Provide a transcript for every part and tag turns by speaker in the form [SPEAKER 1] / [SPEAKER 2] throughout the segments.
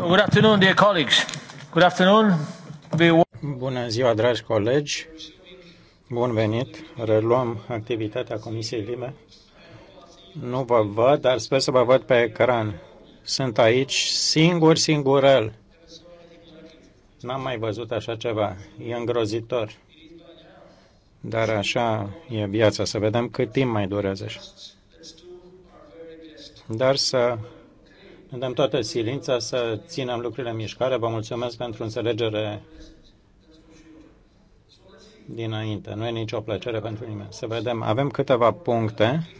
[SPEAKER 1] Good afternoon, dear colleagues. Good afternoon. Bună ziua, dragi colegi. Bun venit. Reluăm activitatea Comisiei Lime. Nu vă văd, dar sper să vă văd pe ecran. Sunt aici singur, singurel. N-am mai văzut așa ceva. E îngrozitor. Dar așa e viața, să vedem cât timp mai durează. Dar să Dăm toată silința să ținem lucrurile în mișcare. Vă mulțumesc pentru înțelegere dinainte. Nu e nicio plăcere pentru nimeni. Să vedem. Avem câteva puncte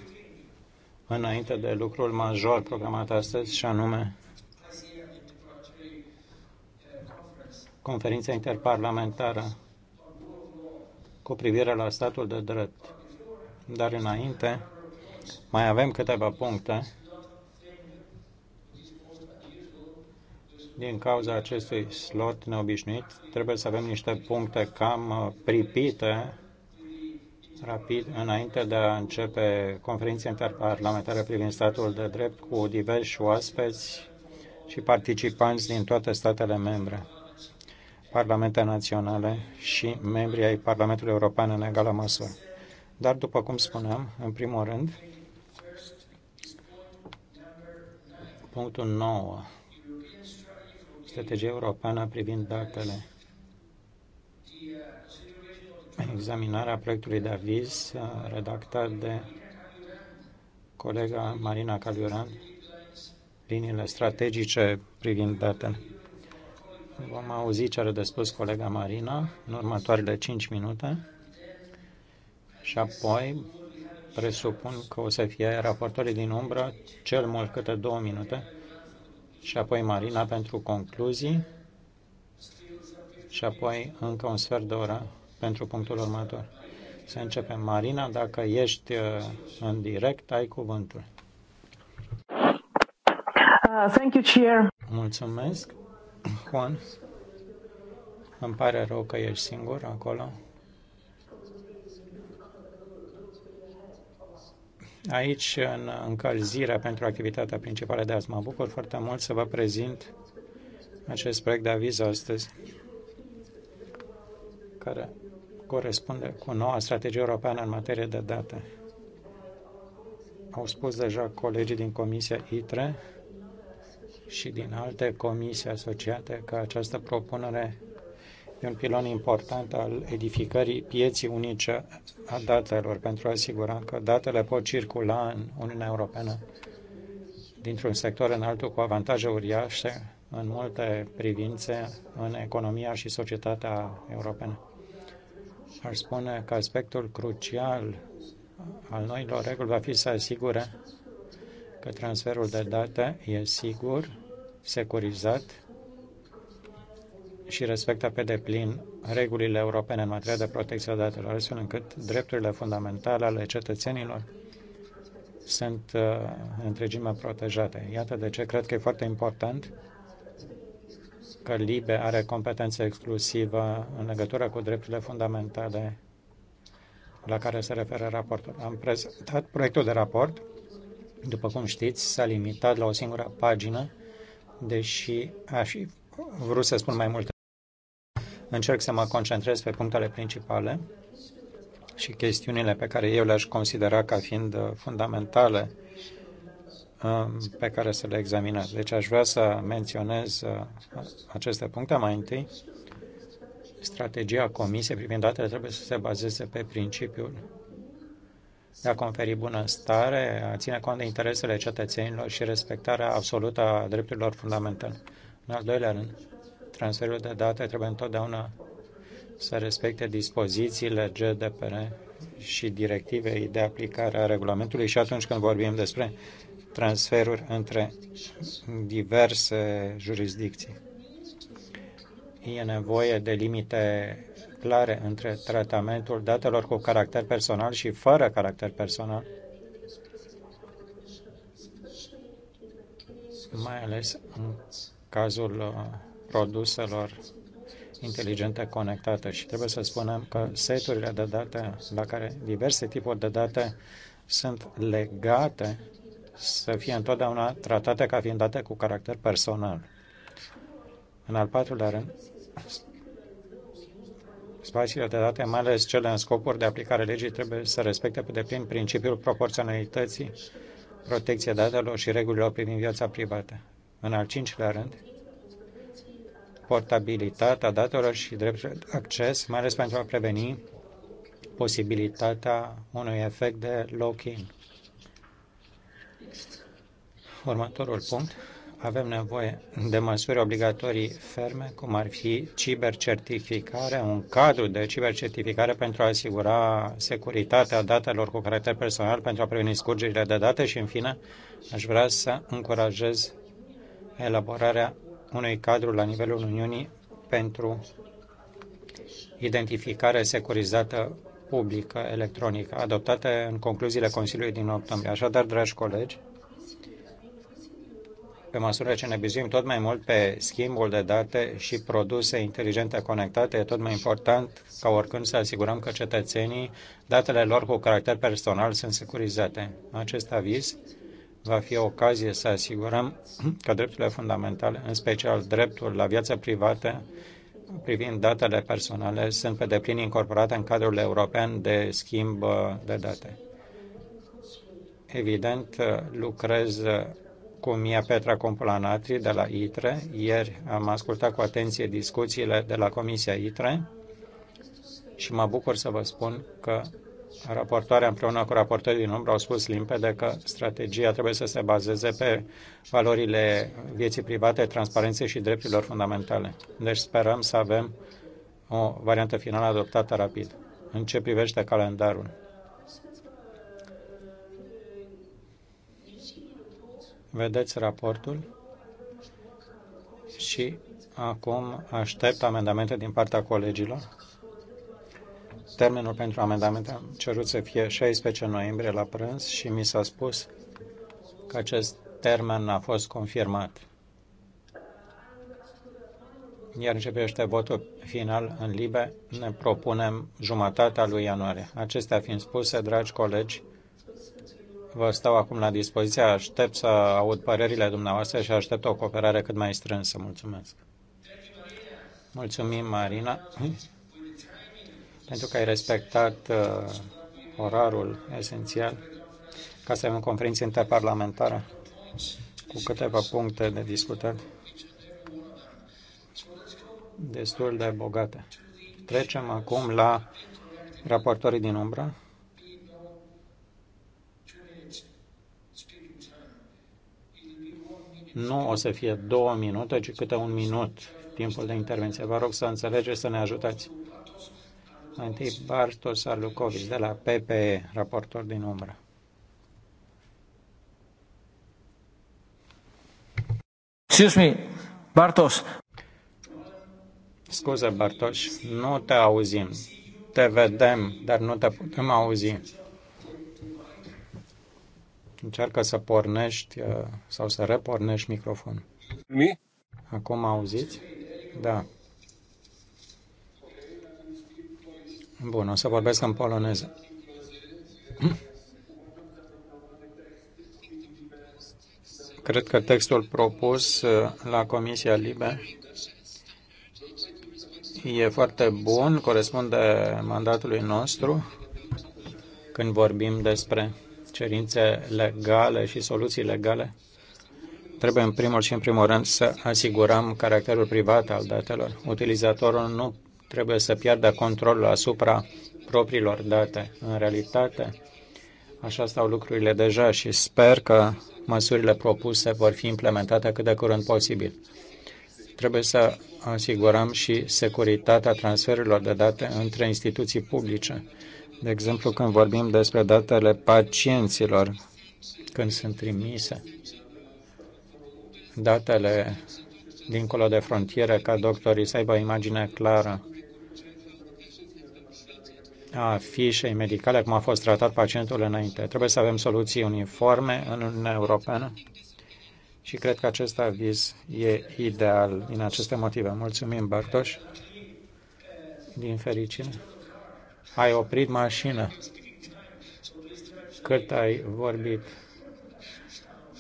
[SPEAKER 1] înainte de lucrul major programat astăzi și anume conferința interparlamentară cu privire la statul de drept. Dar înainte mai avem câteva puncte Din cauza acestui slot neobișnuit, trebuie să avem niște puncte cam uh, pripite rapid înainte de a începe conferința interparlamentară privind statul de drept cu diversi oaspeți și participanți din toate statele membre, parlamente naționale și membrii ai Parlamentului European în egală măsură. Dar, după cum spuneam, în primul rând, punctul 9 strategia europeană privind datele. Examinarea proiectului de aviz uh, redactat de colega Marina Calioran, liniile strategice privind datele. Vom auzi ce are de spus colega Marina în următoarele 5 minute și apoi presupun că o să fie raportorii din umbră cel mult câte două minute și apoi Marina pentru concluzii și apoi încă un sfert de oră pentru punctul următor. Să începem. Marina, dacă ești uh, în direct, ai cuvântul. Uh, thank you, Chair. Mulțumesc. Juan, îmi pare rău că ești singur acolo. aici în încălzirea pentru activitatea principală de azi. Mă bucur foarte mult să vă prezint acest proiect de aviz astăzi, care corespunde cu noua strategie europeană în materie de date. Au spus deja colegii din Comisia ITRE și din alte comisii asociate că această propunere E un pilon important al edificării pieții unice a datelor pentru a asigura că datele pot circula în Uniunea Europeană dintr-un sector în altul cu avantaje uriașe în multe privințe în economia și societatea europeană. Aș spune că aspectul crucial al noilor reguli va fi să asigure că transferul de date e sigur, securizat și respectă pe deplin regulile europene în materie de protecție a datelor, astfel încât drepturile fundamentale ale cetățenilor sunt uh, în întregime protejate. Iată de ce cred că e foarte important că LIBE are competență exclusivă în legătură cu drepturile fundamentale la care se referă raportul. Am prezentat proiectul de raport. După cum știți, s-a limitat la o singură pagină, deși aș fi vrut să spun mai multe. Încerc să mă concentrez pe punctele principale și chestiunile pe care eu le-aș considera ca fiind uh, fundamentale um, pe care să le examinez. Deci aș vrea să menționez uh, aceste puncte mai întâi. Strategia Comisiei privind datele trebuie să se bazeze pe principiul de a conferi bunăstare, a ține cont de interesele cetățenilor și respectarea absolută a drepturilor fundamentale. În al doilea rând, transferul de date trebuie întotdeauna să respecte dispozițiile GDPR și directivei de aplicare a regulamentului și atunci când vorbim despre transferuri între diverse jurisdicții. E nevoie de limite clare între tratamentul datelor cu caracter personal și fără caracter personal, mai ales în cazul uh, produselor inteligente conectate și trebuie să spunem că seturile de date la care diverse tipuri de date sunt legate să fie întotdeauna tratate ca fiind date cu caracter personal. În al patrulea rând, spațiile de date, mai ales cele în scopuri de aplicare legii, trebuie să respecte pe deplin principiul proporționalității, protecție datelor și regulilor privind viața privată. În al cincilea rând, portabilitatea datelor și drept acces, mai ales pentru a preveni posibilitatea unui efect de lock-in. Următorul punct. Avem nevoie de măsuri obligatorii ferme, cum ar fi cibercertificare, un cadru de cibercertificare pentru a asigura securitatea datelor cu caracter personal, pentru a preveni scurgerile de date și, în fine, aș vrea să încurajez elaborarea unui cadru la nivelul Uniunii pentru identificare securizată publică electronică, adoptate în concluziile Consiliului din octombrie. Așadar, dragi colegi, pe măsură ce ne bizuim tot mai mult pe schimbul de date și produse inteligente conectate, e tot mai important ca oricând să asigurăm că cetățenii, datele lor cu caracter personal sunt securizate. Acest aviz va fi ocazie să asigurăm că drepturile fundamentale, în special dreptul la viața privată, privind datele personale, sunt pe deplin incorporate în cadrul european de schimb uh, de date. Evident, uh, lucrez uh, cu Mia Petra Compulanatri de la ITRE. Ieri am ascultat cu atenție discuțiile de la Comisia ITRE și mă bucur să vă spun că Raportoarea împreună cu raportorii din umbră au spus limpede că strategia trebuie să se bazeze pe valorile vieții private, transparenței și drepturilor fundamentale. Deci sperăm să avem o variantă finală adoptată rapid. În ce privește calendarul? Vedeți raportul și acum aștept amendamente din partea colegilor Termenul pentru amendamente am cerut să fie 16 noiembrie la prânz și mi s-a spus că acest termen a fost confirmat. Iar începește votul final în libe, ne propunem jumătatea lui ianuarie. Acestea fiind spuse, dragi colegi, vă stau acum la dispoziție, aștept să aud părerile dumneavoastră și aștept o cooperare cât mai strânsă. Mulțumesc! Mulțumim, Marina! pentru că ai respectat uh, orarul esențial ca să avem conferință interparlamentară cu câteva puncte de discutat destul de bogate. Trecem acum la raportorii din umbră. Nu o să fie două minute, ci câte un minut timpul de intervenție. Vă rog să înțelegeți, să ne ajutați. Întâi Bartos Arlucovici de la PPE, raportor din umbră. Excuse me, Bartos. Scuze, Bartos, nu te auzim. Te vedem, dar nu te putem auzi. Încearcă să pornești uh, sau să repornești microfonul. Mi? Acum auziți? Da. Bun, o să vorbesc în poloneză. Cred că textul propus uh, la Comisia Libe e foarte bun, corespunde mandatului nostru când vorbim despre cerințe legale și soluții legale. Trebuie în primul și în primul rând să asigurăm caracterul privat al datelor. Utilizatorul nu trebuie să piardă controlul asupra propriilor date. În realitate, așa stau lucrurile deja și sper că măsurile propuse vor fi implementate cât de curând posibil. Trebuie să asigurăm și securitatea transferurilor de date între instituții publice. De exemplu, când vorbim despre datele pacienților, când sunt trimise, datele dincolo de frontieră, ca doctorii să aibă o imagine clară a fișei medicale, cum a fost tratat pacientul înainte. Trebuie să avem soluții uniforme în Uniunea Europeană și cred că acest aviz e ideal din aceste motive. Mulțumim, Bartoș. Din fericire. Ai oprit mașina. Cât ai vorbit.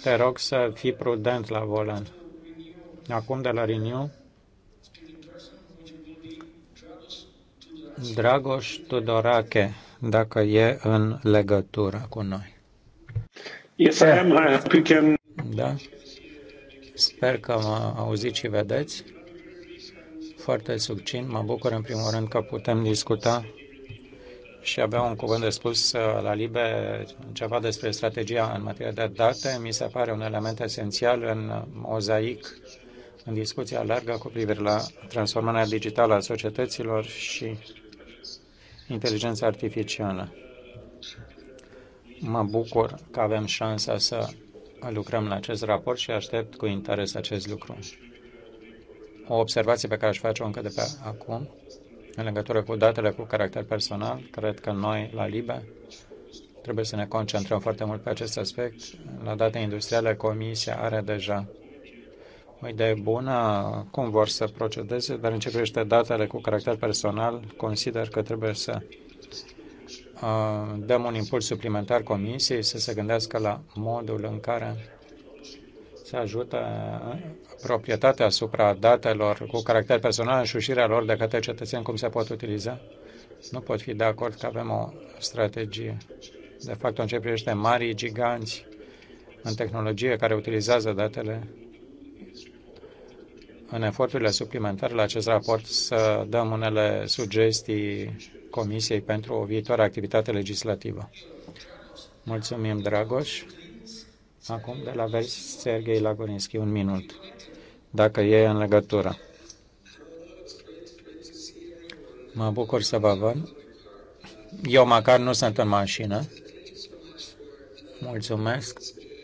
[SPEAKER 1] Te rog să fii prudent la volan. Acum de la Renew. Dragoș Tudorache, dacă e în legătură cu noi. Yes, I am. I can... Da? Sper că mă auziți și vedeți. Foarte succint. Mă bucur în primul rând că putem discuta și avea un cuvânt de spus la Libe ceva despre strategia în materie de date. Mi se pare un element esențial în mozaic, în discuția largă cu privire la transformarea digitală a societăților și inteligența artificială. Mă bucur că avem șansa să lucrăm la acest raport și aștept cu interes acest lucru. O observație pe care aș face-o încă de pe acum, în legătură cu datele cu caracter personal, cred că noi, la LIBE, trebuie să ne concentrăm foarte mult pe acest aspect. La date industriale, Comisia are deja o idee bună cum vor să procedeze, dar în ce privește datele cu caracter personal, consider că trebuie să uh, dăm un impuls suplimentar comisiei să se gândească la modul în care să ajută uh, proprietatea asupra datelor cu caracter personal, înșușirea lor de către cetățeni, cum se pot utiliza. Nu pot fi de acord că avem o strategie. De fapt, în ce privește marii giganți în tehnologie care utilizează datele în eforturile suplimentare la acest raport să dăm unele sugestii Comisiei pentru o viitoare activitate legislativă. Mulțumim, Dragoș. Acum, de la vers, Sergei Lagorinski, un minut, dacă e în legătură. Mă bucur să vă văd. Eu măcar nu sunt în mașină. Mulțumesc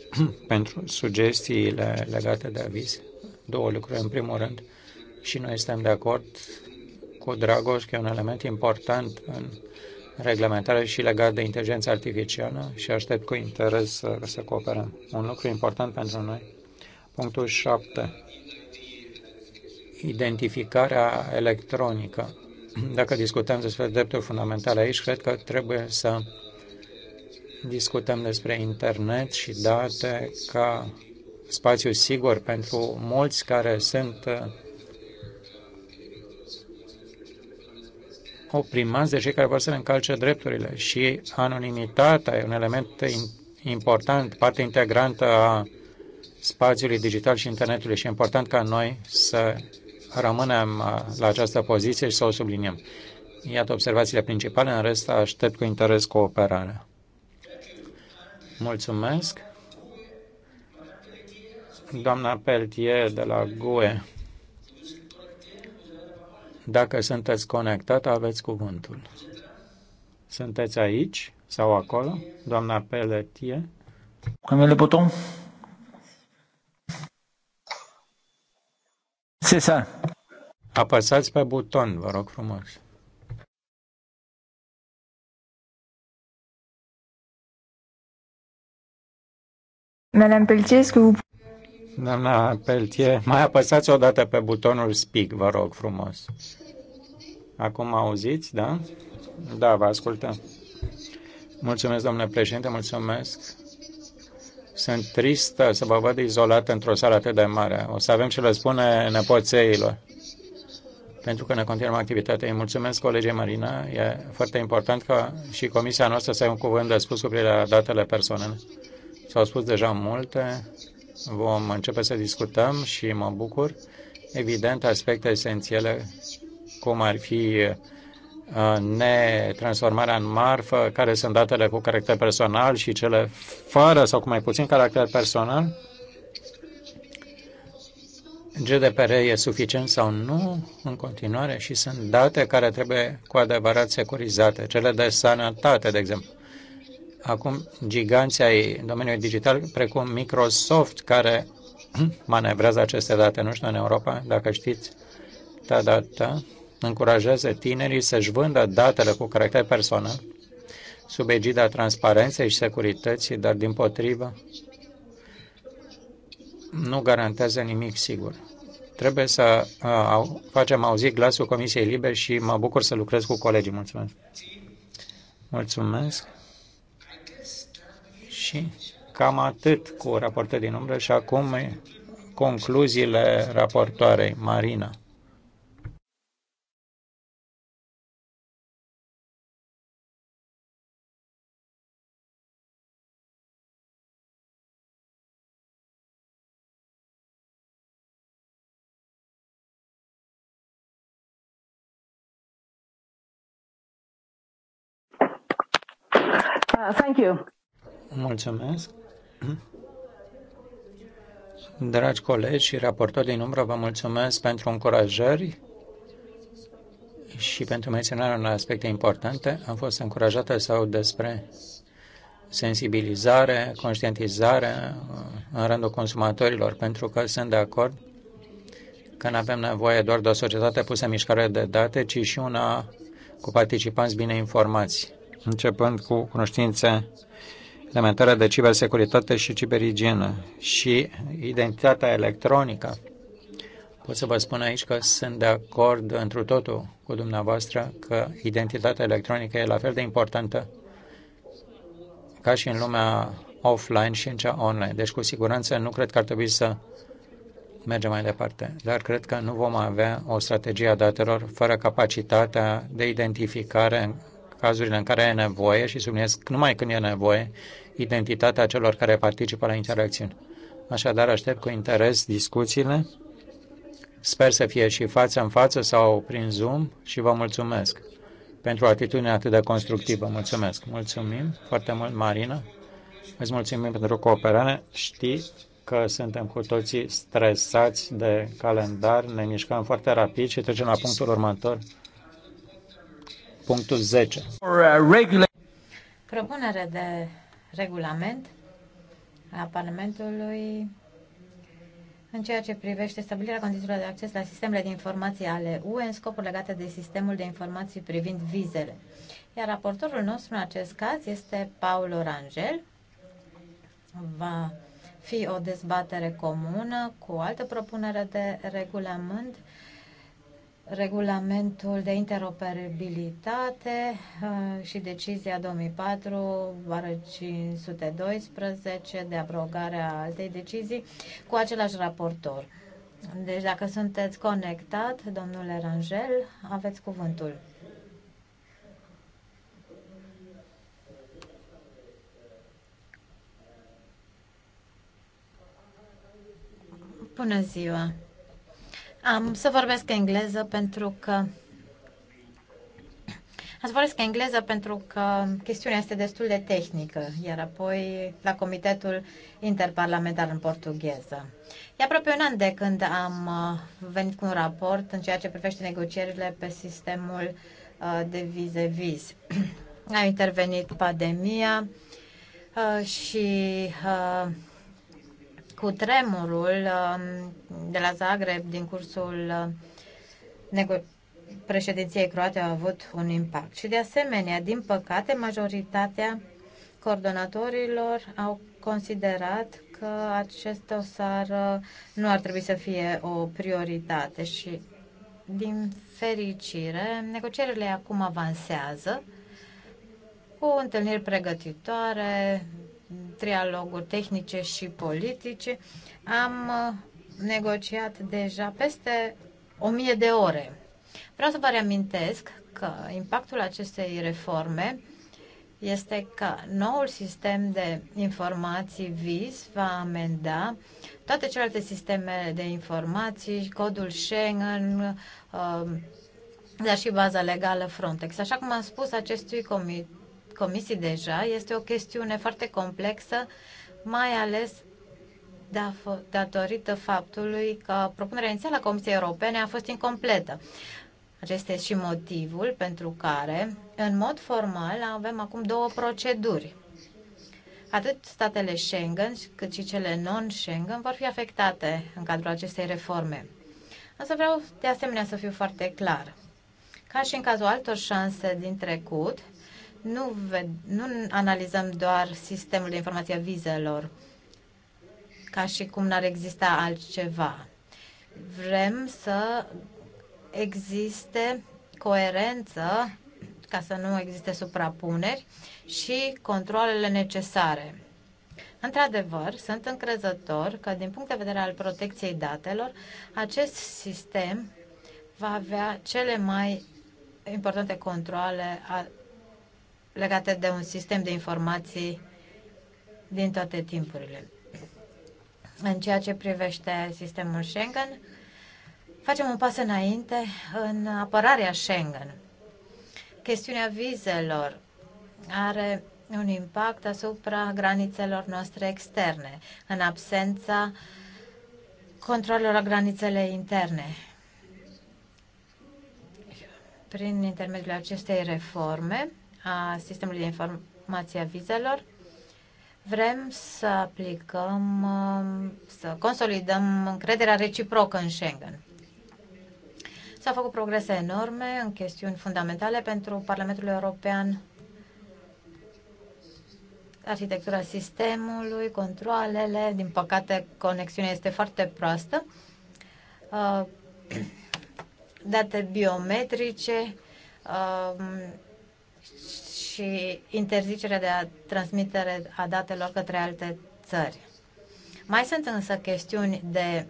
[SPEAKER 1] pentru sugestiile legate de avize două lucruri. În primul rând, și noi suntem de acord cu Dragoș că e un element important în reglementare și legat de inteligența artificială și aștept cu interes să, să cooperăm. Un lucru important pentru noi. Punctul 7. Identificarea electronică. Dacă discutăm despre drepturi fundamentale aici, cred că trebuie să discutăm despre internet și date ca spațiu sigur pentru mulți care sunt uh, oprimați de cei care vor să le încalce drepturile și anonimitatea e un element important, parte integrantă a spațiului digital și internetului și e important ca noi să rămânem uh, la această poziție și să o subliniem. Iată observațiile principale, în rest aștept cu interes cooperarea. Mulțumesc doamna Peltier de la GUE. Dacă sunteți conectat, aveți cuvântul. Sunteți aici sau acolo, doamna Peltier?
[SPEAKER 2] Cum le buton?
[SPEAKER 1] C'est Apăsați pe
[SPEAKER 3] buton, vă rog frumos. Madame Pelletier, est-ce que vous
[SPEAKER 1] Doamna Peltie, mai apăsați o dată pe butonul speak, vă rog frumos. Acum auziți, da? Da, vă ascultăm. Mulțumesc, domnule președinte, mulțumesc. Sunt tristă să vă văd izolat într-o sală atât de mare. O să avem ce le spune nepoțeilor pentru că ne continuăm activitatea. Îi mulțumesc colegii Marina. E foarte important ca și comisia noastră să ai un cuvânt de spus cu privire la datele personale. S-au spus deja multe vom începe să discutăm și mă bucur. Evident, aspecte esențiale, cum ar fi uh, netransformarea în marfă, care sunt datele cu caracter personal și cele fără sau cu mai puțin caracter personal. GDPR e suficient sau nu în continuare și sunt date care trebuie cu adevărat securizate, cele de sănătate, de exemplu acum giganții ai domeniului digital, precum Microsoft, care manevrează aceste date, nu știu, în Europa, dacă știți, ta da, data, da, încurajează tinerii să-și vândă datele cu caracter personal sub egida transparenței și securității, dar din potrivă nu garantează nimic sigur. Trebuie să uh, facem auzit glasul Comisiei libere și mă bucur să lucrez cu colegii. Mulțumesc! Mulțumesc! Și cam atât cu raportul din umbră și acum concluziile raportoarei Marina.
[SPEAKER 4] Uh, thank you.
[SPEAKER 1] Mulțumesc. Dragi colegi și raportori din umbră, vă mulțumesc pentru încurajări și pentru menționarea unor aspecte importante. Am fost încurajată sau despre sensibilizare, conștientizare uh, în rândul consumatorilor, pentru că sunt de acord că nu avem nevoie doar de o societate pusă în mișcare de date, ci și una cu participanți bine informați, începând cu cunoștințe implementarea de cibersecuritate și ciberigienă și identitatea electronică. Pot să vă spun aici că sunt de acord întru totul cu dumneavoastră că identitatea electronică e la fel de importantă ca și în lumea offline și în cea online. Deci, cu siguranță, nu cred că ar trebui să mergem mai departe. Dar cred că nu vom avea o strategie a datelor fără capacitatea de identificare cazurile în care e nevoie și subliniez numai când e nevoie identitatea celor care participă la interacțiuni. Așadar, aștept cu interes discuțiile. Sper să fie și față în față sau prin Zoom și vă mulțumesc pentru atitudinea atât de constructivă. Mulțumesc! Mulțumim foarte mult, Marina! Îți mulțumim pentru cooperare. Știi că suntem cu toții stresați de calendar, ne mișcăm foarte rapid și trecem la punctul următor. Punctul 10.
[SPEAKER 2] Uh,
[SPEAKER 4] propunere de regulament a Parlamentului în ceea ce privește stabilirea condițiilor de acces la sistemele de informații ale UE în scopuri legate de sistemul de informații privind vizele. Iar raportorul nostru în acest caz este Paul Orangel. Va fi o dezbatere comună cu o altă propunere de regulament regulamentul de interoperabilitate uh, și decizia 2004-512 de abrogare a altei decizii cu același raportor. Deci dacă sunteți conectat, domnule Rangel, aveți cuvântul. Bună ziua! Am să vorbesc engleză pentru că am să vorbesc engleză pentru că chestiunea este destul de tehnică, iar apoi la Comitetul Interparlamentar în portugheză. E aproape un an de când am uh, venit cu un raport în ceea ce privește negocierile pe sistemul uh, de vize viz. A intervenit pandemia uh, și cu tremurul um, de la Zagreb din cursul um, președinției croate a avut un impact. Și de asemenea, din păcate, majoritatea coordonatorilor au considerat că acest dosar uh, nu ar trebui să fie o prioritate și din fericire, negocierile acum avansează cu întâlniri pregătitoare trialoguri tehnice și politice, am uh, negociat deja peste o mie de ore. Vreau să vă reamintesc că impactul acestei reforme este că noul sistem de informații VIS va amenda toate celelalte sisteme de informații, codul Schengen, uh, dar și baza legală Frontex. Așa cum am spus acestui comit comisii deja, este o chestiune foarte complexă, mai ales da, datorită faptului că propunerea inițială a Comisiei Europene a fost incompletă. Acesta este și motivul pentru care, în mod formal, avem acum două proceduri. Atât statele Schengen cât și cele non-Schengen vor fi afectate în cadrul acestei reforme. Însă vreau de asemenea să fiu foarte clar. Ca și în cazul altor șanse din trecut, nu, ved, nu analizăm doar sistemul de informație a vizelor, ca și cum n-ar exista altceva. Vrem să existe coerență ca să nu existe suprapuneri și controlele necesare. Într-adevăr, sunt încrezător că, din punct de vedere al protecției datelor, acest sistem va avea cele mai importante controle legate de un sistem de informații din toate timpurile. În ceea ce privește sistemul Schengen, facem un pas înainte în apărarea Schengen. Chestiunea vizelor are un impact asupra granițelor noastre externe, în absența controlelor la granițele interne. Prin intermediul acestei reforme, a sistemului de informație a vizelor. Vrem să aplicăm, să consolidăm încrederea reciprocă în Schengen. S-au făcut progrese enorme în chestiuni fundamentale pentru Parlamentul European, arhitectura sistemului, controlele. Din păcate, conexiunea este foarte proastă. Uh, date biometrice, uh, și interzicerea de a transmitere a datelor către alte țări. Mai sunt însă chestiuni de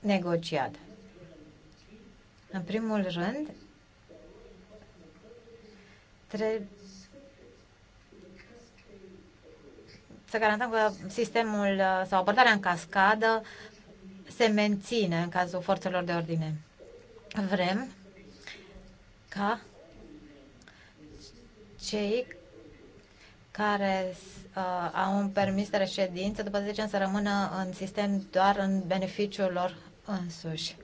[SPEAKER 4] negociat. În primul rând, trebuie să garantăm că sistemul uh, sau abordarea în cascadă se menține în cazul forțelor de ordine. Vrem ca cei care uh, au un permis de reședință, după 10 ani să rămână în sistem doar în beneficiul lor însuși.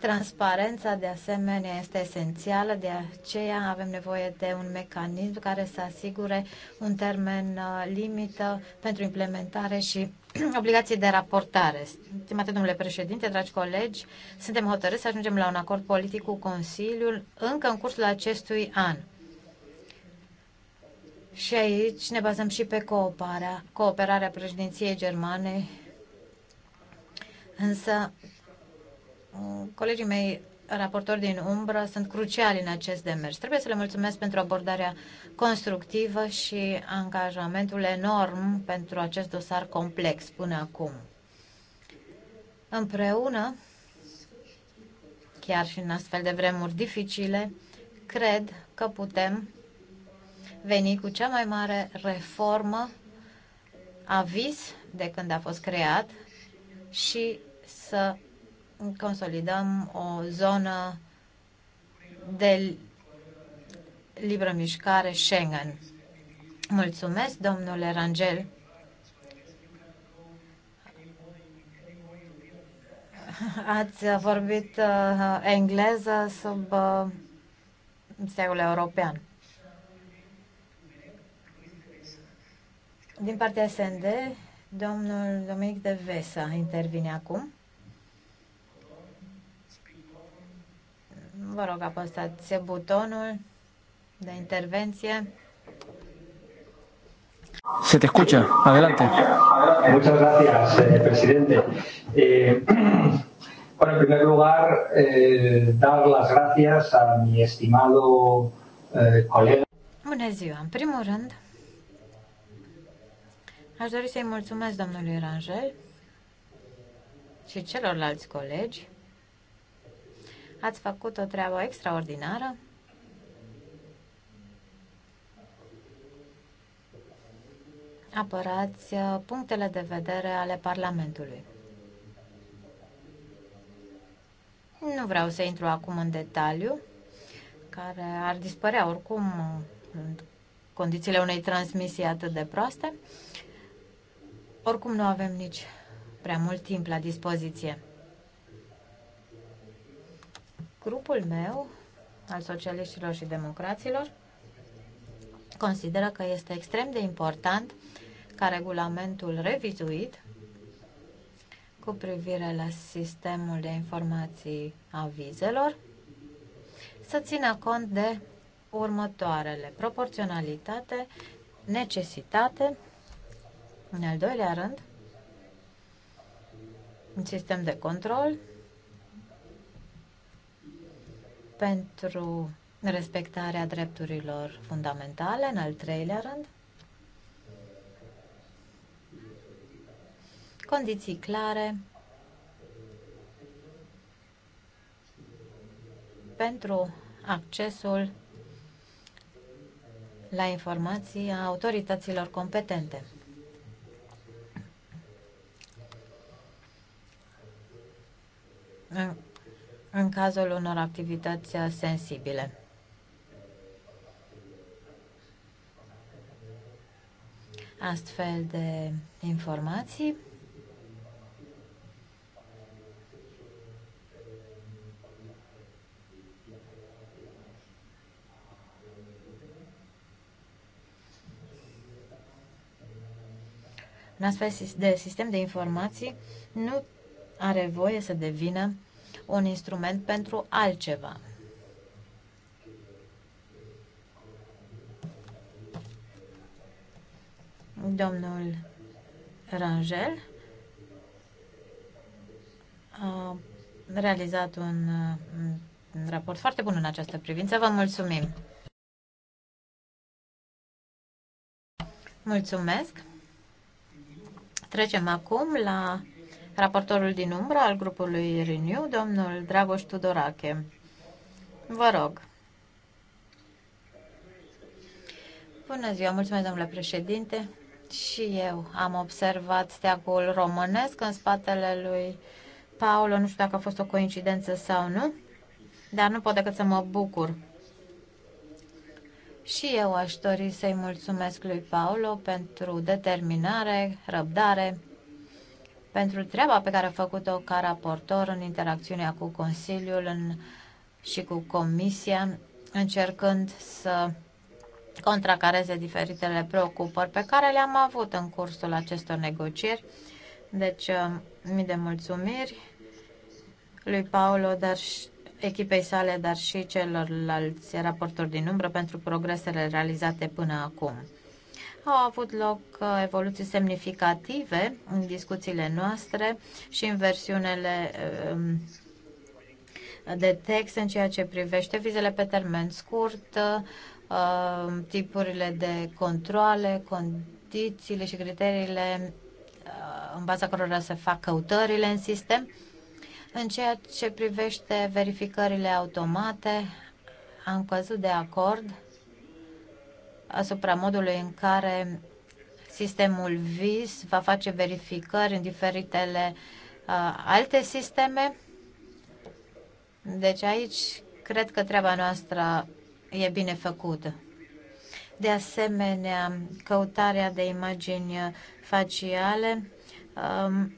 [SPEAKER 4] Transparența, de asemenea, este esențială, de aceea avem nevoie de un mecanism care să asigure un termen uh, limită pentru implementare și obligații de raportare. Stimate domnule președinte, dragi colegi, suntem hotărâți să ajungem la un acord politic cu Consiliul încă în cursul acestui an. Și aici ne bazăm și pe cooperarea, cooperarea președinției germane. Însă, colegii mei raportori din umbră sunt cruciali în acest demers. Trebuie să le mulțumesc pentru abordarea constructivă și angajamentul enorm pentru acest dosar complex până acum. Împreună, chiar și în astfel de vremuri dificile, cred că putem venit cu cea mai mare reformă a vis de când a fost creat și să consolidăm o zonă de liberă mișcare Schengen. Mulțumesc, domnule Rangel. Ați vorbit uh, engleză sub uh, steagul european. Din partea SND, domnul Dominic de Vesa intervine acum. Vă rog, apăsați butonul de intervenție.
[SPEAKER 2] Se te escucha. Adelante. Muchas gracias, eh, presidente. Eh, bueno, en primer lugar, eh,
[SPEAKER 1] dar las gracias a mi estimado eh,
[SPEAKER 4] colega. Buenas ziua. en primer lugar. Aș dori să-i mulțumesc domnului Rangel și celorlalți colegi. Ați făcut o treabă extraordinară. Apărați uh, punctele de vedere ale Parlamentului. Nu vreau să intru acum în detaliu, care ar dispărea oricum în condițiile unei transmisii atât de proaste. Oricum nu avem nici prea mult timp la dispoziție. Grupul meu, al socialiștilor și democraților, consideră că este extrem de important ca regulamentul revizuit cu privire la sistemul de informații a vizelor să țină cont de următoarele proporționalitate, necesitate, în al doilea rând, un sistem de control pentru respectarea drepturilor fundamentale, în al treilea rând, condiții clare pentru accesul la informații a autorităților competente. în, în cazul unor activități uh, sensibile. Astfel de informații un astfel de sistem de informații nu are voie să devină un instrument pentru altceva. Domnul Rangel a realizat un, un raport foarte bun în această privință. Vă mulțumim! Mulțumesc! Trecem acum la raportorul din umbră al grupului Renew, domnul Dragoș Tudorache. Vă rog. Bună ziua, mulțumesc, domnule președinte. Și eu am observat steagul românesc în spatele lui Paolo. Nu știu dacă a fost o coincidență sau nu, dar nu pot decât să mă bucur. Și eu aș dori să-i mulțumesc lui Paolo pentru determinare, răbdare pentru treaba pe care a făcut-o ca raportor în interacțiunea cu Consiliul în, și cu Comisia, încercând să contracareze diferitele preocupări pe care le-am avut în cursul acestor negocieri. Deci, uh, mii de mulțumiri lui Paolo, dar și echipei sale, dar și celorlalți raportori din umbră pentru progresele realizate până acum. Au avut loc uh, evoluții semnificative în discuțiile noastre și în versiunile um, de text în ceea ce privește vizele pe termen scurt, uh, tipurile de controle, condițiile și criteriile uh, în baza cărora se fac căutările în sistem. În ceea ce privește verificările automate, am căzut de acord asupra modului în care sistemul VIS va face verificări în diferitele uh, alte sisteme. Deci aici cred că treaba noastră e bine făcută. De asemenea, căutarea de imagini faciale um, um,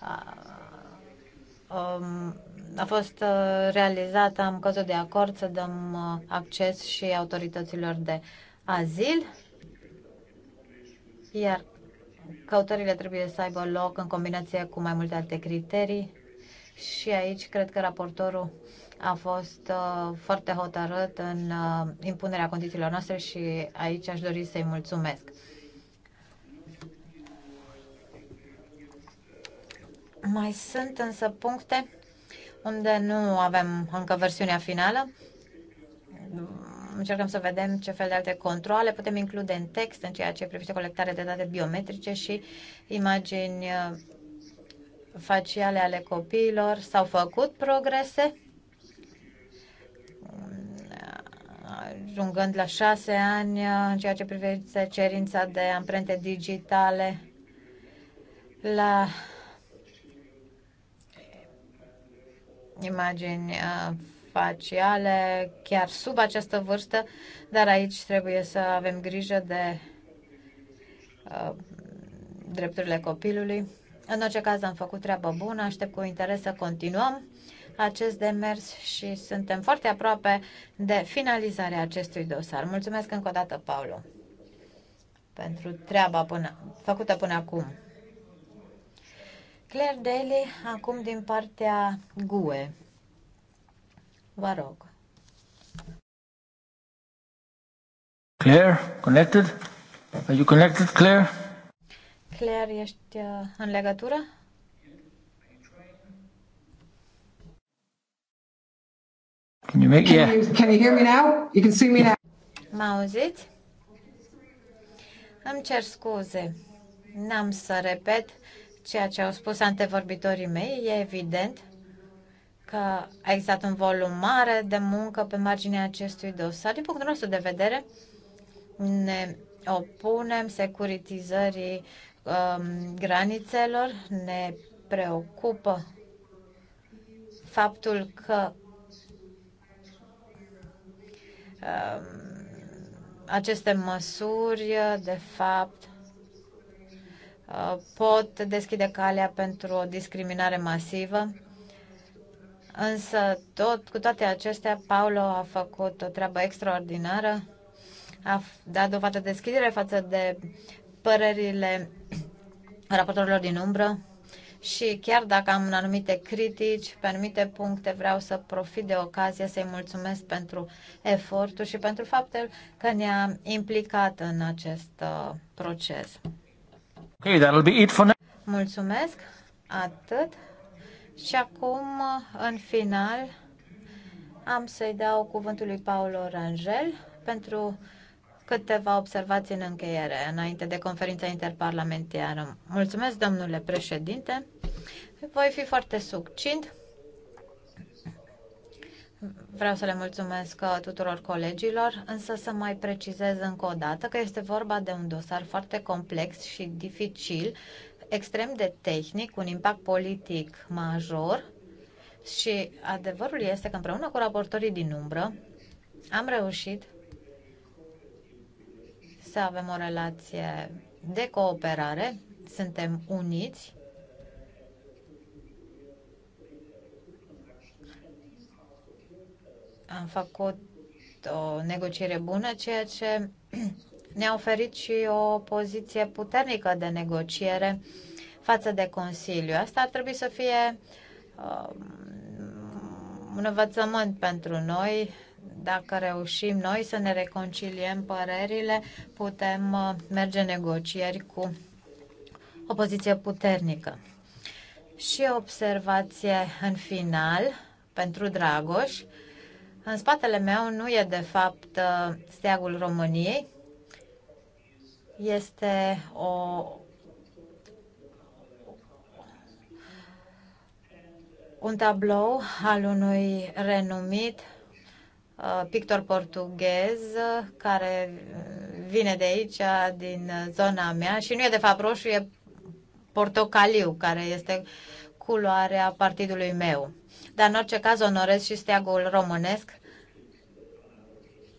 [SPEAKER 4] uh, um, a fost uh, realizată, am căzut de acord să dăm uh, acces și autorităților de azil, iar căutările trebuie să aibă loc în combinație cu mai multe alte criterii și aici cred că raportorul a fost uh, foarte hotărât în impunerea condițiilor noastre și aici aș dori să-i mulțumesc. Mai sunt însă puncte unde nu avem încă versiunea finală. Încercăm să vedem ce fel de alte controle putem include în text în ceea ce privește colectarea de date biometrice și imagini uh, faciale ale copiilor. S-au făcut progrese, ajungând la șase ani uh, în ceea ce privește cerința de amprente digitale la imagini uh, faciale chiar sub această vârstă, dar aici trebuie să avem grijă de uh, drepturile copilului. În orice caz am făcut treabă bună, aștept cu interes să continuăm acest demers și suntem foarte aproape de finalizarea acestui dosar. Mulțumesc încă o dată, Paulo, pentru treaba până, făcută până acum. Claire Daly, acum din partea GUE. Vă rog.
[SPEAKER 2] Claire, connected? Are you connected, Claire?
[SPEAKER 4] Claire, ești uh, în legătură?
[SPEAKER 3] Can you make yeah. can you, can you hear me now? You can see me now.
[SPEAKER 4] Mă auziți? Îmi cer scuze. N-am să repet ceea ce au spus antevorbitorii mei, e evident că a existat un volum mare de muncă pe marginea acestui dosar. Din punctul nostru de vedere, ne opunem securitizării um, granițelor, ne preocupă faptul că um, aceste măsuri, de fapt, Uh, pot deschide calea pentru o discriminare masivă. Însă, tot, cu toate acestea, Paulo a făcut o treabă extraordinară, a dat dovadă de deschidere față de părerile raportorilor din umbră și chiar dacă am anumite critici, pe anumite puncte vreau să profit de ocazie să-i mulțumesc pentru efortul și pentru faptul că ne-a implicat în acest uh, proces.
[SPEAKER 2] Okay, that'll be it for now.
[SPEAKER 4] Mulțumesc. Atât. Și acum, în final, am să-i dau cuvântul lui Paolo Orangel pentru câteva observații în încheiere, înainte de conferința interparlamentară. Mulțumesc, domnule președinte. Voi fi foarte succint. Vreau să le mulțumesc uh, tuturor colegilor, însă să mai precizez încă o dată că este vorba de un dosar foarte complex și dificil, extrem de tehnic, un impact politic major și adevărul este că împreună cu raportorii din umbră am reușit să avem o relație de cooperare, suntem uniți am făcut o negociere bună, ceea ce ne-a oferit și o poziție puternică de negociere față de Consiliu. Asta ar trebui să fie uh, un învățământ pentru noi. Dacă reușim noi să ne reconciliem părerile, putem uh, merge negocieri cu o poziție puternică. Și observație în final pentru Dragoș. Uh, în spatele meu nu e de fapt uh, steagul României, este o un tablou al unui renumit uh, pictor portughez care vine de aici, din zona mea și nu e de fapt roșu, e portocaliu, care este culoarea partidului meu. Dar în orice caz onorez și steagul românesc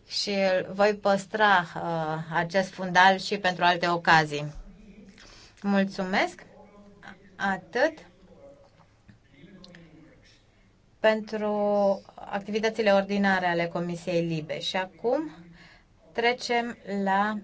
[SPEAKER 4] și voi păstra uh, acest fundal și pentru alte ocazii. Mulțumesc atât pentru activitățile ordinare ale Comisiei Libe. Și acum trecem la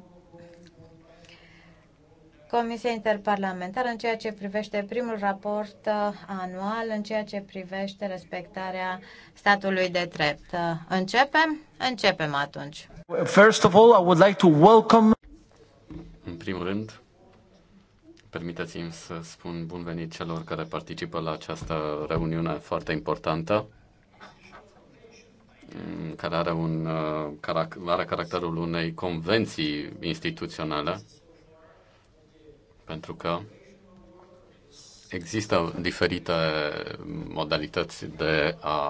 [SPEAKER 4] Comisia Interparlamentară în ceea ce privește primul raport uh, anual, în ceea ce privește respectarea statului de drept. Uh, începem? Începem atunci.
[SPEAKER 5] First of all, I would like to welcome... În primul rând, permiteți-mi să spun bun venit celor care participă la această reuniune foarte importantă care are, un, uh, are caracterul unei convenții instituționale pentru că există diferite modalități de a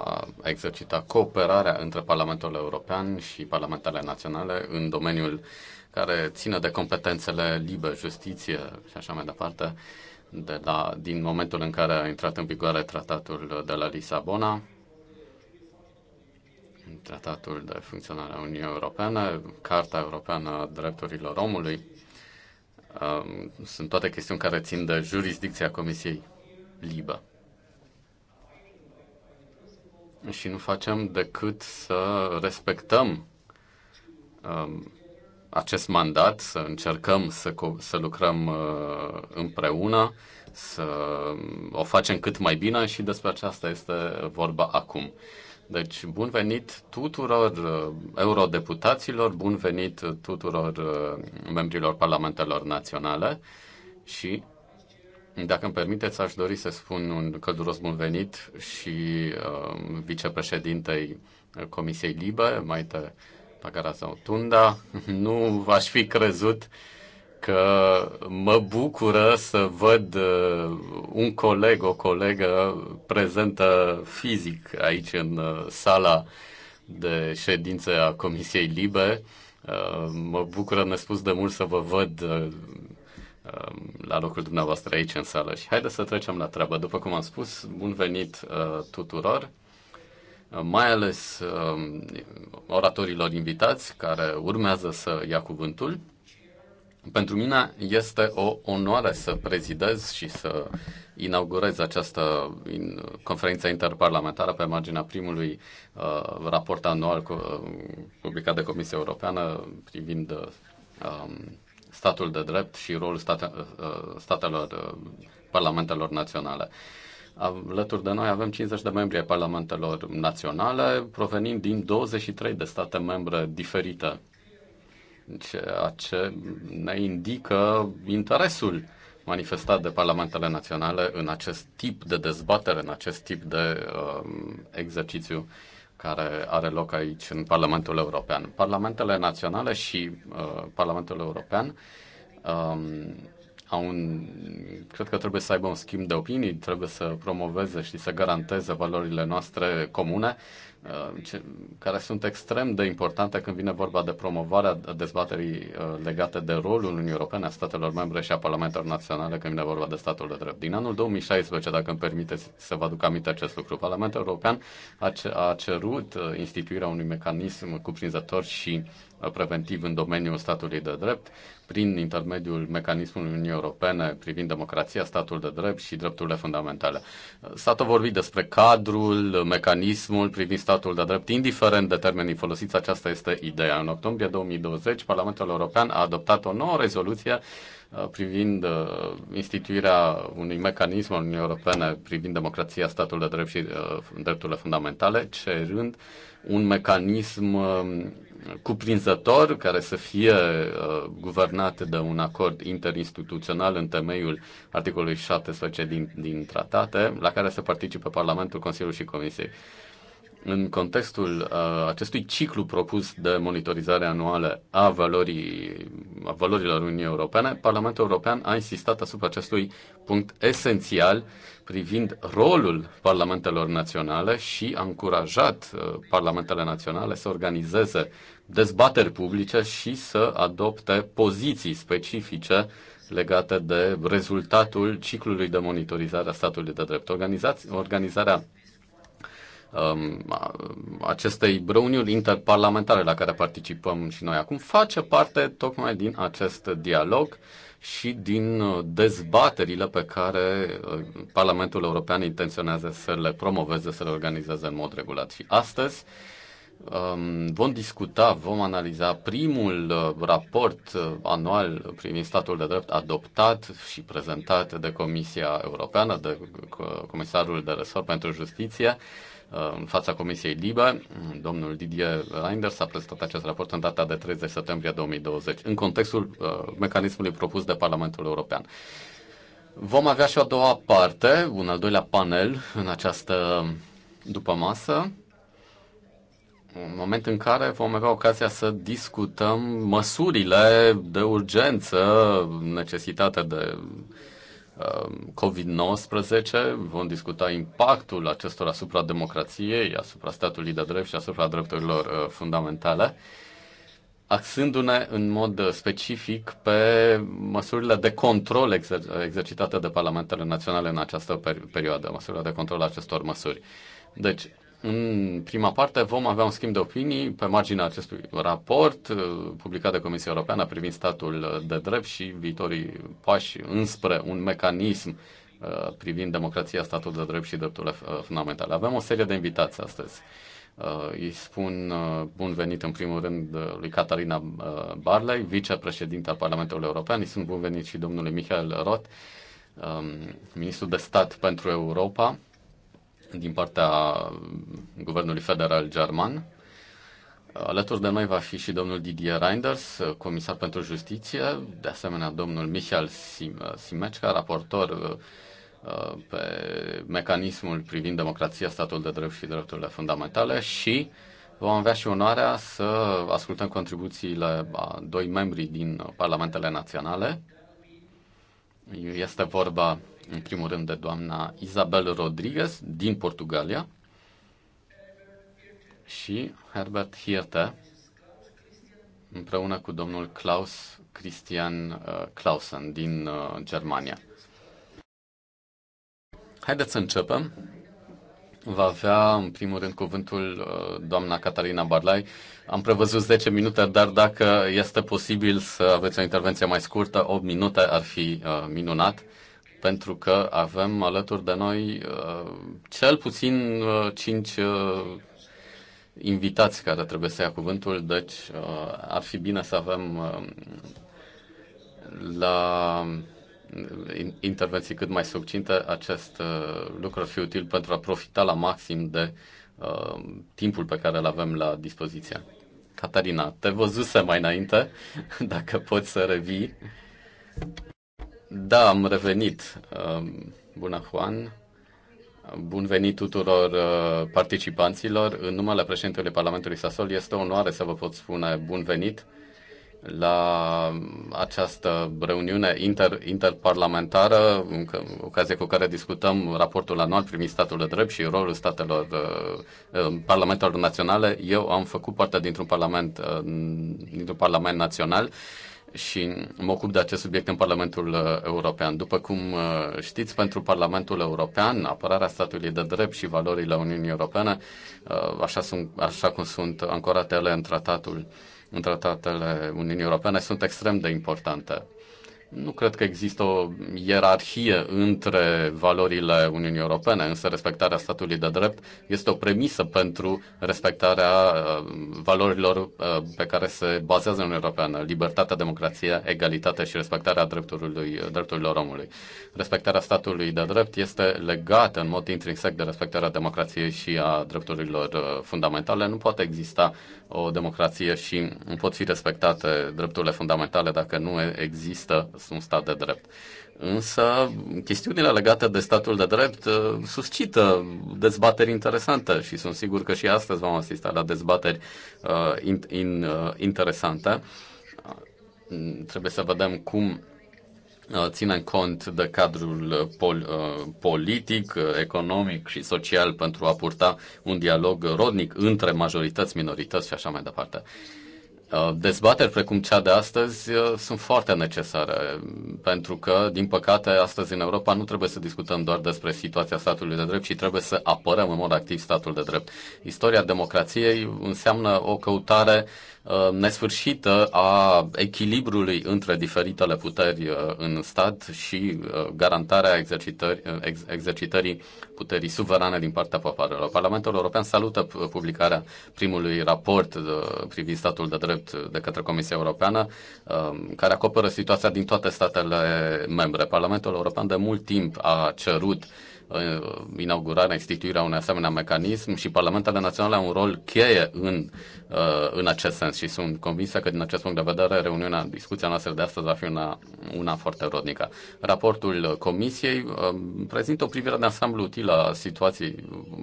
[SPEAKER 5] exercita cooperarea între Parlamentul European și Parlamentele Naționale în domeniul care ține de competențele libe, justiție și așa mai departe, de la, din momentul în care a intrat în vigoare tratatul de la Lisabona, tratatul de funcționare a Uniunii Europene, Carta Europeană a Drepturilor Omului, Um, sunt toate chestiuni care țin de jurisdicția Comisiei Libă. Și nu facem decât să respectăm um, acest mandat, să încercăm să, să lucrăm uh, împreună, să um, o facem cât mai bine și despre aceasta este vorba acum. Deci, bun venit tuturor uh, eurodeputaților, bun venit tuturor uh, membrilor parlamentelor naționale și, dacă îmi permiteți, aș dori să spun un călduros bun venit și uh, vicepreședintei Comisiei Libe, Maite Pagarasa Tunda. Nu v-aș fi crezut uh, că mă bucură să văd uh, un coleg, o colegă prezentă fizic aici în uh, sala de ședințe a Comisiei Libe. Uh, mă bucură nespus de mult să vă văd um, la locul dumneavoastră aici în sală. Și haideți să trecem la treabă. După cum am spus, bun venit tuturor, mai ales um, oratorilor invitați care urmează să ia cuvântul. Pentru mine este o onoare să prezidez și să inaugurez această conferință interparlamentară pe marginea primului uh, raport anual cu, uh, publicat de Comisia Europeană privind uh, statul de drept și rolul state, uh, statelor uh, parlamentelor naționale. Alături de noi avem 50 de membri ai parlamentelor naționale provenind din 23 de state membre diferite ceea ce ne indică interesul manifestat de parlamentele naționale în acest tip de dezbatere, în acest tip de uh, exercițiu care are loc aici în Parlamentul European. Parlamentele naționale și uh, Parlamentul European um, au un, cred că trebuie să aibă un schimb de opinii, trebuie să promoveze și să garanteze valorile noastre comune Uh, care sunt extrem de importante când vine vorba de promovarea dezbaterii uh, legate de rolul Uniunii Europene a statelor membre și a parlamentelor naționale când vine vorba de statul de drept. Din anul 2016, dacă îmi permiteți să vă aduc aminte acest lucru, Parlamentul European a cerut uh, instituirea unui mecanism cuprinzător și preventiv în domeniul statului de drept, prin intermediul mecanismului Uniunii Europene privind democrația, statul de drept și drepturile fundamentale. S-a tot vorbit despre cadrul, mecanismul privind statul de drept, indiferent de termenii folosiți, aceasta este ideea. În octombrie 2020, Parlamentul European a adoptat o nouă rezoluție uh, privind uh, instituirea unui mecanism al Uniunii Europene privind democrația, statul de drept și uh, drepturile fundamentale, cerând un mecanism um, cuprinzător care să fie uh, guvernat de un acord interinstituțional în temeiul articolului 17 din, din tratate, la care să participe Parlamentul, Consiliul și Comisiei. În contextul uh, acestui ciclu propus de monitorizare anuală a, valorii, a valorilor Uniunii Europene, Parlamentul European a insistat asupra acestui punct esențial uh, privind rolul parlamentelor naționale și a încurajat uh, parlamentele naționale să organizeze dezbateri publice și să adopte poziții specifice legate de rezultatul ciclului de monitorizare a statului de drept. Organizați, organizarea um, acestei reuniuni interparlamentare la care participăm și noi acum face parte tocmai din acest dialog și din uh, dezbaterile pe care uh, Parlamentul European intenționează să le promoveze, să le organizeze în mod regulat. Și astăzi um, vom discuta, vom analiza primul uh, raport anual privind statul de drept adoptat și prezentat de Comisia Europeană, de Comisarul de Resort pentru Justiție, Uh, în fața Comisiei Libe. Domnul Didier Reinders a prezentat acest raport în data de 30 septembrie 2020, în contextul uh, mecanismului propus de Parlamentul European. Vom avea și o a doua parte, un al doilea panel în această după masă, un moment în care vom avea ocazia să discutăm măsurile de urgență necesitate de Um, COVID-19, vom discuta impactul acestor asupra democrației, asupra statului de drept și asupra drepturilor uh, fundamentale, axându-ne în mod specific pe măsurile de control exer- exercitate de parlamentele naționale în această perioadă, măsurile de control a acestor măsuri. Deci, în prima parte vom avea un schimb de opinii pe marginea acestui raport uh, publicat de Comisia Europeană privind statul de drept și viitorii pași înspre un mecanism uh, privind democrația, statul de drept și drepturile uh, fundamentale. Avem o serie de invitații astăzi. Îi spun bun venit în primul rând lui Catarina Barley, vicepreședinte al Parlamentului European. Îi sunt bun venit și domnului Michael Roth, um, ministrul de stat pentru Europa din partea Guvernului Federal German. Alături de noi va fi și domnul Didier Reinders, comisar pentru justiție, de asemenea domnul Michael Simecca, raportor uh, pe mecanismul privind democrația, statul de drept și drepturile fundamentale și vom avea și onoarea să ascultăm contribuțiile a doi membri din Parlamentele Naționale. Este vorba în primul rând de doamna Isabel Rodriguez din Portugalia și Herbert Hirte împreună cu domnul Klaus Christian uh, Clausen din uh, Germania. Haideți să începem. Va avea, în primul rând, cuvântul uh, doamna Catalina Barlai. Am prevăzut 10 minute, dar dacă este posibil să aveți o intervenție mai scurtă, 8 minute ar fi minunat pentru că avem alături de noi uh, cel puțin uh, cinci uh, invitați care trebuie să ia cuvântul, deci uh, ar fi bine să avem uh, la uh, intervenții cât mai subcinte acest uh, lucru ar fi util pentru a profita la maxim de uh, timpul pe care îl avem la dispoziție. Catarina, te văzuse mai înainte, dacă poți să revii. Da, am revenit. Um, bună, Juan. Bun venit tuturor uh, participanților. În numele președintelui Parlamentului Sasol este o onoare să vă pot spune bun venit la această reuniune inter, interparlamentară, în ocazie cu care discutăm raportul anual primit statul de drept și rolul statelor uh, uh, parlamentelor naționale. Eu am făcut parte dintr-un parlament, uh, dintr-un parlament național și mă ocup de acest subiect în Parlamentul uh, European. După cum uh, știți, pentru Parlamentul European, apărarea statului de drept și valorile Uniunii Europene, uh, așa, sunt, așa cum sunt ancorate ele în tratatul în tratatele Uniunii Europene sunt extrem de importante. Nu cred că există o ierarhie între valorile Uniunii Europene, însă respectarea statului de drept este o premisă pentru respectarea uh, valorilor uh, pe care se bazează Uniunea Europeană, libertatea, democrația, egalitatea și respectarea drepturilor omului. Respectarea statului de drept este legată în mod intrinsec de respectarea democrației și a drepturilor uh, fundamentale. Nu poate exista o democrație și pot fi respectate drepturile fundamentale dacă nu există un stat de drept. Însă, chestiunile legate de statul de drept uh, suscită dezbateri interesante și sunt sigur că și astăzi vom asista la dezbateri uh, in, in, uh, interesante. Trebuie să vedem cum Uh, ține cont de cadrul uh, pol, uh, politic, economic și social pentru a purta un dialog rodnic între majorități, minorități și așa mai departe. Uh, dezbateri precum cea de astăzi uh, sunt foarte necesare, pentru că, din păcate, astăzi în Europa nu trebuie să discutăm doar despre situația statului de drept, ci trebuie să apărăm în mod activ statul de drept. Istoria democrației înseamnă o căutare uh, nesfârșită a echilibrului între diferitele puteri în stat și garantarea exercitării, exercitării puterii suverane din partea popoarelor. Parlamentul European salută publicarea primului raport privind statul de drept de către Comisia Europeană, um, care acoperă situația din toate statele membre. Parlamentul European de mult timp a cerut inaugurarea, instituirea unui asemenea mecanism și parlamentele naționale au un rol cheie în, uh, în acest sens și sunt convinsă că din acest punct de vedere reuniunea, discuția noastră de astăzi va fi una, una foarte rodnică. Raportul Comisiei uh, prezintă o privire de ansamblu utilă a situației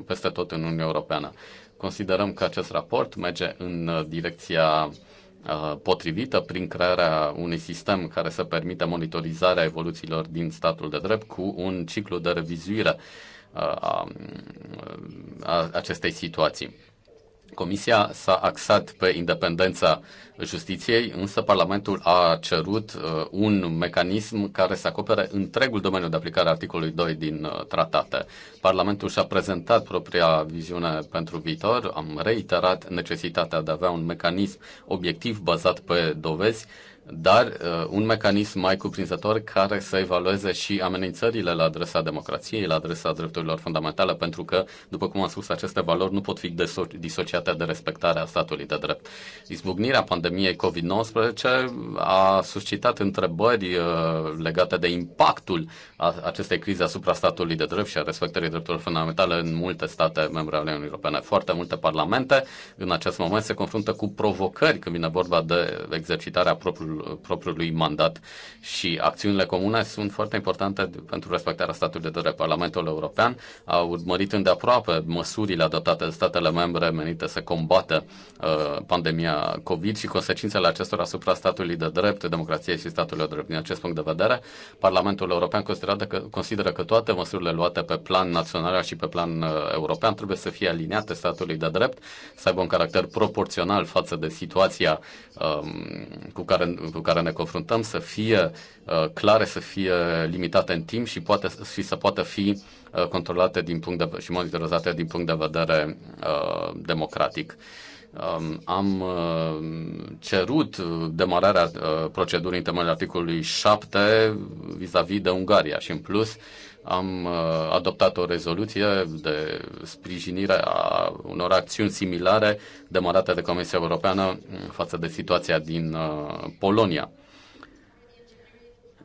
[SPEAKER 5] peste tot în Uniunea Europeană. Considerăm că acest raport merge în uh, direcția Uh, potrivită prin crearea unui sistem care să permită monitorizarea evoluțiilor din statul de drept cu un ciclu de revizuire uh, uh, a acestei situații. Comisia s-a axat pe independența justiției, însă Parlamentul a cerut uh, un mecanism care să acopere întregul domeniu de aplicare a articolului 2 din uh, tratate. Parlamentul și-a prezentat propria viziune pentru viitor, am reiterat necesitatea de a avea un mecanism obiectiv bazat pe dovezi dar uh, un mecanism mai cuprinzător care să evalueze și amenințările la adresa democrației, la adresa drepturilor fundamentale, pentru că, după cum am spus, aceste valori nu pot fi diso- disociate de respectarea statului de drept. Izbucnirea pandemiei COVID-19 a suscitat întrebări uh, legate de impactul a acestei crize asupra statului de drept și a respectării drepturilor fundamentale în multe state membre ale Uniunii Europene. Foarte multe parlamente în acest moment se confruntă cu provocări când vine vorba de exercitarea propriului Uh, propriului mandat și acțiunile comune sunt foarte importante pentru respectarea statului de drept. Parlamentul European a urmărit îndeaproape măsurile adoptate de statele membre menite să combată uh, pandemia COVID și consecințele acestora asupra statului de drept, democrației și statului de drept. Din acest punct de vedere, Parlamentul European consideră că, consideră că toate măsurile luate pe plan național și pe plan uh, european trebuie să fie aliniate statului de drept, să aibă un caracter proporțional față de situația um, cu care, cu care ne confruntăm să fie uh, clare, să fie limitate în timp și, poate, și să poată fi uh, controlate din punct de, și monitorizate din punct de vedere uh, democratic. Um, am uh, cerut uh, demararea uh, procedurii în temeiul articolului 7 vis-a-vis -vis de Ungaria și în plus uh, am uh, adoptat o rezoluție de sprijinire a unor acțiuni similare demarate de Comisia Europeană față de situația din uh, Polonia.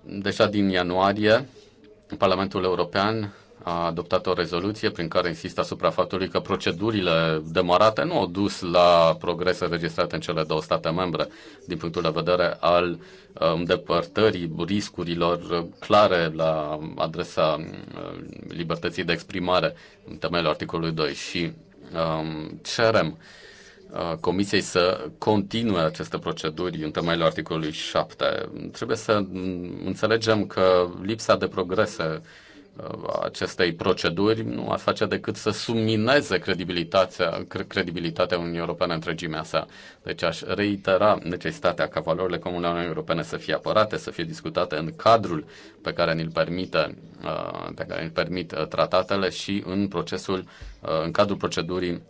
[SPEAKER 5] Deja din ianuarie, Parlamentul European a adoptat o rezoluție prin care insistă asupra faptului că procedurile demarate nu au dus la progrese registrate în cele două state membre din punctul de vedere al uh, îndepărtării riscurilor uh, clare la adresa uh, libertății de exprimare în temeiul articolului 2 și um, cerem Comisiei să continue aceste proceduri în temeiul articolului 7. Trebuie să mm, înțelegem că lipsa de progrese acestei proceduri nu ar face decât să submineze credibilitatea, credibilitatea Uniunii Europene întregimea sa. Deci aș reitera necesitatea ca valorile comune ale Uniunii Europene să fie apărate, să fie discutate în cadrul pe care ni-l permite, uh, pe care ni-l permit uh, tratatele și în procesul, uh, în cadrul procedurii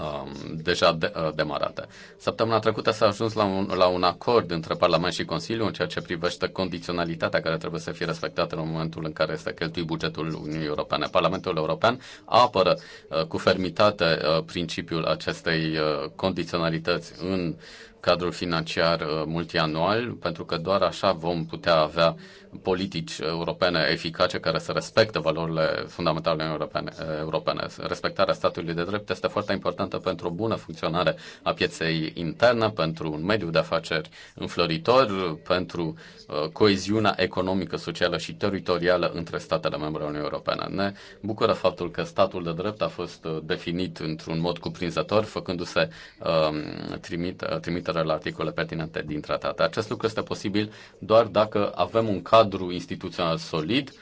[SPEAKER 5] um, deja de, uh, demarată. Săptămâna trecută s-a ajuns la un, la un acord între Parlament și Consiliu în ceea ce privește condiționalitatea care trebuie să fie respectată în momentul în care este cheltui bugetul Uniunii Europene. Parlamentul European apără uh, cu fermitate uh, principiul acestei uh, condiționalități în cadrul financiar uh, multianual, pentru că doar așa vom putea avea politici europene eficace care să respecte valorile fundamentale europene, europene. Respectarea statului de drept este foarte importantă pentru o bună funcționare a pieței interne, pentru un mediu de afaceri înfloritor, pentru uh, coeziunea economică, socială și teritorială între statele membre ale Uniunii Europene. Ne bucură faptul că statul de drept a fost uh, definit într-un mod cuprinzător, făcându-se um, trimit, uh, trimitere la articole pertinente din tratate. Acest lucru este posibil doar dacă avem un cadru cadru instituțional solid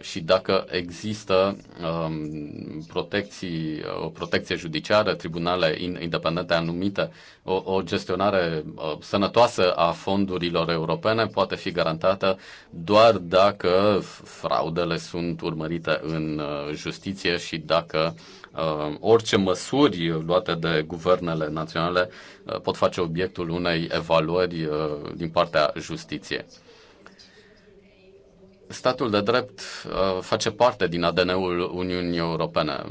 [SPEAKER 5] și dacă există um, protecții, o protecție judiciară, tribunale independente anumite, o, o gestionare uh, sănătoasă a fondurilor europene poate fi garantată doar dacă fraudele sunt urmărite în uh, justiție și dacă uh, orice măsuri luate de guvernele naționale uh, pot face obiectul unei evaluări uh, din partea justiției. Statul de drept uh, face parte din ADN-ul Uniunii Europene.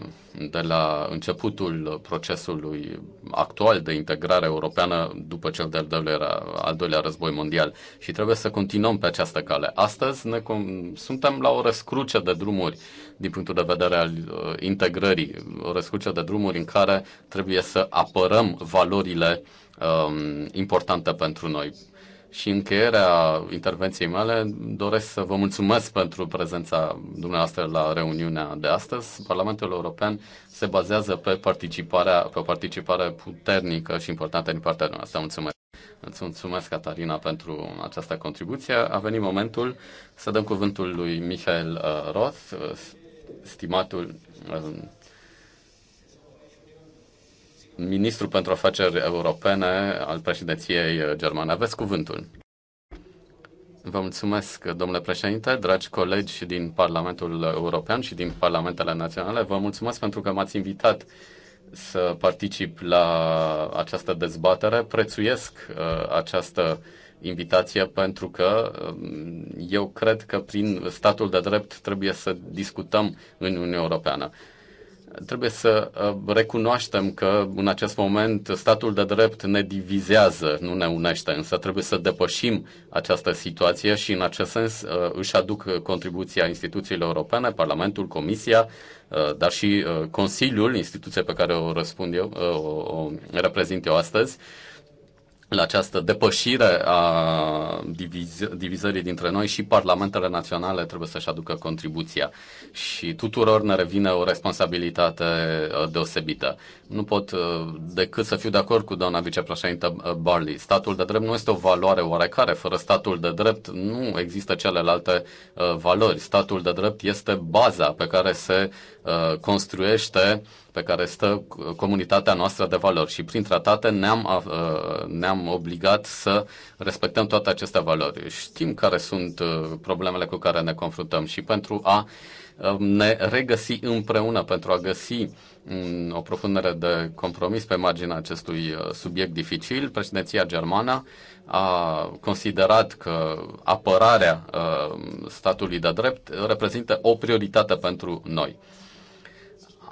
[SPEAKER 5] De la începutul procesului actual de integrare europeană după cel de-al doilea, al doilea război mondial și trebuie să continuăm pe această cale. Astăzi ne, suntem la o răscruce de drumuri din punctul de vedere al uh, integrării, o răscruce de drumuri în care trebuie să apărăm valorile um, importante pentru noi și încheierea intervenției mele doresc să vă mulțumesc pentru prezența dumneavoastră la reuniunea de astăzi. Parlamentul European se bazează pe, participarea, pe o participare puternică și importantă din partea noastră. Mulțumesc! Îți mulțumesc, Catarina, pentru această contribuție. A venit momentul să dăm cuvântul lui Michael uh, Roth, uh, stimatul uh, ministru pentru afaceri europene al președinției uh, germane. Aveți cuvântul. Vă mulțumesc, domnule președinte, dragi colegi din Parlamentul European și din Parlamentele Naționale. Vă mulțumesc pentru că m-ați invitat să particip la această dezbatere. Prețuiesc uh, această invitație pentru că uh, eu cred că prin statul de drept trebuie să discutăm în Uniunea Europeană. Uh, Trebuie să uh, recunoaștem că în acest moment statul de drept ne divizează, nu ne unește, însă trebuie să depășim această situație și în acest sens uh, își aduc contribuția instituțiilor europene, Parlamentul, Comisia, uh, dar și Consiliul, instituție pe care o răspund eu, o reprezint eu astăzi, la această depășire a diviz- divizării dintre noi și parlamentele naționale trebuie să-și aducă contribuția și tuturor ne revine o responsabilitate uh, deosebită. Nu pot uh, decât să fiu de acord cu doamna vicepreședintă uh, Barley. Statul de drept nu este o valoare oarecare. Fără statul de drept nu există celelalte valori. Statul de drept este baza pe care se construiește pe care stă comunitatea noastră de valori și prin tratate ne-am, ne-am obligat să respectăm toate aceste valori. Știm care sunt problemele cu care ne confruntăm și pentru a ne regăsi împreună, pentru a găsi o propunere de compromis pe marginea acestui subiect dificil, președinția germană a considerat că apărarea statului de drept reprezintă o prioritate pentru noi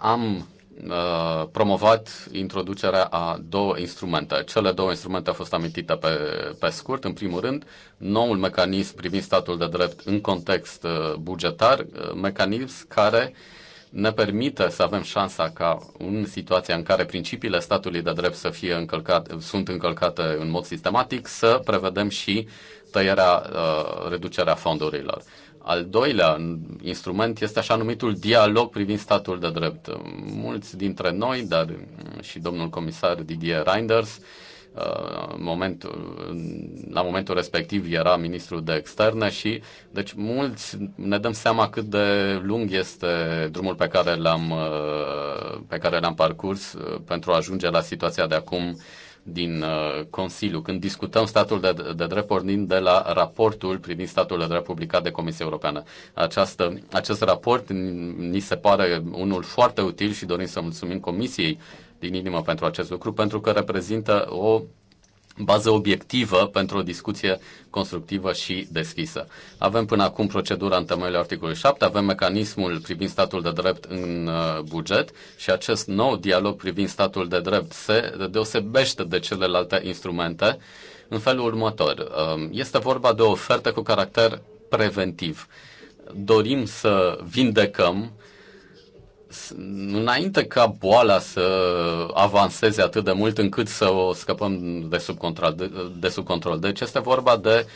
[SPEAKER 5] am Uh, promovat introducerea a două instrumente. Cele două instrumente au fost amintite pe, pe scurt. În primul rând, noul mecanism privind statul de drept în context uh, bugetar, uh, mecanism care ne permite să avem șansa ca în situația în care principiile statului de drept să fie încălcat, sunt încălcate în mod sistematic, să prevedem și tăierea, reducerea fondurilor. Al doilea instrument este așa numitul dialog privind statul de drept. Mulți dintre noi, dar și domnul comisar Didier Reinders, uh, momentul, la momentul respectiv era ministrul de externe și deci mulți ne dăm seama cât de lung este drumul pe care l-am, uh, pe care l-am parcurs uh, pentru a ajunge la situația de acum din uh, Consiliu, când discutăm statul de, de drept pornind de la raportul privind statul de drept publicat de Comisia Europeană. Această, acest raport ni se pare unul foarte util și dorim să mulțumim Comisiei din inimă pentru acest lucru, pentru că reprezintă o bază obiectivă pentru o discuție constructivă și deschisă. Avem până acum procedura în temeiul articolului 7, avem mecanismul privind statul de drept în uh, buget și acest nou dialog privind statul de drept se deosebește de celelalte instrumente în felul următor. Um, este vorba de o ofertă cu caracter preventiv. Dorim să vindecăm înainte ca boala să avanseze atât de mult încât să o scăpăm de sub control. De, de sub control. Deci este vorba de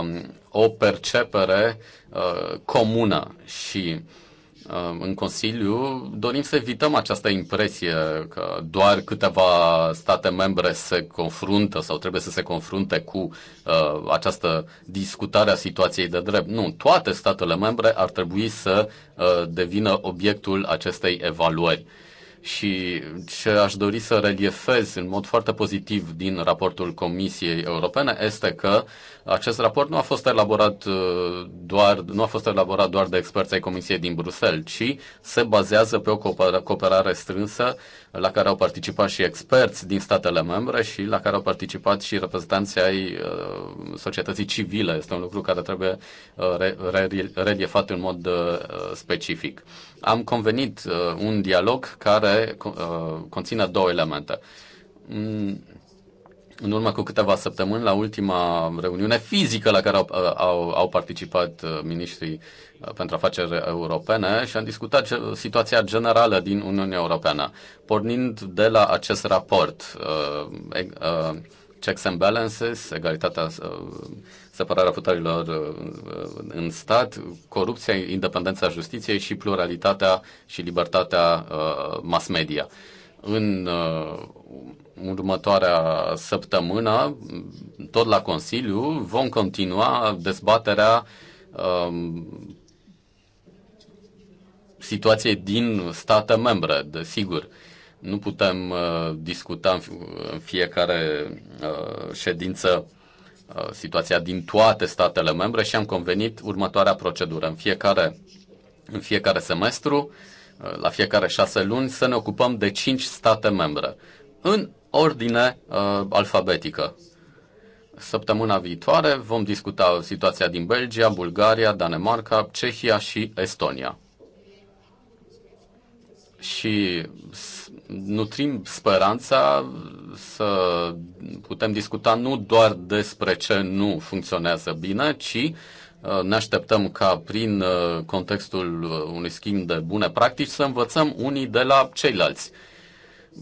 [SPEAKER 5] um, o percepere uh, comună și uh, Um, în Consiliu, dorim să evităm această impresie că doar câteva state membre se confruntă sau trebuie să se confrunte cu uh, această discutare a situației de drept. Nu, toate statele membre ar trebui să uh, devină obiectul acestei evaluări și ce aș dori să reliefez în mod foarte pozitiv din raportul Comisiei Europene este că acest raport nu a fost elaborat uh, doar, nu a fost elaborat doar de experți ai Comisiei din Bruxelles, ci se bazează pe o cooperare strânsă la care au participat și experți din statele membre și la care au participat și reprezentanții ai uh, societății civile. Este un lucru care trebuie uh, reliefat în mod specific am convenit uh, un dialog care uh, conține două elemente. Mm, în urmă cu câteva săptămâni, la ultima reuniune fizică la care au, uh, au, au participat uh, ministrii uh, pentru afaceri europene și am discutat situația generală din Uniunea Europeană. Pornind de la acest raport, uh, uh, checks and balances, egalitatea separarea puterilor uh, uh, în stat, corupția, independența justiției și pluralitatea și libertatea uh, mass media. În următoarea săptămână, tot la Consiliu, vom continua dezbaterea um, situației din state membre, desigur. Nu putem discuta în fiecare ședință Uh, situația din toate statele membre și am convenit următoarea procedură. În fiecare, în fiecare semestru, uh, la fiecare șase luni, să ne ocupăm de cinci state membre, în ordine uh, alfabetică. Săptămâna viitoare vom discuta situația din Belgia, Bulgaria, Danemarca, Cehia și Estonia. Și nutrim speranța să putem discuta nu doar despre ce nu funcționează bine, ci uh, ne așteptăm ca prin uh, contextul uh, unui schimb de bune practici să învățăm unii de la ceilalți.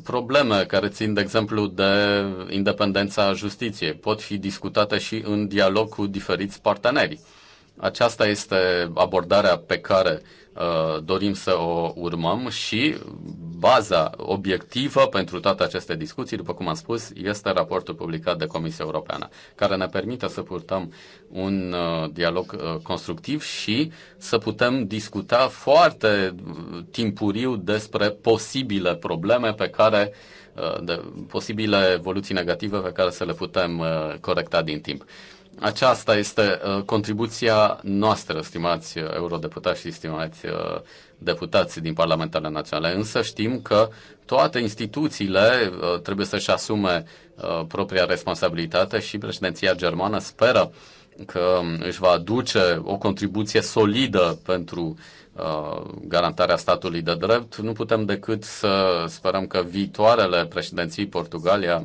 [SPEAKER 5] Probleme care țin, de exemplu, de independența justiției pot fi discutate și în dialog cu diferiți parteneri. Aceasta este abordarea pe care Uh, dorim să o urmăm și baza obiectivă pentru toate aceste discuții, după cum am spus, este raportul publicat de Comisia Europeană, care ne permite să purtăm un uh, dialog uh, constructiv și să putem discuta foarte timpuriu despre posibile probleme pe care de posibile evoluții negative pe care să le putem corecta din timp. Aceasta este uh, contribuția noastră, stimați uh, eurodeputați și stimați uh, deputați din Parlamentele Naționale. Însă știm că toate instituțiile trebuie să-și asume propria responsabilitate și președinția germană speră că um, își va aduce o contribuție solidă pentru garantarea statului de drept. Nu putem decât să sperăm că viitoarele președinții Portugalia,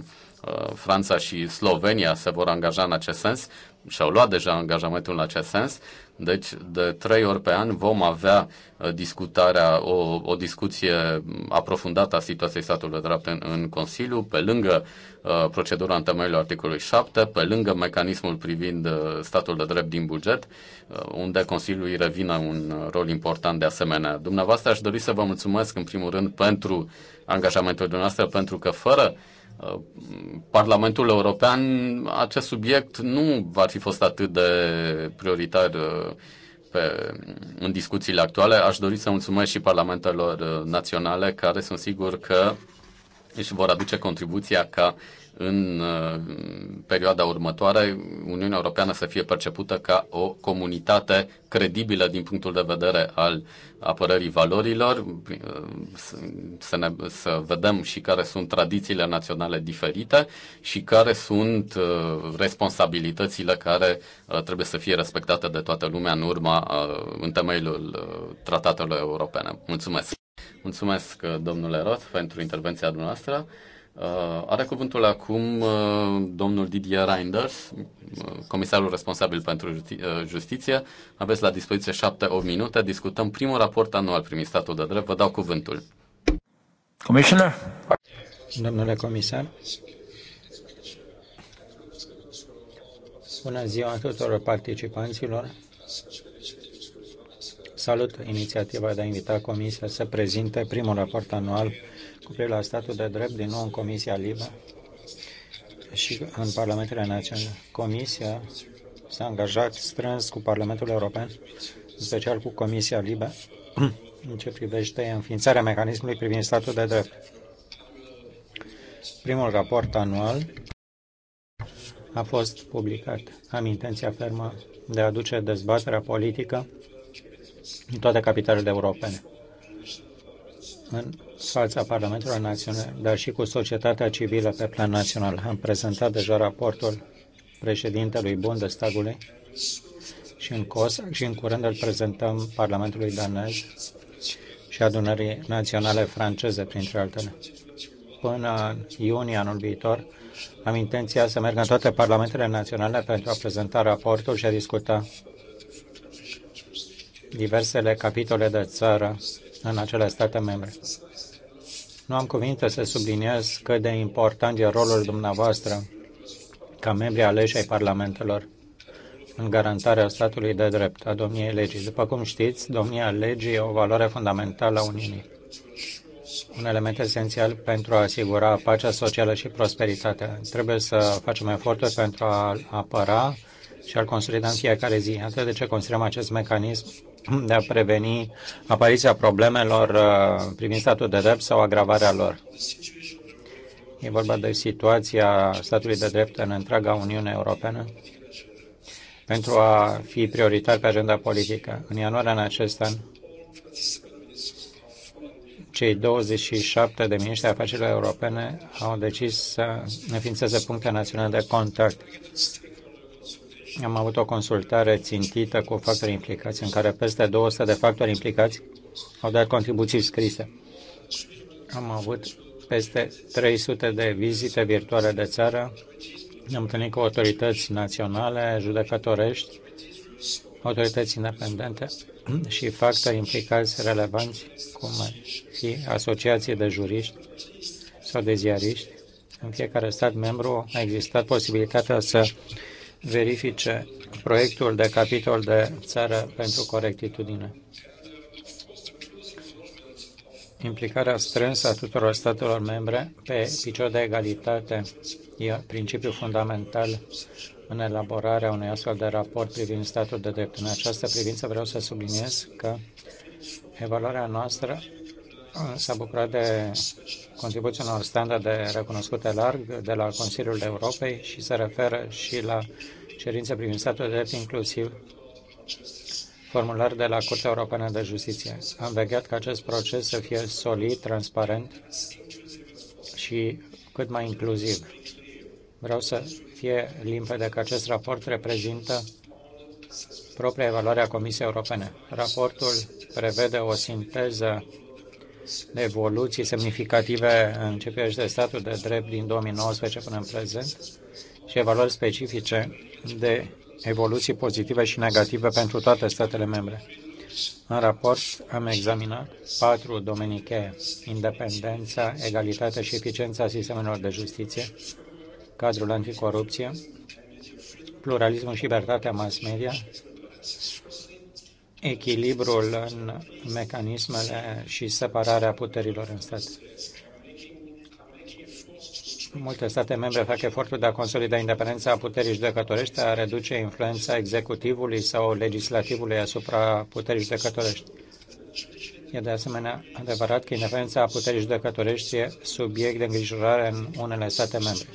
[SPEAKER 5] Uh, Franța și Slovenia se vor angaja în acest sens și-au luat deja angajamentul în acest sens. Deci, de trei ori pe an vom avea uh, discutarea, o, o discuție aprofundată a situației statului de drept în, în Consiliu, pe lângă uh, procedura în temeiul articolului 7, pe lângă mecanismul privind uh, statul de drept din buget, uh, unde Consiliul îi revină un uh, rol important de asemenea. Dumneavoastră aș dori să vă mulțumesc, în primul rând, pentru angajamentul dumneavoastră, pentru că fără uh, Parlamentul European, acest subiect nu va fi fost atât de prioritar uh, pe, în discuțiile actuale. Aș dori să mulțumesc și parlamentelor uh, naționale care sunt sigur că își vor aduce contribuția ca în uh, perioada următoare Uniunea Europeană să fie percepută ca o comunitate credibilă din punctul de vedere al apărării valorilor, uh, să, ne, să vedem și care sunt tradițiile naționale diferite și care sunt uh, responsabilitățile care trebuie să fie respectate de toată lumea în urma în temeiul tratatelor europene. Mulțumesc! Mulțumesc, domnule Roth, pentru intervenția dumneavoastră. Uh, are cuvântul acum uh, domnul Didier Reinders, uh, comisarul responsabil pentru justiție. Aveți la dispoziție 7-8 minute. Discutăm primul raport anual primit statul de drept. Vă dau cuvântul.
[SPEAKER 1] Commissioner? Domnule comisar, Bună ziua tuturor participanților. Salut inițiativa de a invita Comisia să prezinte primul raport anual cu privire la statul de drept din nou în Comisia Libă și în Parlamentele Naționale. Comisia s-a angajat strâns cu Parlamentul European, în special cu Comisia Libă, în ce privește înființarea mecanismului privind statul de drept. Primul raport anual a fost publicat. Am intenția fermă de a aduce dezbaterea politică în toate capitalele europene în fața Parlamentului național, dar și cu societatea civilă pe plan național. Am prezentat deja raportul președintelui Bundestagului și în COS și în curând îl prezentăm Parlamentului danez și adunării naționale franceze, printre altele. Până în iunie anul viitor, am intenția să merg în toate parlamentele naționale pentru a prezenta raportul și a discuta diversele capitole de țară în acele state membre. Nu am cuvinte să subliniez cât de important e rolul dumneavoastră ca membri aleși ai parlamentelor în garantarea statului de drept a domniei legii. După cum știți, domnia legii e o valoare fundamentală a Uniunii, un element esențial pentru a asigura pacea socială și prosperitatea. Trebuie să facem eforturi pentru a apăra și a-l consolida în fiecare zi. Atât de ce considerăm acest mecanism de a preveni apariția problemelor uh, privind statul de drept sau agravarea lor. E vorba de situația statului de drept în întreaga Uniune Europeană pentru a fi prioritar pe agenda politică. În ianuarie în acest an, cei 27 de miniștri afacerilor europene au decis să înființeze puncte naționale de contact am avut o consultare țintită cu factori implicați, în care peste 200 de factori implicați au dat contribuții scrise. Am avut peste 300 de vizite virtuale de țară, ne-am întâlnit cu autorități naționale, judecătorești, autorități independente și factori implicați relevanți, cum ar fi asociații de juriști sau de ziariști. În fiecare stat membru a existat posibilitatea să verifice proiectul de capitol de țară pentru corectitudine. Implicarea strânsă a tuturor statelor membre pe picior de egalitate e principiul fundamental în elaborarea unui astfel de raport privind statul de drept. În această privință vreau să subliniez că evaluarea noastră s-a bucurat de contribuția unor standarde recunoscute larg de la Consiliul Europei și se referă și la cerințe privind statul de drept, inclusiv formulări de la Curtea Europeană de Justiție. Am vegheat ca acest proces să fie solid, transparent și cât mai inclusiv. Vreau să fie limpede că acest raport reprezintă propria evaluare a Comisiei Europene. Raportul prevede o sinteză evoluții semnificative în ce privește statul de drept din 2019 până în prezent și evaluări specifice de evoluții pozitive și negative pentru toate statele membre. În raport am examinat patru domenii cheie, independența, egalitatea și eficiența sistemelor de justiție, cadrul anticorupție, pluralismul și libertatea mass media echilibrul în mecanismele și separarea puterilor în stat. Multe state membre fac efortul de a consolida independența puterii judecătorești, a reduce influența executivului sau legislativului asupra puterii judecătorești. E de asemenea adevărat că independența puterii judecătorești e subiect de îngrijorare în unele state membre.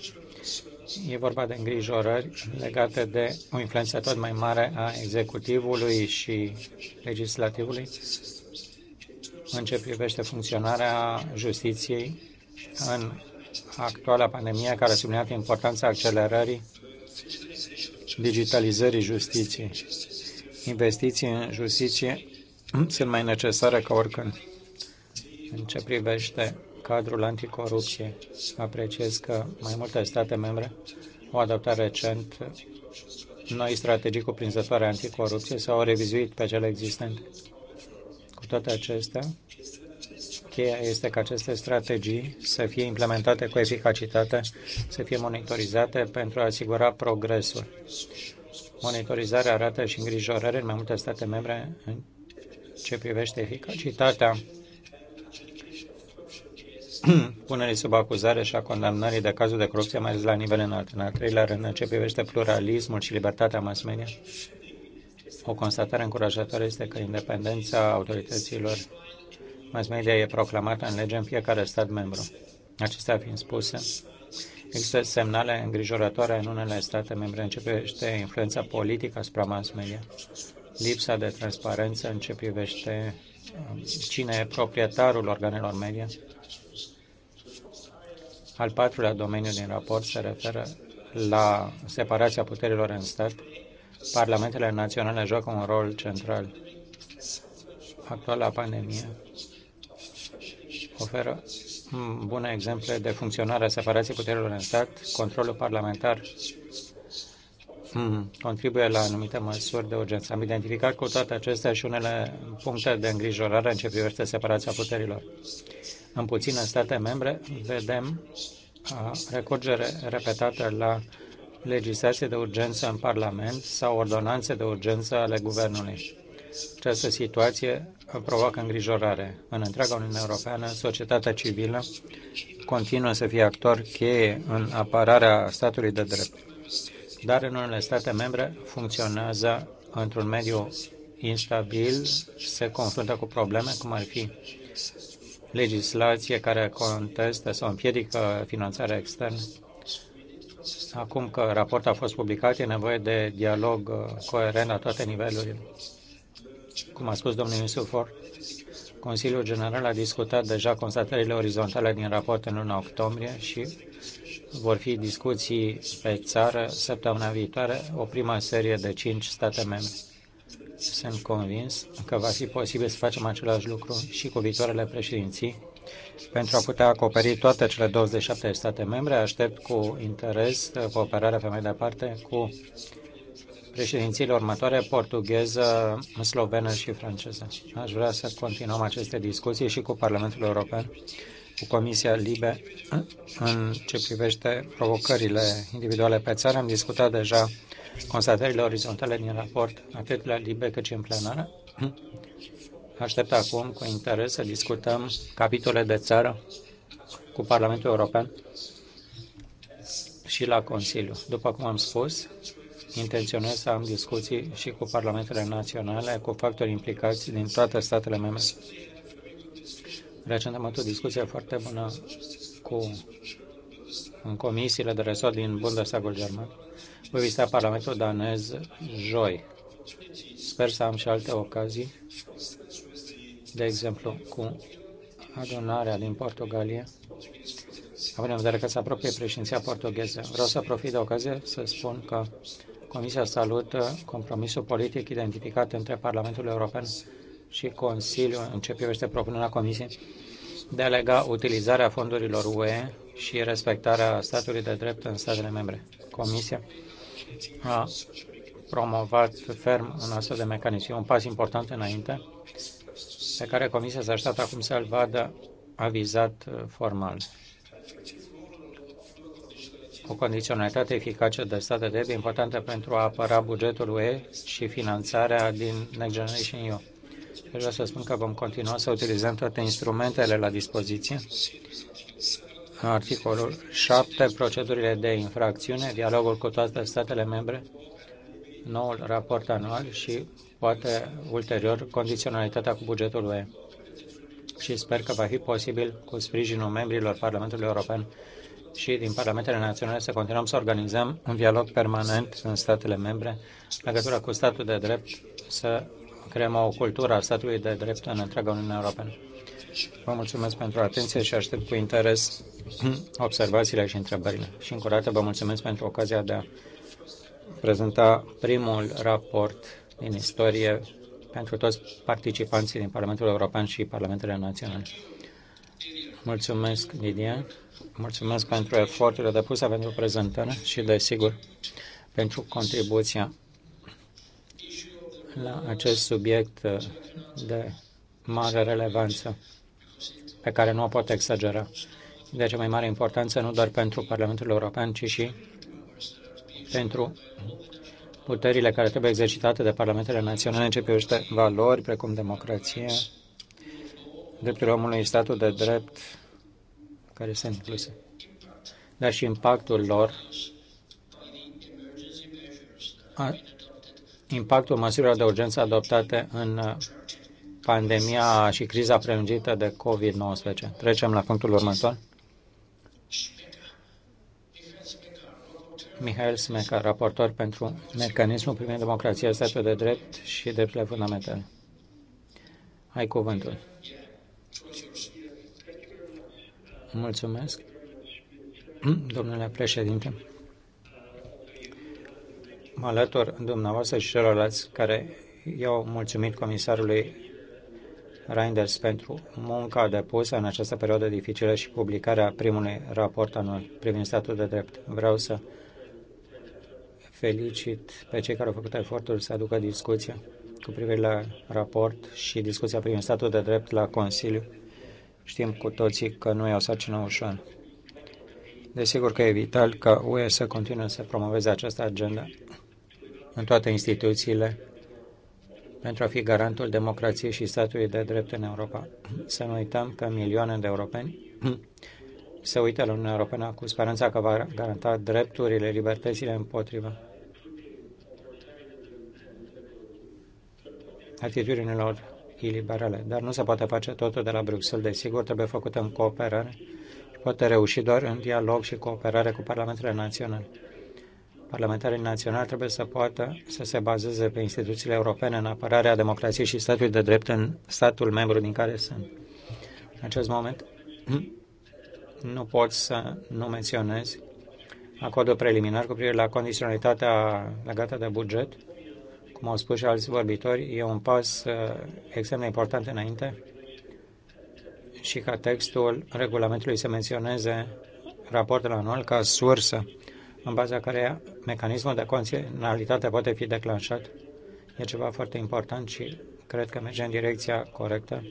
[SPEAKER 1] E vorba de îngrijorări legate de o influență tot mai mare a executivului și legislativului în ce privește funcționarea justiției în actuala pandemie care a subliniat importanța accelerării digitalizării justiției. Investiții în justiție sunt mai necesare ca oricând în ce privește cadrul anticorupție. Apreciez că mai multe state membre au adoptat recent noi strategii cuprinzătoare anticorupție sau au revizuit pe cele existente. Cu toate acestea, cheia este ca aceste strategii să fie implementate cu eficacitate, să fie monitorizate pentru a asigura progresul. Monitorizarea arată și îngrijorări în mai multe state membre în ce privește eficacitatea punerii sub acuzare și a condamnării de cazuri de corupție, mai ales la nivel înalt. În al treilea rând, în ce privește pluralismul și libertatea mass media, o constatare încurajatoare este că independența autorităților mass media e proclamată în lege în fiecare stat membru. Acestea fiind spuse, există semnale îngrijorătoare în unele state membre în ce privește influența politică asupra mass media, lipsa de transparență în ce privește um, cine e proprietarul organelor media, al patrulea domeniu din raport se referă la separația puterilor în stat. Parlamentele naționale joacă un rol central. Actuala pandemie oferă bune exemple de funcționare a separației puterilor în stat. Controlul parlamentar hmm, contribuie la anumite măsuri de urgență. Am identificat cu toate acestea și unele puncte de îngrijorare în ce privește separația puterilor. În puține state membre vedem recurgere repetată la legislație de urgență în Parlament sau ordonanțe de urgență ale Guvernului. Această situație provoacă îngrijorare. În întreaga Uniune Europeană, societatea civilă continuă să fie actor cheie în apărarea statului de drept, dar în unele state membre funcționează într-un mediu instabil, se confruntă cu probleme cum ar fi legislație care contestă sau împiedică finanțarea externă. Acum că raportul a fost publicat, e nevoie de dialog uh, coerent la toate nivelurile. Cum a spus domnul Misufor, Consiliul General a discutat deja constatările orizontale din raport în luna octombrie și vor fi discuții pe țară săptămâna viitoare, o prima serie de cinci state membre. Sunt convins că va fi posibil să facem același lucru și cu viitoarele președinții pentru a putea acoperi toate cele 27 de state membre. Aștept cu interes uh, cooperarea pe mai departe cu președințiile următoare, portugheză, slovenă și franceză. Aș vrea să continuăm aceste discuții și cu Parlamentul European cu Comisia Libe în ce privește provocările individuale pe țară. Am discutat deja constatările orizontale din raport, atât la Libe cât și în plenară. Aștept acum cu interes să discutăm capitole de țară cu Parlamentul European și la Consiliu. După cum am spus, intenționez să am discuții și cu parlamentele naționale, cu factori implicați din toate statele membre Recent am avut o discuție foarte bună cu în comisiile de resort din Bundestagul German. Voi vizita Parlamentul danez joi. Sper să am și alte ocazii, de exemplu cu adunarea din Portugalia, având în vedere că se apropie președinția portugheză. Vreau să profit de ocazie să spun că Comisia salută compromisul politic identificat între Parlamentul European și Consiliul în ce privește propunerea Comisiei de a lega utilizarea fondurilor UE și respectarea statului de drept în statele membre. Comisia a promovat ferm un astfel de mecanism. E un pas important înainte pe care Comisia s-a așteptat acum să-l vadă avizat uh, formal. O condiționalitate eficace de stat de drept importantă pentru a apăra bugetul UE și finanțarea din Next Generation EU Aș vrea să spun că vom continua să utilizăm toate instrumentele la dispoziție. Articolul 7, procedurile de infracțiune, dialogul cu toate statele membre, noul raport anual și poate ulterior condiționalitatea cu bugetul UE. Și sper că va fi posibil cu sprijinul membrilor Parlamentului European și din Parlamentele Naționale să continuăm să organizăm un dialog permanent în statele membre, legătura cu statul de drept, să creăm o cultură a statului de drept în întreaga Uniune Europeană. Vă mulțumesc pentru atenție și aștept cu interes observațiile și întrebările. Și încă o dată vă mulțumesc pentru ocazia de a prezenta primul raport din istorie pentru toți participanții din Parlamentul European și Parlamentele Naționale. Mulțumesc, Lidia. Mulțumesc pentru eforturile depuse, pentru prezentare și, desigur, pentru contribuția la acest subiect uh, de mare relevanță, pe care nu o pot exagera. De ce mai mare importanță nu doar pentru Parlamentul European, ci și pentru puterile care trebuie exercitate de parlamentele naționale în ce privește valori precum democrație, drepturile omului, statul de drept, care sunt incluse, dar și impactul lor impactul măsurilor de urgență adoptate în uh, pandemia și criza prelungită de COVID-19. Trecem la punctul următor. Mihail Smeca, raportor pentru mecanismul privind democrația, statul de drept și drepturile fundamentale. Ai cuvântul. Mulțumesc, domnule președinte mă alătur dumneavoastră și celorlalți care i-au mulțumit comisarului Reinders pentru munca depusă în această perioadă dificilă și publicarea primului raport anual privind statul de drept. Vreau să felicit pe cei care au făcut efortul să aducă discuția cu privire la raport și discuția privind statul de drept la Consiliu. Știm cu toții că nu e o sarcină ușoară. Desigur că e vital ca UE să continue să promoveze această agenda în toate instituțiile pentru a fi garantul democrației și statului de drept în Europa. Să nu uităm că milioane de europeni se uită la Uniunea Europeană cu speranța că va garanta drepturile, libertățile împotriva atitudinilor iliberale. Dar nu se poate face totul de la Bruxelles, desigur, trebuie făcută în cooperare și poate reuși doar în dialog și cooperare cu parlamentele naționale parlamentarii naționali trebuie să poată să se bazeze pe instituțiile europene în apărarea democrației și statului de drept în statul membru din care sunt. În acest moment nu pot să nu menționez acordul preliminar cu privire la condiționalitatea legată de buget. Cum au spus și alți vorbitori, e un pas uh, extrem de important înainte și ca textul regulamentului să menționeze raportul anual ca sursă în baza care mecanismul de condiționalitate poate fi declanșat. E ceva foarte important și cred că merge în direcția corectă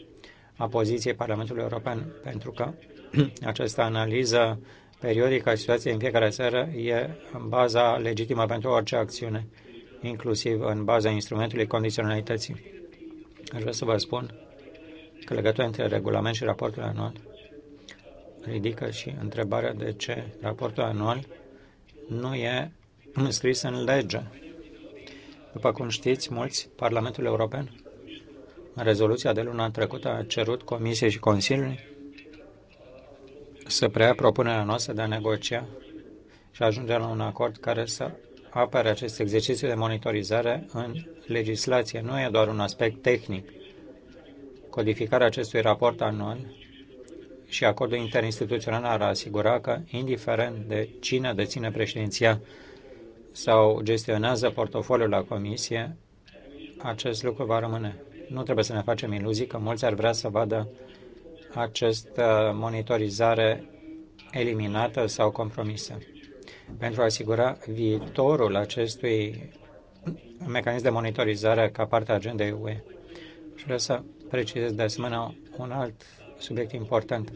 [SPEAKER 1] a poziției Parlamentului European, pentru că această analiză periodică a situației în fiecare seară e în baza legitimă pentru orice acțiune, inclusiv în baza instrumentului condiționalității. Aș vrea să vă spun că legătura între regulament și raportul anual ridică și întrebarea de ce raportul anual nu e înscris în lege. După cum știți, mulți, Parlamentul European, în rezoluția de luna trecută, a cerut Comisiei și Consiliului să preia propunerea noastră de a negocia și ajunge la un acord care să apere acest exercițiu de monitorizare în legislație. Nu e doar un aspect tehnic. Codificarea acestui raport anual și acordul interinstituțional ar asigura că, indiferent de cine deține președinția sau gestionează portofoliul la comisie, acest lucru va rămâne. Nu trebuie să ne facem iluzii că mulți ar vrea să vadă această monitorizare eliminată sau compromisă. Pentru a asigura viitorul acestui mecanism de monitorizare ca parte a agendei UE. Și vreau să precizez de asemenea un alt subiect important.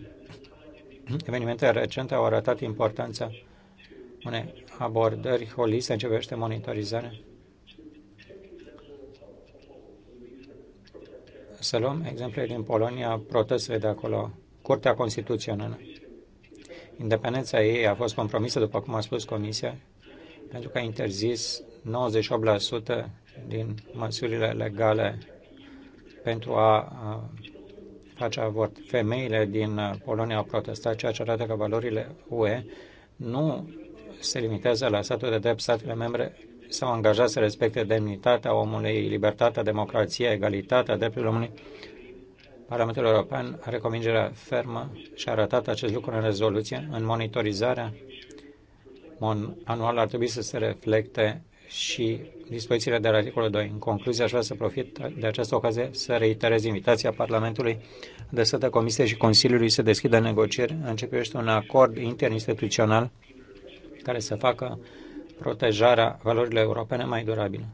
[SPEAKER 1] Evenimentele recente au arătat importanța unei abordări holiste în ce privește monitorizarea. Să luăm exemple din Polonia, protestele de acolo, Curtea Constituțională. Independența ei a fost compromisă, după cum a spus Comisia, pentru că a interzis 98% din măsurile legale pentru a face avort. Femeile din uh, Polonia au protestat, ceea ce arată că valorile UE nu se limitează la statul de drept. Statele membre s-au angajat să respecte demnitatea omului, libertatea, democrația, egalitatea, dreptul omului. Parlamentul European are convingerea fermă și a arătat acest lucru în rezoluție. În monitorizarea anuală ar trebui să se reflecte și dispozițiile de la articolul 2. În concluzie, aș vrea să profit de această ocazie să reiterez invitația Parlamentului de sătă Comisiei și Consiliului să deschidă negocieri în ce privește un acord interinstituțional care să facă protejarea valorilor europene mai durabilă.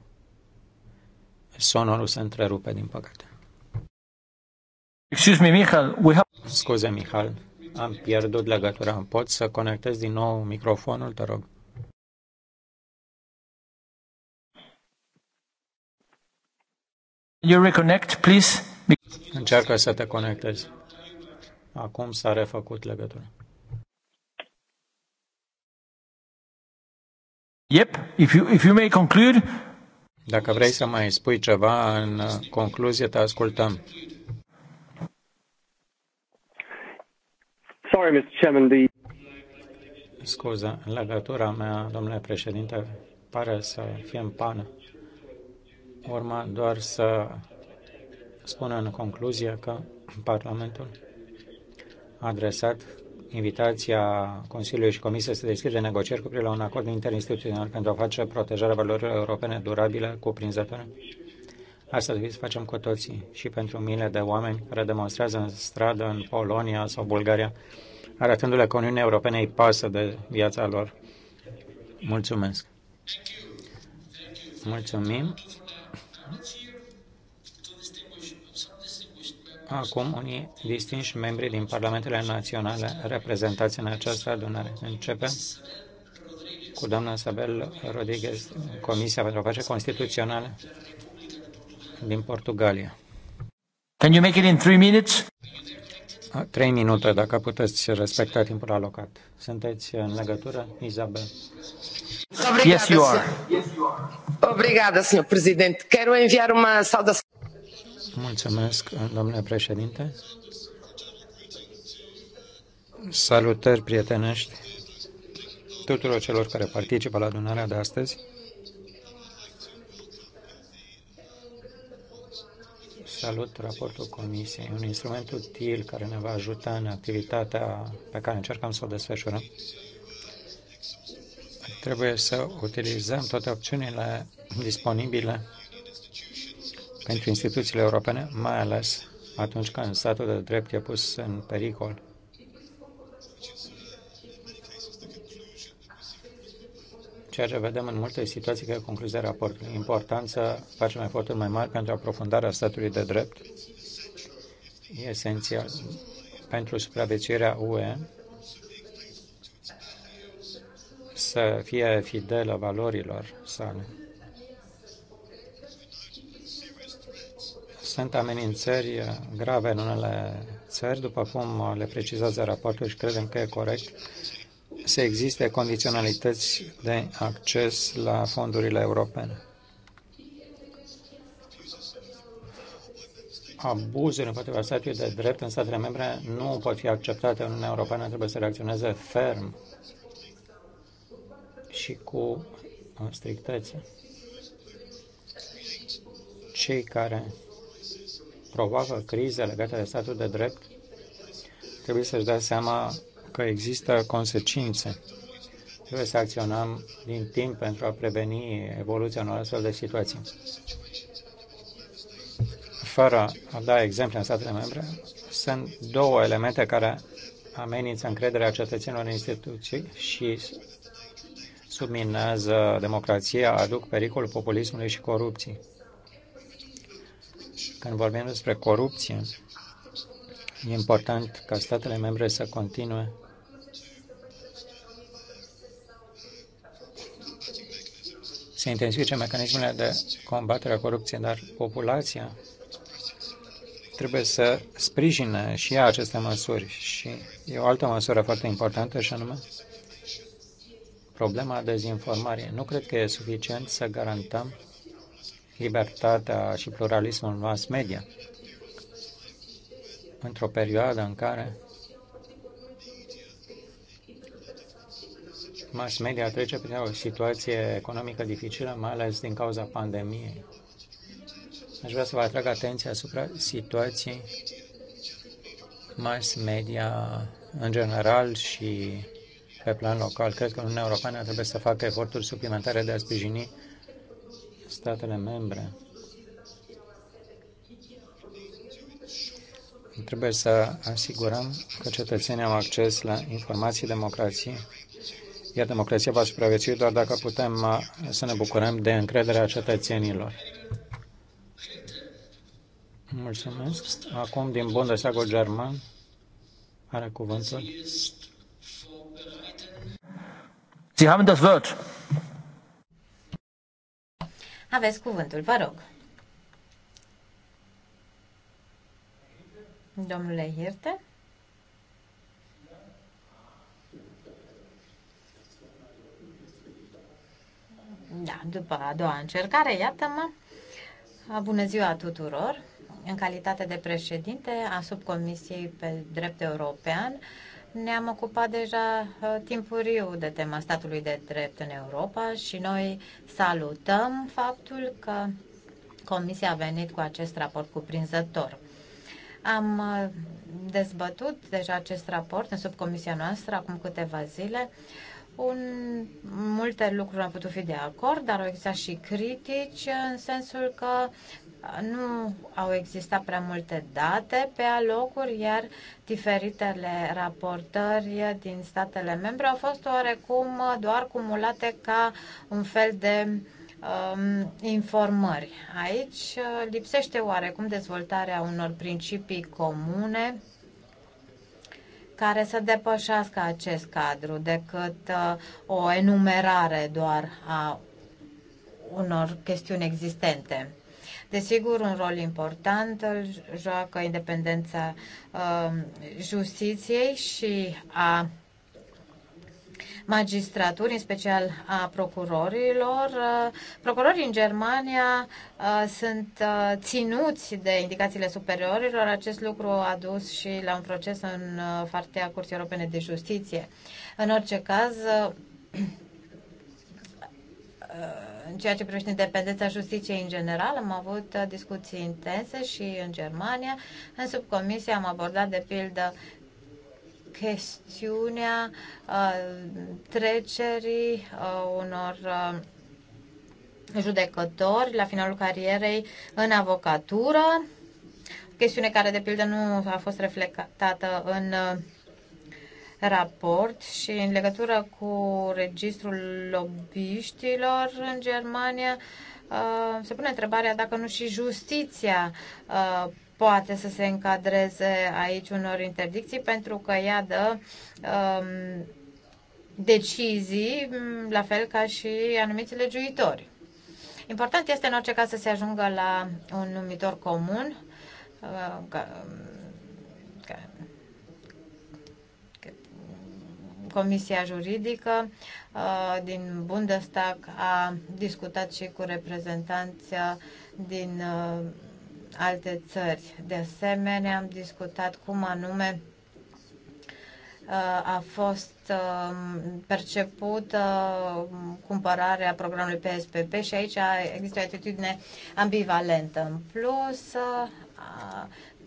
[SPEAKER 1] Sonorul se întrerupe, din păcate. Excuse me, Michael, we have... Scuze, Michael, am pierdut legătura. Pot să conectez din nou microfonul, te rog?
[SPEAKER 2] You reconnect, please.
[SPEAKER 1] Încearcă să te conectezi. Acum s-a refăcut legătura. Yep,
[SPEAKER 2] if you, if you may conclude.
[SPEAKER 1] Dacă vrei să mai spui ceva în concluzie, te ascultăm.
[SPEAKER 6] Sorry, Mr. Chairman, the...
[SPEAKER 1] Scuza, legătura mea, domnule președinte, pare să fie în pană urma doar să spun în concluzie că Parlamentul a adresat invitația Consiliului și Comisiei să deschide negocieri cu privire la un acord interinstituțional pentru a face protejarea valorilor europene durabile cuprinzătoare. Asta trebuie să facem cu toții și pentru miile de oameni care demonstrează în stradă în Polonia sau Bulgaria, arătându-le că Uniunea Europeană îi pasă de viața lor. Mulțumesc! Mulțumim! Acum, unii distinși membri din Parlamentele Naționale reprezentați în această adunare. Începem cu doamna Isabel Rodriguez, Comisia pentru Afaceri constituțională din Portugalia. Can you make it in three minutes? Trei minute, dacă puteți respecta timpul alocat. Sunteți în legătură, Isabel?
[SPEAKER 2] Yes, you are. Yes, you are. Obrigada, senhor
[SPEAKER 1] presidente. Quero enviar uma saudação. Mulțumesc, domnule președinte. Salutări prietenești tuturor celor care participă la adunarea de astăzi. Salut raportul Comisiei, un instrument util care ne va ajuta în activitatea pe care încercăm să o desfășurăm. Trebuie să utilizăm toate opțiunile disponibile pentru instituțiile europene, mai ales atunci când statul de drept e pus în pericol. Ceea ce vedem în multe situații că e concluzia raportului. Important să facem eforturi mai mari pentru aprofundarea statului de drept. E esențial pentru supraviețuirea UE să fie fidelă valorilor sale. Sunt amenințări grave în unele țări, după cum le precizează raportul și credem că e corect să existe condiționalități de acces la fondurile europene. abuzuri împotriva statului de drept în statele membre nu pot fi acceptate. în Uniunea Europeană trebuie să reacționeze ferm și cu strictețe. Cei care provoacă crize legate de statul de drept trebuie să-și dea seama că există consecințe. Trebuie să acționăm din timp pentru a preveni evoluția unor astfel de situații. Fără a da exemple în statele membre, sunt două elemente care amenință încrederea cetățenilor în instituții și subminează democrația, aduc pericolul populismului și corupției. Când vorbim despre corupție, e important ca statele membre să continue să intensifice mecanismele de combatere a corupției, dar populația trebuie să sprijine și ea aceste măsuri. Și e o altă măsură foarte importantă, și anume problema dezinformării. Nu cred că e suficient să garantăm libertatea și pluralismul mass media într-o perioadă în care mass media trece prin o situație economică dificilă, mai ales din cauza pandemiei. Aș vrea să vă atrag atenția asupra situației mass media în general și pe plan local, cred că Uniunea Europeană trebuie să facă eforturi suplimentare de a sprijini statele membre. Trebuie să asigurăm că cetățenii au acces la informații, democrație, iar democrația va supraviețui doar dacă putem uh, să ne bucurăm de încrederea cetățenilor. Mulțumesc. Acum, din Bundesagul German, are cuvântul Sie haben das Wort.
[SPEAKER 4] Aveți cuvântul, vă rog. Domnule Hirte? Da, după a doua încercare, iată-mă. Bună ziua tuturor! În calitate de președinte a subcomisiei pe drept european, ne-am ocupat deja uh, timpuriu de tema statului de drept în Europa și noi salutăm faptul că Comisia a venit cu acest raport cuprinzător. Am uh, dezbătut deja acest raport în subcomisia noastră acum câteva zile. Un, multe lucruri au putut fi de acord, dar au existat și critici în sensul că nu au existat prea multe date pe alocuri, iar diferitele raportări din statele membre au fost oarecum doar cumulate ca un fel de um, informări. Aici uh, lipsește oarecum dezvoltarea unor principii comune care să depășească acest cadru decât uh, o enumerare doar a unor chestiuni existente. Desigur, un rol important îl joacă independența um, justiției și a magistraturii, în special a procurorilor. Procurorii în Germania uh, sunt uh, ținuți de indicațiile superiorilor. Acest lucru a dus și la un proces în uh, partea Curții Europene de Justiție. În orice caz, în ceea ce privește independența justiției în general, am avut uh, discuții intense și în Germania. În subcomisie am abordat, de pildă, chestiunea uh, trecerii uh, unor judecători la finalul carierei în avocatură, chestiune care, de pildă, nu a fost reflectată în uh, raport și în legătură cu registrul lobbyștilor în Germania uh, se pune întrebarea dacă nu și justiția uh, poate să se încadreze aici unor interdicții pentru că ea dă um, decizii mm, la fel ca și anumiți legiuitori. Important este în orice caz să se ajungă la un numitor comun uh, um, Comisia Juridică uh, din Bundestag a discutat și cu reprezentanți uh, din uh, alte țări. De asemenea, am discutat cum anume a fost um, percepută cumpărarea programului PSPP și aici există o atitudine ambivalentă. În plus,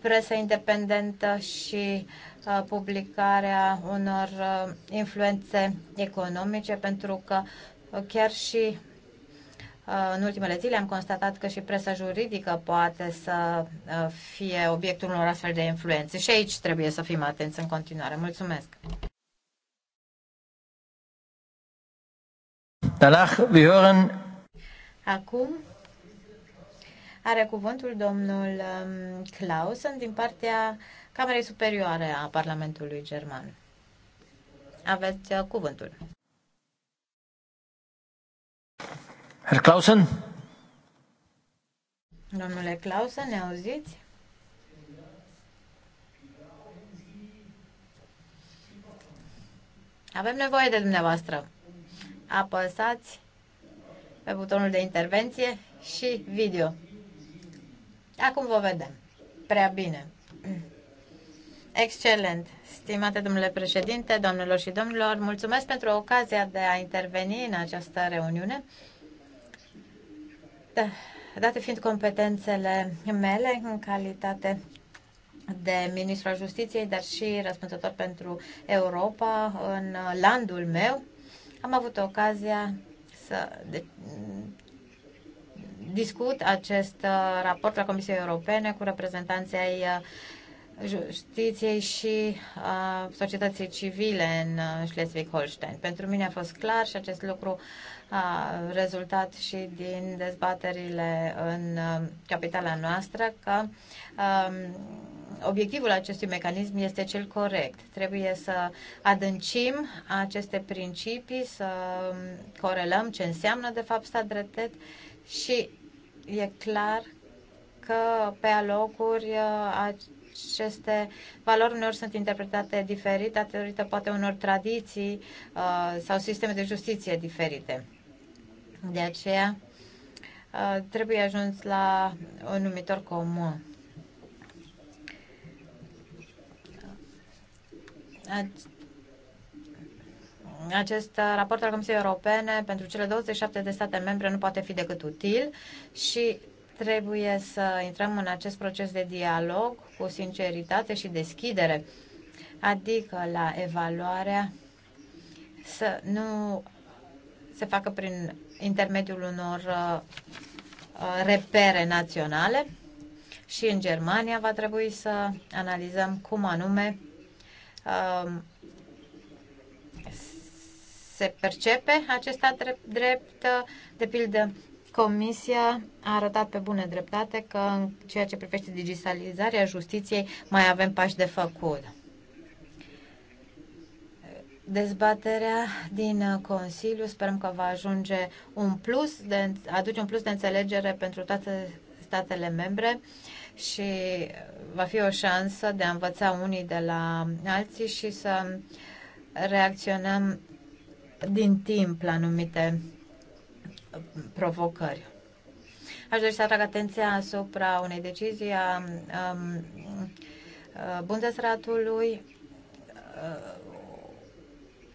[SPEAKER 4] presa independentă și uh, Uh, publicarea unor uh, influențe economice, pentru că uh, chiar și în ultimele zile am constatat că și presa juridică poate să fie obiectul unor astfel de influențe și aici trebuie să fim atenți în continuare. Mulțumesc! Acum are cuvântul domnul um, Clausen din partea Camerei Superioare a Parlamentului German. Aveți uh, cuvântul.
[SPEAKER 2] Herr Clausen?
[SPEAKER 4] Domnule Clausen, ne auziți? Avem nevoie de dumneavoastră. Apăsați pe butonul de intervenție și video. Acum vă vedem. Prea bine. Excelent. Stimate domnule președinte, domnilor și domnilor, mulțumesc pentru ocazia de a interveni în această reuniune. Da, date fiind competențele mele în calitate de ministru al justiției, dar și răspunzător pentru Europa în landul meu, am avut ocazia să de, discut acest uh, raport la Comisia Europene cu reprezentanții ai uh, justiției și a societății civile în uh, Schleswig-Holstein. Pentru mine a fost clar și acest lucru a rezultat și din dezbaterile în uh, capitala noastră că um, obiectivul acestui mecanism este cel corect. Trebuie să adâncim aceste principii, să um, corelăm ce înseamnă de fapt stat dreptet și e clar că pe alocuri uh, aceste valori uneori sunt interpretate diferit datorită poate unor tradiții uh, sau sisteme de justiție diferite. De aceea uh, trebuie ajuns la un numitor comun. Acest uh, raport al Comisiei Europene pentru cele 27 de state membre nu poate fi decât util și Trebuie să intrăm în acest proces de dialog cu sinceritate și deschidere, adică la evaluarea să nu se facă prin intermediul unor uh, uh, repere naționale și în Germania va trebui să analizăm cum anume uh, se percepe acesta drept, de pildă Comisia a arătat pe bune dreptate că în ceea ce privește digitalizarea justiției mai avem pași de făcut. Dezbaterea din Consiliu sperăm că va ajunge un plus de, aduce un plus de înțelegere pentru toate statele membre și va fi o șansă de a învăța unii de la alții și să reacționăm din timp la anumite provocări. Aș dori să atrag atenția asupra unei decizii a um, um uh, Bundesratului uh,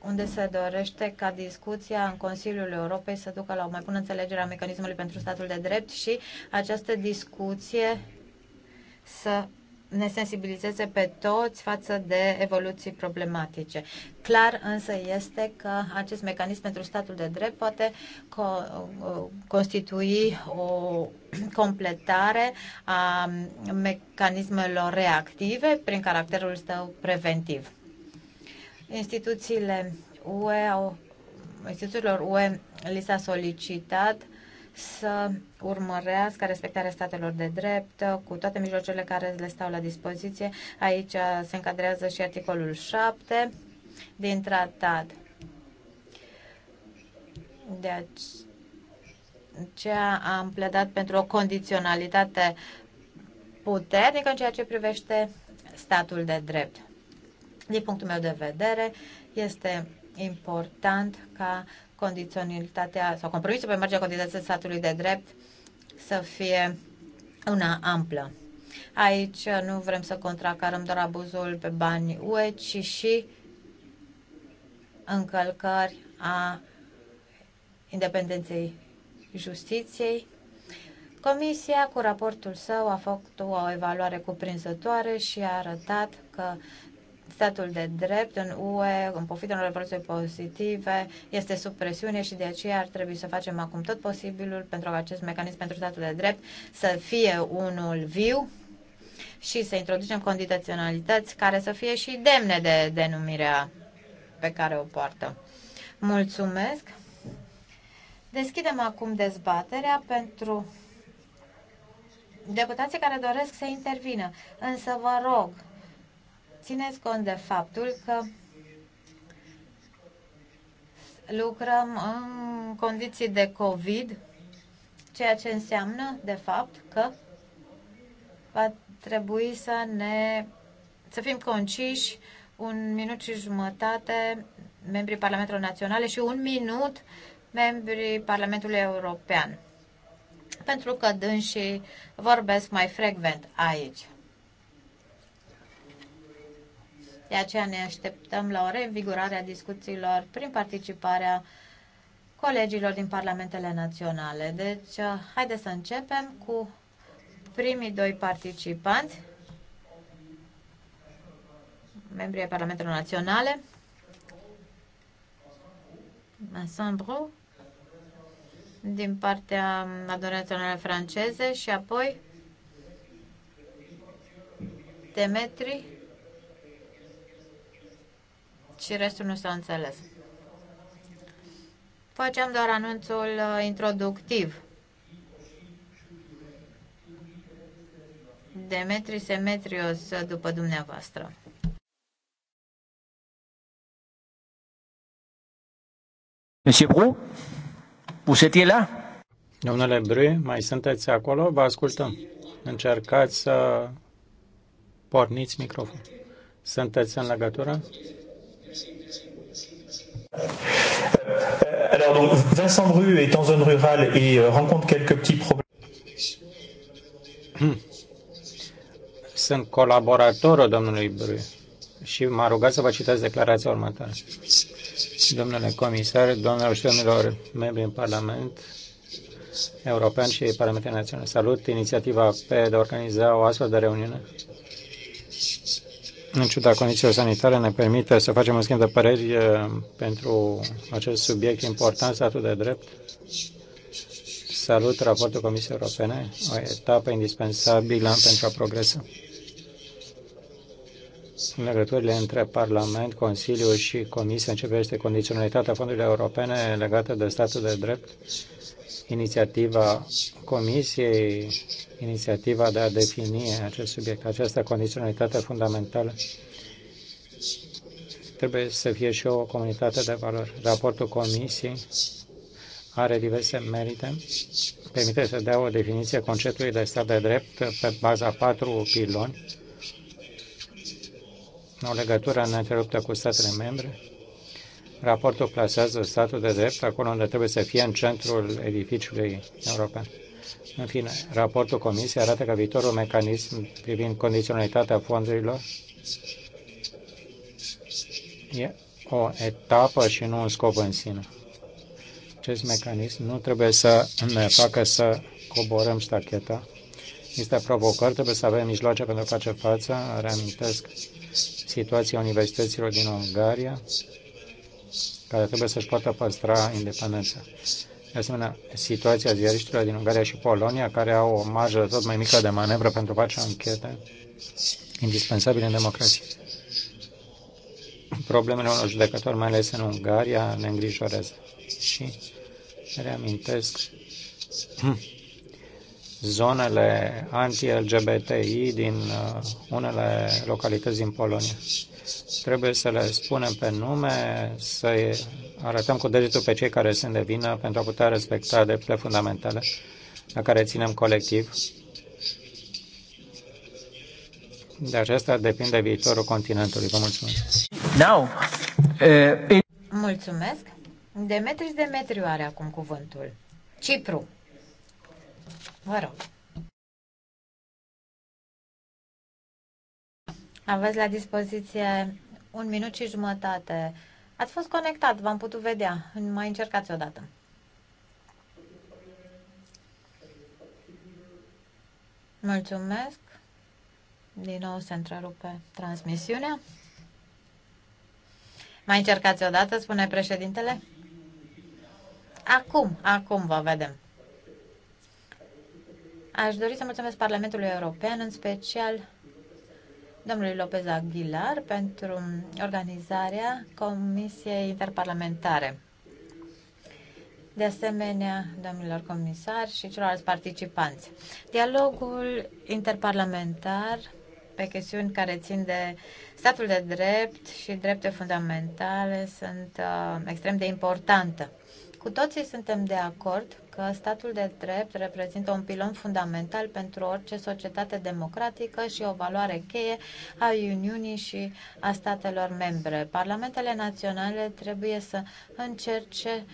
[SPEAKER 4] unde se dorește ca discuția în Consiliul Europei să ducă la o mai bună înțelegere a mecanismului pentru statul de drept și această discuție să ne sensibilizeze pe toți față de evoluții problematice. Clar însă este că acest mecanism pentru statul de drept poate co- constitui o completare a mecanismelor reactive prin caracterul său preventiv. Instituțiile UE au, instituțiilor UE li s-a solicitat să urmărească respectarea statelor de drept cu toate mijloacele care le stau la dispoziție. Aici se încadrează și articolul 7 din tratat. De aceea am pledat pentru o condiționalitate puternică în ceea ce privește statul de drept. Din punctul meu de vedere, este important ca condiționalitatea sau compromisul pe marginea condiționalității statului de drept să fie una amplă. Aici nu vrem să contracarăm doar abuzul pe bani UE, ci și încălcări a independenței justiției. Comisia, cu raportul său, a făcut o evaluare cuprinzătoare și a arătat că statul de drept în UE, în pofida unor evoluții pozitive, este sub presiune și de aceea ar trebui să facem acum tot posibilul pentru ca acest mecanism pentru statul de drept să fie unul viu și să introducem condiționalități care să fie și demne de denumirea pe care o poartă. Mulțumesc! Deschidem acum dezbaterea pentru deputații care doresc să intervină, însă vă rog țineți cont de faptul că lucrăm în condiții de COVID, ceea ce înseamnă, de fapt, că va trebui să ne să fim conciși un minut și jumătate membrii Parlamentului național și un minut membrii Parlamentului European. Pentru că dânsii vorbesc mai frecvent aici. De aceea ne așteptăm la o revigurare a discuțiilor prin participarea colegilor din parlamentele naționale. Deci, uh, haideți să începem cu primii doi participanți, membrii ai Parlamentelor Naționale, saint din partea Adunării Naționale Franceze și apoi Demetri și restul nu s-a înțeles. Facem doar anunțul uh, introductiv. Demetri Semetrios uh, după dumneavoastră.
[SPEAKER 2] Monsieur Brou, vous étiez là?
[SPEAKER 1] Domnule Bru, mai sunteți acolo? Vă ascultăm. Încercați să porniți microfon. Sunteți în legătură? Alors donc Vincent Bru est en zone rurale et euh, rencontre quelques petits problèmes. Hmm. Sunt colaboratorul domnului Bru și m-a rugat să vă citesc declarația următoare. Domnule comisar, domnilor și domnilor membri în Parlament, european și Parlamentul Național. Salut inițiativa pe de a organiza o astfel de reuniune în ciuda condițiilor sanitare, ne permite să facem un schimb de păreri eh, pentru acest subiect important, statul de drept. Salut raportul Comisiei Europene, o etapă indispensabilă pentru a progresa. Legăturile între Parlament, Consiliu și Comisie în ce privește condiționalitatea fondurilor europene legate de statul de drept inițiativa Comisiei, inițiativa de a defini acest subiect, această condiționalitate fundamentală, trebuie să fie și o comunitate de valori. Raportul Comisiei are diverse merite, permite să dea o definiție conceptului de stat de drept pe baza patru piloni, o legătură neîntreruptă cu statele membre, Raportul plasează statul de drept acolo unde trebuie să fie în centrul edificiului european. În fine, raportul Comisiei arată că viitorul mecanism privind condiționalitatea fondurilor e o etapă și nu un scop în sine. Acest mecanism nu trebuie să ne facă să coborăm stacheta. Este provocări, trebuie să avem mijloace pentru a face față. Reamintesc situația universităților din Ungaria, care trebuie să-și poată păstra independența. De asemenea, situația ziariștilor din Ungaria și Polonia, care au o marjă tot mai mică de manevră pentru a face anchete indispensabile în democrație. Problemele unor judecători, mai ales în Ungaria, ne îngrijorează. Și reamintesc zonele anti-LGBTI din uh, unele localități din Polonia. Trebuie să le spunem pe nume, să arătăm cu degetul pe cei care sunt de vină pentru a putea respecta drepturile fundamentale la care ținem colectiv. De aceasta depinde viitorul continentului. Vă mulțumesc.
[SPEAKER 4] Now, uh, in... Mulțumesc. Demetris Demetriu are acum cuvântul. Cipru. Vă rog. Aveți la dispoziție un minut și jumătate. Ați fost conectat, v-am putut vedea. Mai încercați o dată. Mulțumesc. Din nou se întrerupe transmisiunea. Mai încercați o dată, spune președintele. Acum, acum vă vedem. Aș dori să mulțumesc Parlamentului European, în special domnului Lopez Aguilar pentru organizarea Comisiei Interparlamentare. De asemenea, domnilor comisari și celorlalți participanți. Dialogul interparlamentar pe chestiuni care țin de statul de drept și drepte fundamentale sunt uh, extrem de importantă. Cu toții suntem de acord că statul de drept reprezintă un pilon fundamental pentru orice societate democratică și o valoare cheie a Uniunii și a statelor membre. Parlamentele naționale trebuie să încerce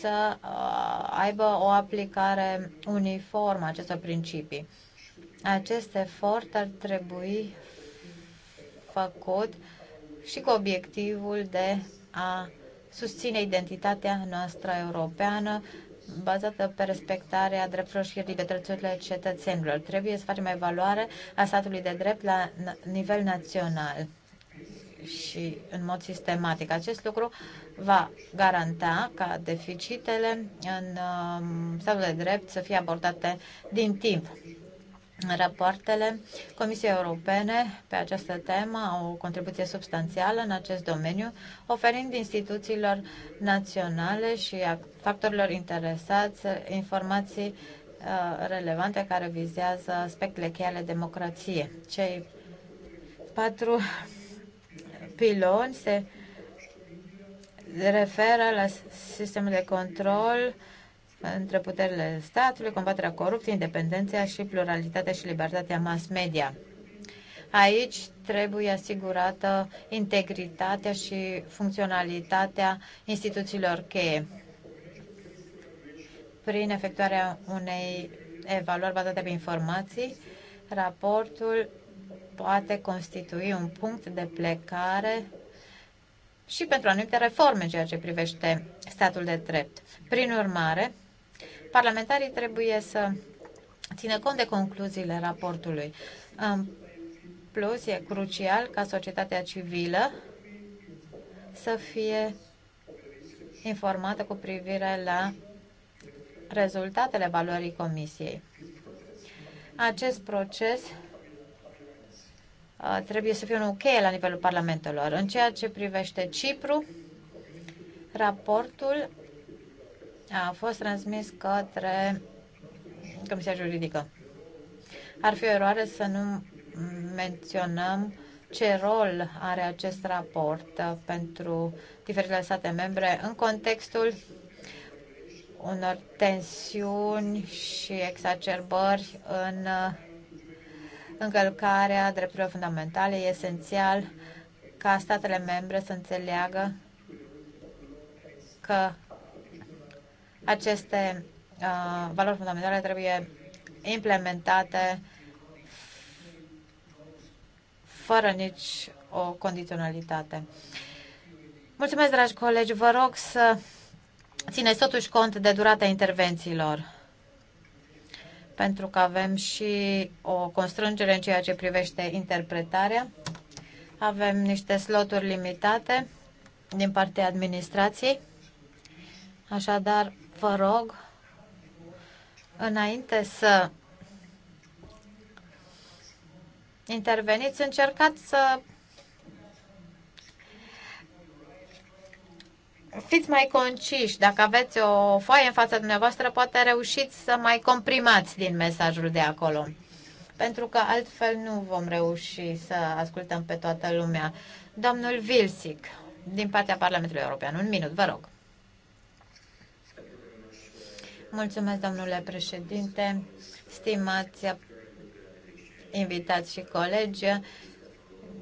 [SPEAKER 4] să uh, aibă o aplicare uniformă a acestor principii. Acest efort ar trebui făcut și cu obiectivul de a susține identitatea noastră europeană bazată pe respectarea drepturilor și libertăților cetățenilor. Trebuie să facem evaluare a statului de drept la nivel național și în mod sistematic. Acest lucru va garanta ca deficitele în um, statul de drept să fie abordate din timp. Rapoartele Comisiei Europene pe această temă au o contribuție substanțială în acest domeniu, oferind instituțiilor naționale și factorilor interesați informații uh, relevante care vizează aspectele cheie ale democrației. Cei patru piloni se referă la sistemul de control, între puterile statului, combaterea corupției, independența și pluralitatea și libertatea mass media. Aici trebuie asigurată integritatea și funcționalitatea instituțiilor cheie prin efectuarea unei evaluări bazate pe informații, raportul poate constitui un punct de plecare și pentru anumite reforme în ceea ce privește statul de drept. Prin urmare, Parlamentarii trebuie să țină cont de concluziile raportului. În plus, e crucial ca societatea civilă să fie informată cu privire la rezultatele valorii comisiei. Acest proces uh, trebuie să fie unul ok la nivelul parlamentelor. În ceea ce privește Cipru, raportul a fost transmis către Comisia Juridică. Ar fi o eroare să nu menționăm ce rol are acest raport pentru diferitele state membre în contextul unor tensiuni și exacerbări în încălcarea drepturilor fundamentale. E esențial ca statele membre să înțeleagă că aceste uh, valori fundamentale trebuie implementate fără nici o condiționalitate. Mulțumesc, dragi colegi. Vă rog să țineți totuși cont de durata intervențiilor pentru că avem și o constrângere în ceea ce privește interpretarea. Avem niște sloturi limitate din partea administrației. Așadar, vă rog, înainte să interveniți, încercați să fiți mai conciși. Dacă aveți o foaie în fața dumneavoastră, poate reușiți să mai comprimați din mesajul de acolo. Pentru că altfel nu vom reuși să ascultăm pe toată lumea. Domnul Vilsic, din partea Parlamentului European. Un minut, vă rog. Mulțumesc, domnule președinte, stimați invitați și colegi.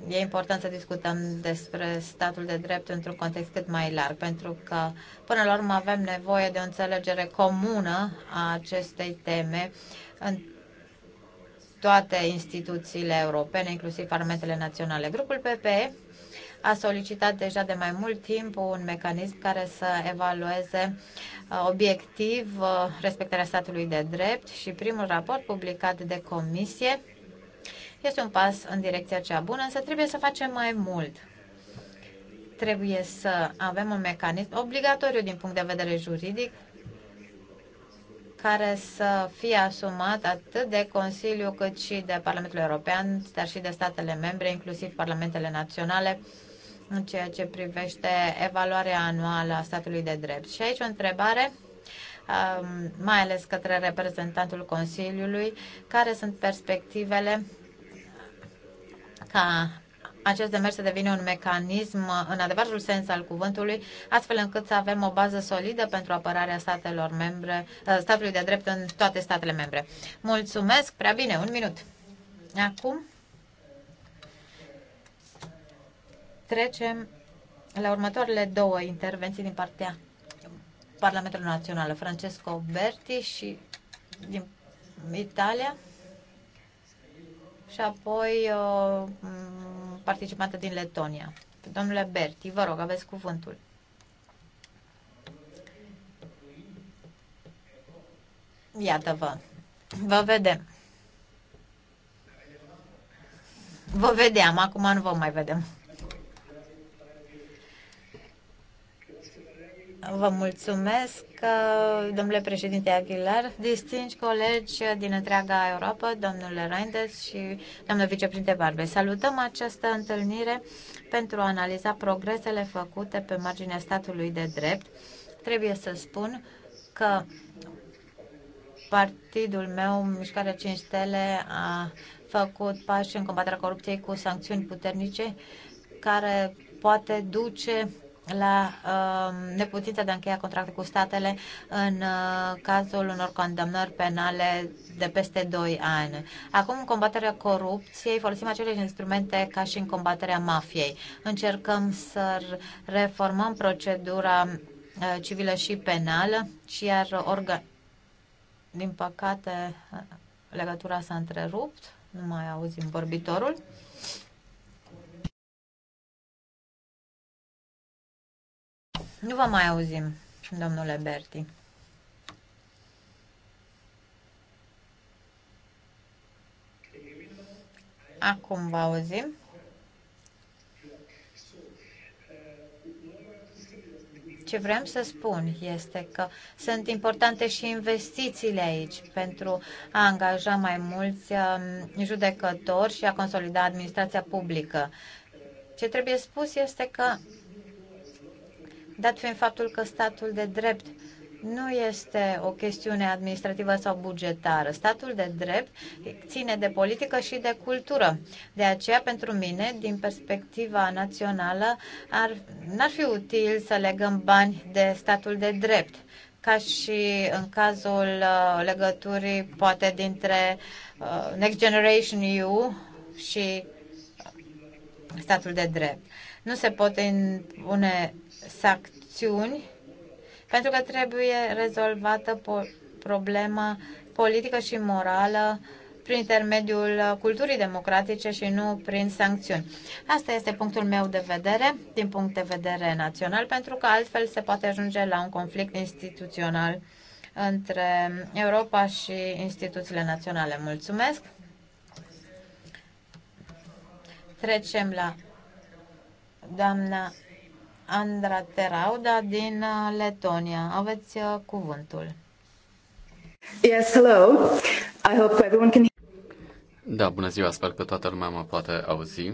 [SPEAKER 4] E important să discutăm despre statul de drept într-un context cât mai larg, pentru că, până la urmă, avem nevoie de o înțelegere comună a acestei teme în toate instituțiile europene, inclusiv parlamentele naționale. Grupul PPE a solicitat deja de mai mult timp un mecanism care să evalueze uh, obiectiv uh, respectarea statului de drept și primul raport publicat de comisie este un pas în direcția cea bună, însă trebuie să facem mai mult. Trebuie să avem un mecanism obligatoriu din punct de vedere juridic care să fie asumat atât de Consiliu cât și de Parlamentul European, dar și de statele membre, inclusiv parlamentele naționale, în ceea ce privește evaluarea anuală a statului de drept. Și aici o întrebare um, mai ales către reprezentantul Consiliului, care sunt perspectivele ca acest demers să devină un mecanism în adevărul sens al cuvântului, astfel încât să avem o bază solidă pentru apărarea statelor membre, uh, statului de drept în toate statele membre. Mulțumesc, prea bine, un minut. Acum Trecem la următoarele două intervenții din partea Parlamentului Național, Francesco Berti și din Italia și apoi o uh, participantă din Letonia. Domnule Berti, vă rog, aveți cuvântul. Iată-vă. Vă vedem. Vă vedeam, acum nu vă mai vedem. Vă mulțumesc, uh, domnule președinte Aguilar, distinși colegi din întreaga Europa, domnule Reinders și domnul vicepreședinte Barbe. Salutăm această întâlnire pentru a analiza progresele făcute pe marginea statului de drept. Trebuie să spun că partidul meu, Mișcarea 5 Stele, a făcut pași în combaterea corupției cu sancțiuni puternice care poate duce la uh, neputința de a încheia contracte cu statele în uh, cazul unor condamnări penale de peste 2 ani. Acum, în combaterea corupției, folosim aceleași instrumente ca și în combaterea mafiei. Încercăm să reformăm procedura uh, civilă și penală și iar organ... Din păcate, uh, legătura s-a întrerupt. Nu mai auzim vorbitorul. Nu vă mai auzim, domnule Berti. Acum vă auzim. Ce vreau să spun este că sunt importante și investițiile aici pentru a angaja mai mulți um, judecători și a consolida administrația publică. Ce trebuie spus este că dat fiind faptul că statul de drept nu este o chestiune administrativă sau bugetară. Statul de drept ține de politică și de cultură. De aceea, pentru mine, din perspectiva națională, ar, n-ar fi util să legăm bani de statul de drept, ca și în cazul uh, legăturii, poate, dintre uh, Next Generation EU și statul de drept. Nu se pot impune sancțiuni, pentru că trebuie rezolvată problema politică și morală prin intermediul culturii democratice și nu prin sancțiuni. Asta este punctul meu de vedere, din punct de vedere național, pentru că altfel se poate ajunge la un conflict instituțional între Europa și instituțiile naționale. Mulțumesc! Trecem la doamna Andra Terauda din uh, Letonia. Aveți uh, cuvântul. Yes, hello. I hope everyone can
[SPEAKER 5] Da, bună ziua. Sper că toată lumea mă poate auzi.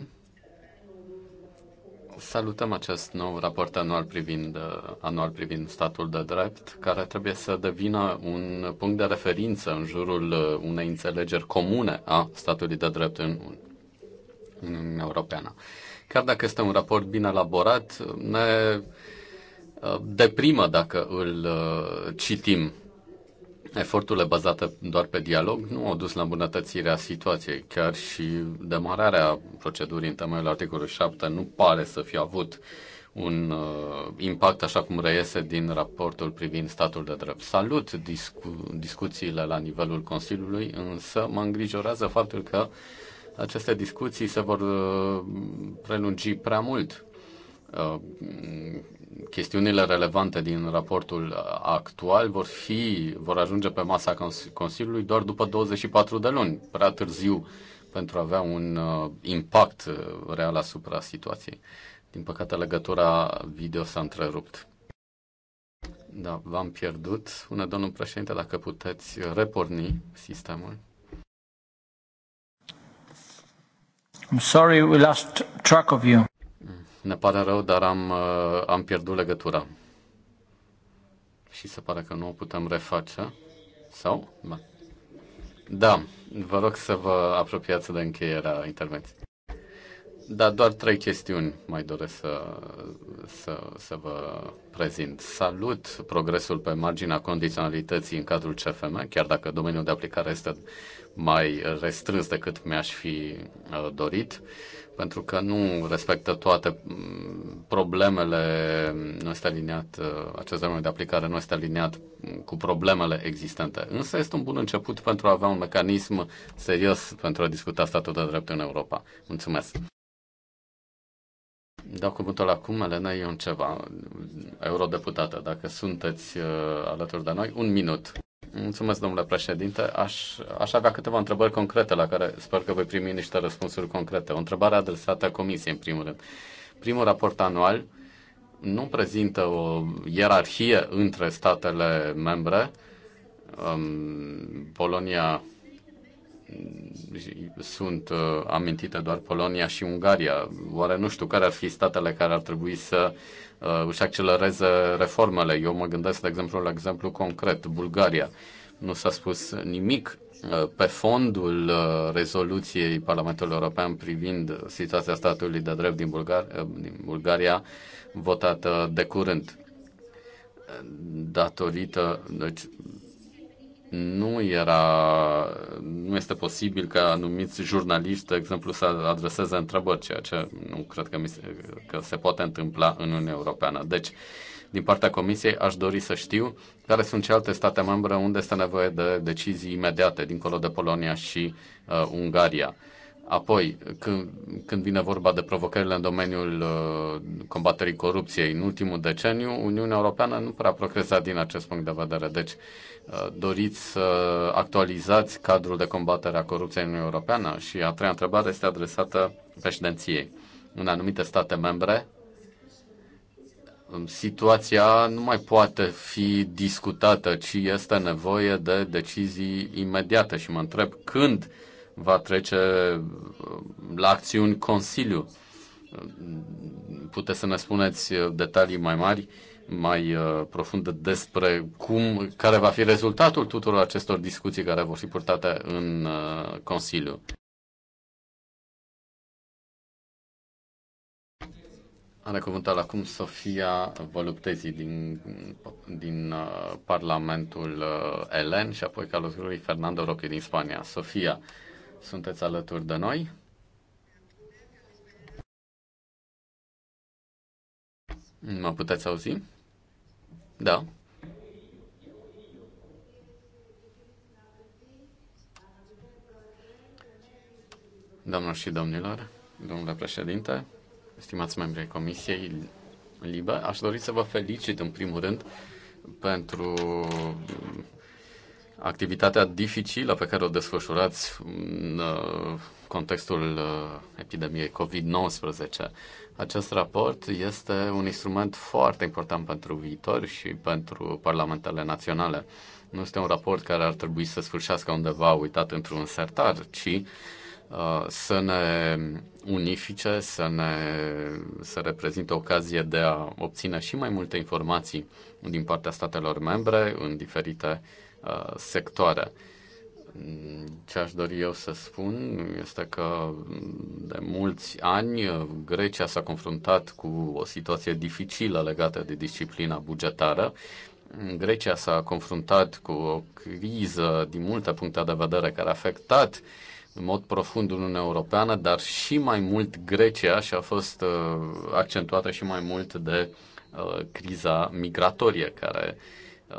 [SPEAKER 5] Salutăm acest nou raport anual privind, uh, anual privind statul de drept, care trebuie să devină un punct de referință în jurul unei înțelegeri comune a statului de drept în, Uniunea Europeană. Uh, Chiar dacă este un raport bine elaborat, ne uh, deprimă dacă îl uh, citim. Eforturile bazate doar pe dialog nu au dus la îmbunătățirea situației. Chiar și demararea procedurii în temeiul articolului 7 nu pare să fi avut un uh, impact așa cum reiese din raportul privind statul de drept. Salut discu- discuțiile la nivelul Consiliului, însă mă îngrijorează faptul că uh, aceste discuții se vor uh, prelungi prea mult. Uh, chestiunile relevante din raportul actual vor fi, vor ajunge pe masa Consiliului doar după 24 de luni, prea târziu pentru a avea un uh, impact real asupra situației. Din păcate, legătura video s-a întrerupt. Da, v-am pierdut. Spune domnul președinte, dacă puteți reporni sistemul.
[SPEAKER 2] I'm sorry we lost track of you.
[SPEAKER 5] Ne pare rău, dar am, uh, am pierdut legătura. Și se pare că nu o putem reface. Sau? Da, vă rog să vă apropiați de încheierea intervenției. Da, doar trei chestiuni mai doresc să, să, să vă prezint. Salut progresul pe marginea condiționalității în cadrul CFM, chiar dacă domeniul de aplicare este mai restrâns decât mi-aș fi uh, dorit, pentru că nu respectă toate mm, problemele, nu este aliniat, uh, acest domeniu de aplicare nu este aliniat cu problemele existente. Însă este un bun început pentru a avea un mecanism serios pentru a discuta statul de drept în Europa. Mulțumesc! Dau cuvântul acum, Elena Ionceva, eurodeputată, dacă sunteți uh, alături de noi. Un minut. Mulțumesc, domnule președinte. Aș, aș avea câteva întrebări concrete la care sper că voi primi niște răspunsuri concrete. O întrebare adresată Comisiei, în primul rând. Primul raport anual nu prezintă o ierarhie între statele membre. Um, Polonia sunt uh, amintite doar Polonia și Ungaria. Oare nu știu care ar fi statele care ar trebui să uh, își accelereze reformele. Eu mă gândesc, de exemplu, la exemplu concret, Bulgaria. Nu s-a spus nimic uh, pe fondul uh, rezoluției Parlamentului European privind situația statului de drept din, Bulgar- uh, din Bulgaria, votată de curând. Datorită, deci, nu era, nu este posibil ca anumiți jurnaliști, de exemplu, să adreseze întrebări, ceea ce nu cred că, mi se, că se poate întâmpla în Uniunea Europeană. Deci, din partea Comisiei, aș dori să știu care sunt celelalte state membre unde este nevoie de decizii imediate, dincolo de Polonia și uh, Ungaria. Apoi, când, când vine vorba de provocările în domeniul uh, combaterii corupției în ultimul deceniu, Uniunea Europeană nu prea progresa din acest punct de vedere. Deci, uh, Uh, doriți să actualizați cadrul de combatere a corupției în Uniunea Europeană? Și a treia întrebare este adresată președinției. În anumite state membre, um, situația nu mai poate fi discutată, ci este nevoie de decizii imediate și mă întreb când va trece um, la acțiuni Consiliu. Uh, puteți să ne spuneți uh, detalii mai mari mai uh, profundă despre cum, care va fi rezultatul tuturor acestor discuții care vor fi purtate în uh, Consiliu. Are cuvântul acum Sofia Voluptezi din, din uh, Parlamentul uh, Elen și apoi calului Fernando Roque din Spania. Sofia, sunteți alături de noi? Mă puteți auzi? Da. Doamnelor și domnilor, domnule președinte, stimați membri ai Comisiei Libe, aș dori să vă felicit în primul rând pentru activitatea dificilă pe care o desfășurați în uh, contextul uh, epidemiei COVID-19. Acest raport este un instrument foarte important pentru viitor și pentru parlamentele naționale. Nu este un raport care ar trebui să sfârșească undeva uitat într-un sertar, ci uh, să ne unifice, să ne să reprezintă ocazie de a obține și mai multe informații din partea statelor membre în diferite uh, Uh, sectoare. Ce aș dori eu să spun este că de mulți ani uh, Grecia s-a confruntat cu o situație dificilă legată de disciplina bugetară. Grecia s-a confruntat cu o criză din multe puncte de vedere care a afectat în mod profund Uniunea Europeană, dar și mai mult Grecia și a fost uh, accentuată și mai mult de criza migratorie care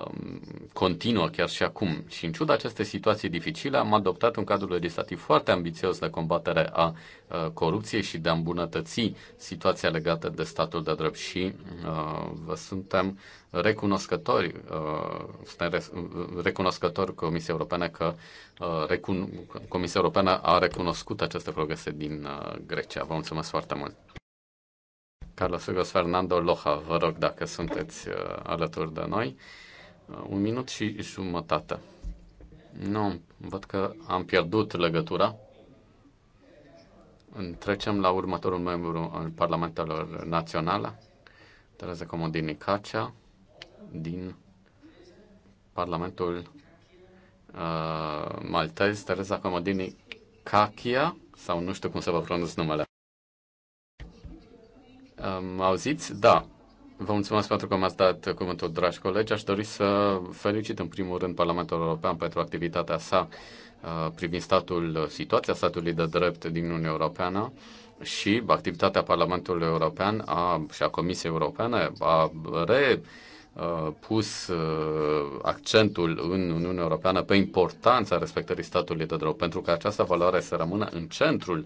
[SPEAKER 5] Um, continuă chiar și acum. Și în ciuda acestei situații dificile, am adoptat un cadru legislativ foarte ambițios de combatere a uh, corupției și de a îmbunătăți situația legată de statul de drept și uh, vă suntem recunoscători, uh, suntem uh, recunoscători Comisia Europeană că uh, recun- Comisia Europeană a recunoscut aceste progrese din uh, Grecia. Vă mulțumesc foarte mult! Carlos Hugo Fernando Loja, vă rog dacă sunteți uh, alături de noi. Uh, un minut și jumătate. Nu, văd că am pierdut legătura. Trecem la următorul membru al Parlamentelor Naționale, Tereza Comodini Cacea, din Parlamentul uh, Maltez, Tereza Comodini Cacia, sau nu știu cum se va pronunț numele. Um, auziți? Da. Vă mulțumesc pentru că mi-ați dat cuvântul, dragi colegi. Aș dori să felicit în primul rând Parlamentul European pentru activitatea sa uh, privind statul, uh, situația statului de drept din Uniunea Europeană și activitatea Parlamentului European a, și a Comisiei Europene a re uh, pus accentul în Uniunea Europeană pe importanța respectării statului de drept, pentru că această valoare să rămână în centrul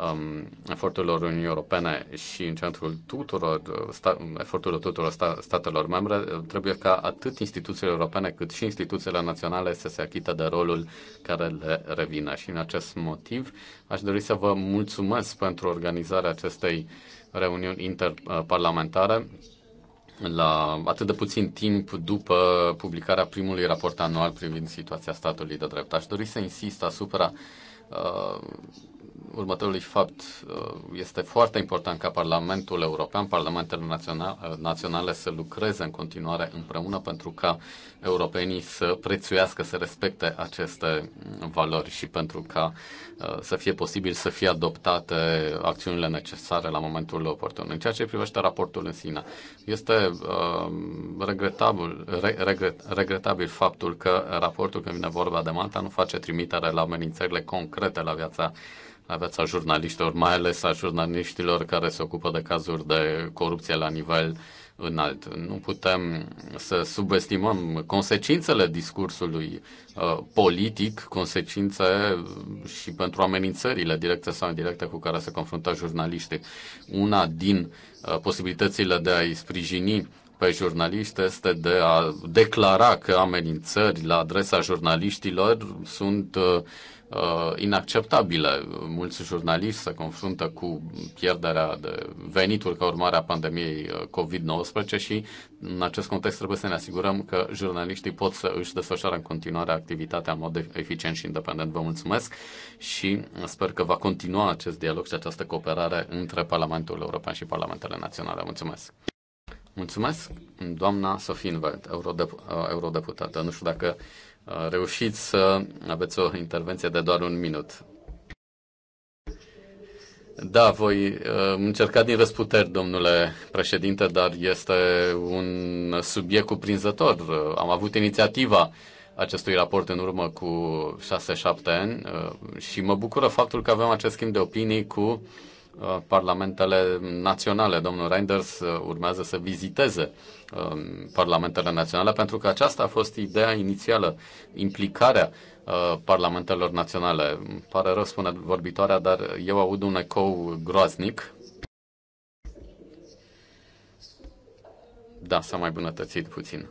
[SPEAKER 5] um, eforturilor Uniunii Europene și în centrul tuturor uh, sta, eforturilor tuturor sta, statelor membre, uh, trebuie ca atât instituțiile europene cât și instituțiile naționale să se achită de rolul care le revine. Și în acest motiv aș dori să vă mulțumesc pentru organizarea acestei reuniuni interparlamentare la atât de puțin timp după publicarea primului raport anual privind situația statului de drept. Aș dori să insist asupra uh, următorului fapt uh, este foarte important ca Parlamentul European, Parlamentele uh, naționale să lucreze în continuare împreună pentru ca europenii să prețuiască, să respecte aceste valori și pentru ca uh, să fie posibil să fie adoptate acțiunile necesare la momentul oportun. În ceea ce privește raportul în sine, este regretabil, regret, regretabil faptul că raportul, când vine vorba de Malta, nu face trimitere la amenințările concrete la viața a jurnaliștilor, mai ales a jurnaliștilor care se ocupă de cazuri de corupție la nivel înalt. Nu putem să subestimăm consecințele discursului uh, politic, consecințe uh, și pentru amenințările directe sau indirecte cu care se confruntă jurnaliștii. Una din uh, posibilitățile de a-i sprijini pe jurnaliști este de a declara că amenințări la adresa jurnaliștilor sunt uh, uh, inacceptabile. Mulți jurnaliști se confruntă cu pierderea de venituri ca urmare a pandemiei uh, COVID-19 și în acest context trebuie să ne asigurăm că jurnaliștii pot să își desfășoare în continuare activitatea în mod eficient și independent. Vă mulțumesc și sper că va continua acest dialog și această cooperare între Parlamentul European și Parlamentele Naționale. Mulțumesc! Mulțumesc, doamna Sofie Invert, eurodep- uh, eurodeputată. Nu știu dacă reușit să aveți o intervenție de doar un minut. Da, voi uh, încerca din răsputeri, domnule președinte, dar este un subiect cuprinzător. Am avut inițiativa acestui raport în urmă cu 6-7 ani uh, și mă bucură faptul că avem acest schimb de opinii cu uh, Uh, parlamentele naționale. Domnul Reinders uh, urmează să viziteze um, parlamentele naționale pentru că aceasta a fost ideea inițială, implicarea uh, parlamentelor naționale. Pare rău, spune vorbitoarea, dar eu aud un ecou groaznic. Da, s-a mai bunătățit puțin.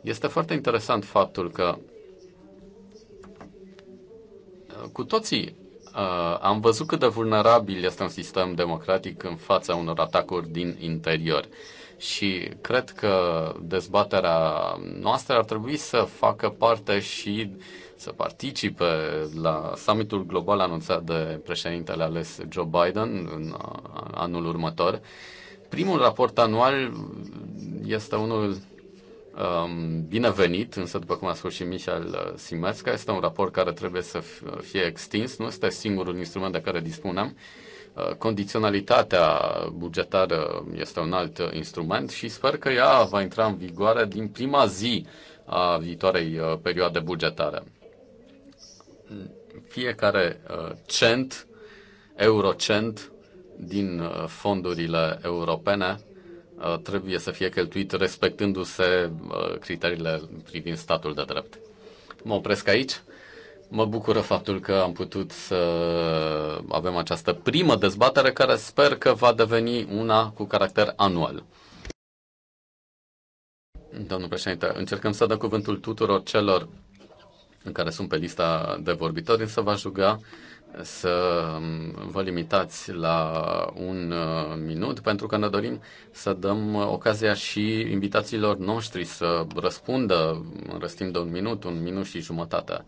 [SPEAKER 5] Este foarte interesant faptul că cu toții uh, am văzut cât de vulnerabil este un sistem democratic în fața unor atacuri din interior. Și cred că dezbaterea noastră ar trebui să facă parte și să participe la summitul global anunțat de președintele ales Joe Biden în uh, anul următor. Primul raport anual este unul Um, binevenit, însă, după cum a spus și Michel uh, Simețca, este un raport care trebuie să fie extins, nu este singurul instrument de care dispunem. Uh, condiționalitatea bugetară este un alt uh, instrument și sper că ea va intra în vigoare din prima zi a viitoarei perioade bugetare. Fiecare cent, eurocent din fondurile europene Uh, trebuie să fie cheltuit respectându-se uh, criteriile privind statul de drept. Mă opresc aici. Mă bucură faptul că am putut să avem această primă dezbatere care sper că va deveni una cu caracter anual. Domnul președinte, încercăm să dăm cuvântul tuturor celor în care sunt pe lista de vorbitori, însă va juga să um, vă limitați la un uh, minut, pentru că ne dorim să dăm ocazia și invitațiilor noștri să răspundă în răstim de un minut, un minut și jumătate.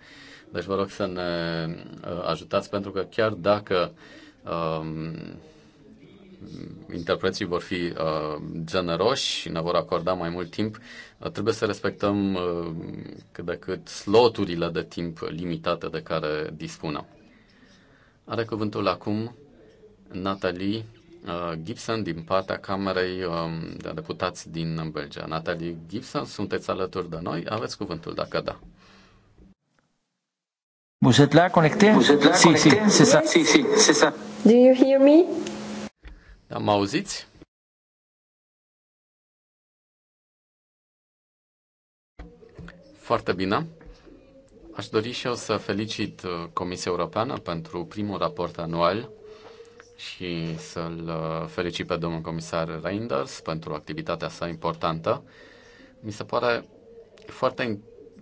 [SPEAKER 5] Deci vă rog să ne uh, ajutați, pentru că chiar dacă um, interpreții vor fi uh, generoși și ne vor acorda mai mult timp, uh, trebuie să respectăm uh, cât de cât sloturile de timp limitate de care dispunem. Are cuvântul acum Natalie uh, Gibson din partea Camerei um, de Deputați din Belgia. Natalie Gibson, sunteți alături de noi? Aveți cuvântul, dacă da.
[SPEAKER 2] Vous êtes là connecté?
[SPEAKER 3] si, Si, c'est
[SPEAKER 5] ça. Si, si, c'est ça.
[SPEAKER 2] Do you hear me?
[SPEAKER 5] Da,
[SPEAKER 3] mă auziți?
[SPEAKER 5] Foarte bine. Aș dori și eu să felicit uh, Comisia Europeană pentru primul raport anual și să-l uh, felicit pe domnul comisar Reinders pentru activitatea sa importantă. Mi se pare foarte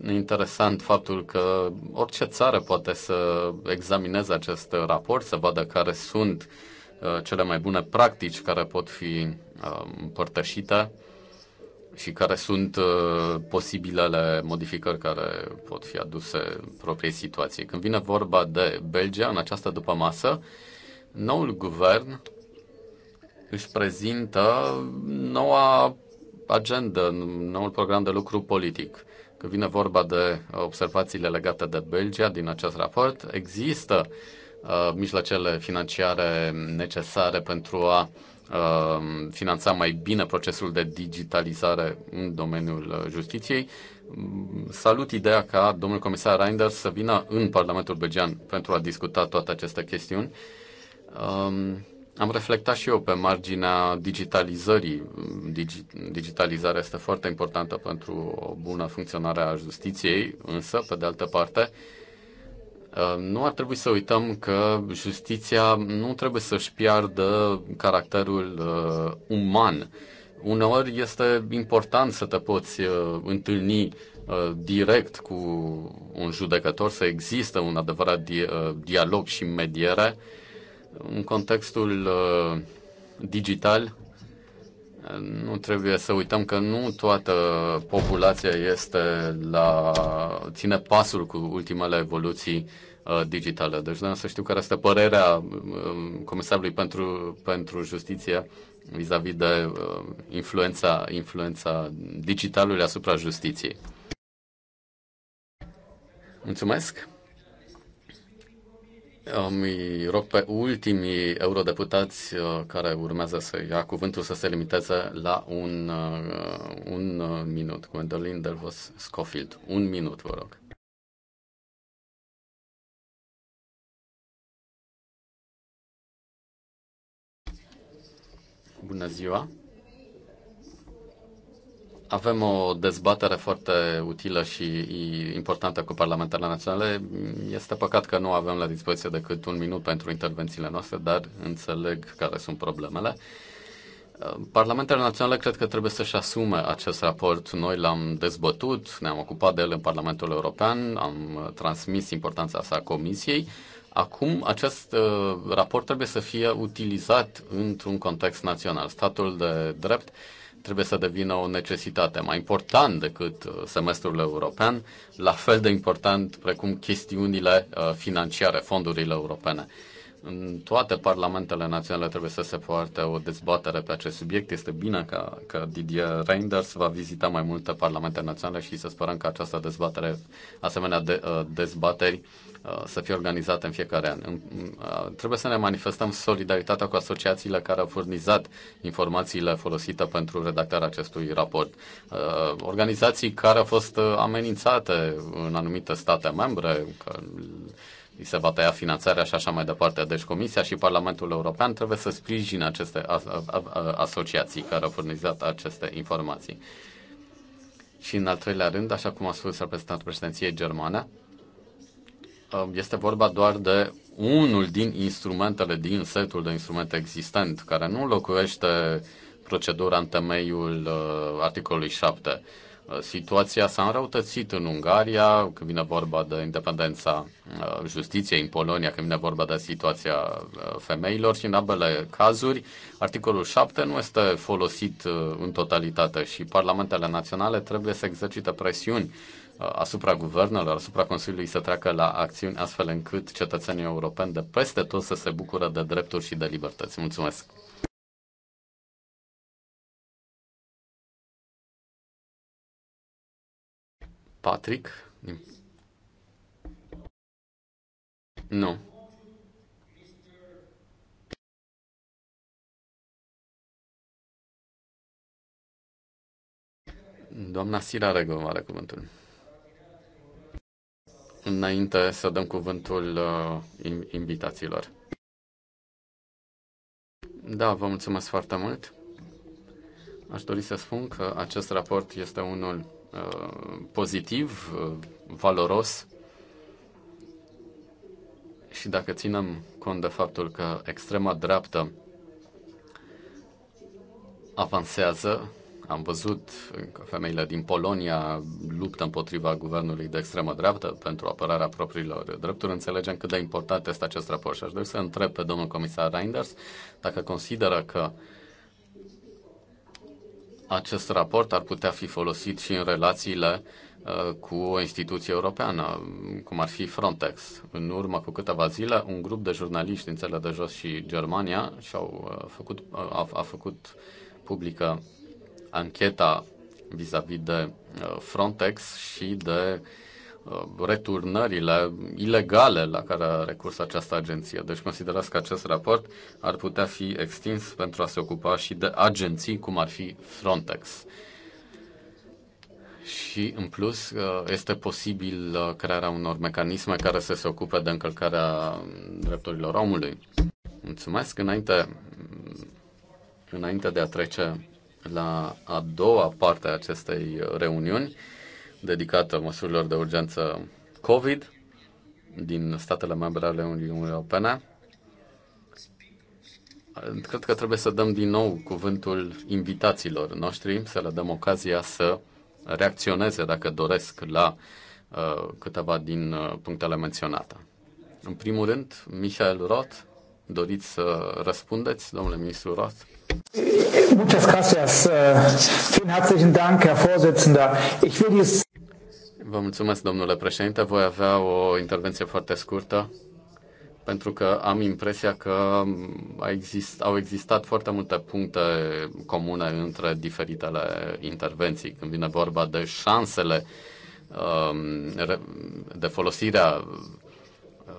[SPEAKER 5] interesant faptul că orice țară poate să examineze acest raport, să vadă care sunt uh, cele mai bune practici care pot fi împărtășite și care sunt uh, posibilele modificări care pot fi aduse propriei situații. Când vine vorba de Belgia, în această masă, noul guvern își prezintă noua agendă, noul program de lucru politic. Când vine vorba de observațiile legate de Belgia din acest raport, există uh, mijloacele financiare necesare pentru a uh, Um, finanța mai bine procesul de digitalizare în domeniul uh, justiției. Mm, salut ideea ca domnul comisar Reinders să vină în Parlamentul Belgian pentru a discuta toate aceste chestiuni. Um, am reflectat și eu pe marginea digitalizării. Digi- digitalizarea este foarte importantă pentru o bună funcționare a justiției, însă, pe de altă parte, uh, Ehm, nu ar trebui să uităm că justiția nu trebuie să-și piardă caracterul uh, uman. Uneori este important să te poți uh, întâlni uh, direct cu un judecător, să există un adevărat di- uh, dialog și mediere. În contextul uh, digital, nu trebuie să uităm că nu toată populația este la, ține pasul cu ultimele evoluții uh, digitale. Deci vreau să știu care este părerea uh, Comisarului pentru, pentru Justiție vis-a-vis -vis de uh, influența, influența digitalului asupra justiției. Mulțumesc! Îi rog pe ultimii eurodeputați uh, care urmează să ia cuvântul să se limiteze la un, uh, un uh, minut. Gwendolyn Delvos Scofield. Un minut, vă rog. Bună ziua! Avem o dezbatere foarte utilă și importantă cu parlamentarele naționale. Este păcat că nu avem la dispoziție decât un minut pentru intervențiile noastre, dar înțeleg care sunt problemele. Parlamentele naționale cred că trebuie să-și asume acest raport. Noi l-am dezbătut, ne-am ocupat de el în Parlamentul European, am transmis importanța sa Comisiei. Acum acest uh, raport trebuie să fie utilizat într-un context național. Statul de drept uh, trebuie să devină o necesitate mai important decât uh, semestrul european, la fel de important precum chestiunile uh, financiare, fondurile europene. În toate parlamentele naționale trebuie să se poarte o dezbatere pe acest subiect. Este bine că, că Didier Reinders va vizita mai multe parlamente naționale și să sperăm că această dezbatere, asemenea de, uh, dezbateri, uh, să fie organizată în fiecare an. Uh, trebuie să ne manifestăm solidaritatea cu asociațiile care au furnizat informațiile folosite pentru redactarea acestui raport. Organizații care au fost amenințate în anumite state membre, că Li se va tăia finanțarea și așa mai departe. Deci Comisia și Parlamentul European trebuie să sprijine aceste asociații care au furnizat aceste informații. Și în al treilea rând, așa cum a spus reprezentantul președinției germane, um, este vorba doar de unul din instrumentele din setul de instrumente existent, care nu locuiește procedura în temeiul uh, articolului 7 Uh, situația s-a înrăutățit în Ungaria, când vine vorba de independența uh, justiției în Polonia, când vine vorba de situația uh, femeilor și în ambele cazuri articolul 7 nu este folosit în totalitate și parlamentele naționale trebuie să exercite presiuni asupra guvernelor, asupra Consiliului să treacă la acțiuni astfel încât cetățenii europeni de peste tot să se bucură de drepturi și de libertăți. Mulțumesc!
[SPEAKER 3] Patrick? Nu. Doamna Sira Regu are
[SPEAKER 5] cuvântul. Înainte să dăm cuvântul uh, invitațiilor. Da, vă mulțumesc foarte mult. Aș dori să spun că acest raport este unul Uh, pozitiv, uh, valoros și dacă ținem cont de faptul că extrema dreaptă avansează, am văzut că femeile din Polonia luptă împotriva guvernului de extremă dreaptă pentru apărarea propriilor drepturi. Înțelegem cât de important este acest raport și aș dori să întreb pe domnul comisar Reinders dacă consideră că uh, acest raport ar putea fi folosit și în relațiile uh, cu o instituție europeană, cum ar fi Frontex. În urmă cu câteva zile, un grup de jurnaliști din țările de jos și Germania și-au uh, făcut, uh, a, a făcut publică ancheta vis-a-vis -vis de Frontex și de uh, Uh, returnările ilegale la care a recurs această agenție. Deci considerați că acest raport ar putea fi extins pentru a se ocupa și de agenții cum ar fi Frontex. Și, în plus, uh, este posibil uh, crearea unor mecanisme care să se ocupe de încălcarea drepturilor omului. Mulțumesc. Înainte, înainte de a trece la a doua parte a acestei reuniuni, dedicată măsurilor de urgență COVID din statele membre ale Uniunii Europene. Cred că trebuie să dăm din nou cuvântul invitațiilor noștri, să le dăm ocazia să reacționeze, dacă doresc, la uh, câteva din uh, punctele menționate. În primul rând, Michael Roth, doriți să răspundeți, domnule ministru Roth?
[SPEAKER 2] Muchas gracias. Vielen uh, herzlichen Dank, Herr Vorsitzender. Ich will
[SPEAKER 3] dies
[SPEAKER 5] Vă mulțumesc, domnule președinte. Voi avea o intervenție foarte scurtă, pentru că am impresia că a exist, au existat foarte multe puncte comune între diferitele intervenții. Când vine vorba de șansele um, de folosirea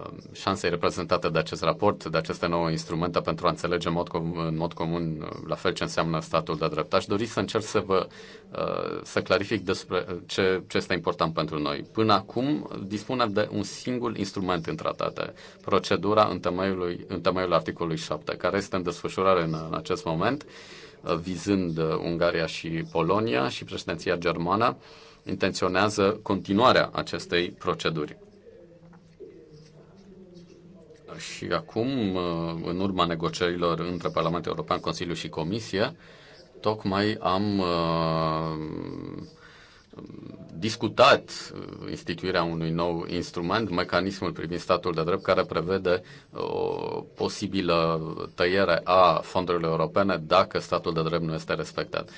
[SPEAKER 5] Um, șansei reprezentate de acest raport, de aceste nouă instrumente pentru a înțelege în mod, com- în mod comun uh, la fel ce înseamnă statul de drept. Aș dori să încerc să vă uh, să clarific despre uh, ce, ce este important pentru noi. Până acum dispunem de un singur instrument în tratate, procedura în temeiul, în temeiul articolului 7, care este în desfășurare în, în acest moment, vizând Ungaria și Polonia și președinția germană intenționează continuarea acestei proceduri. Și acum, în urma negocierilor între Parlamentul European, Consiliu și Comisie, tocmai am uh, discutat instituirea unui nou instrument, mecanismul privind statul de drept, care prevede uh, o posibilă tăiere a fondurilor europene dacă statul de drept nu este respectat.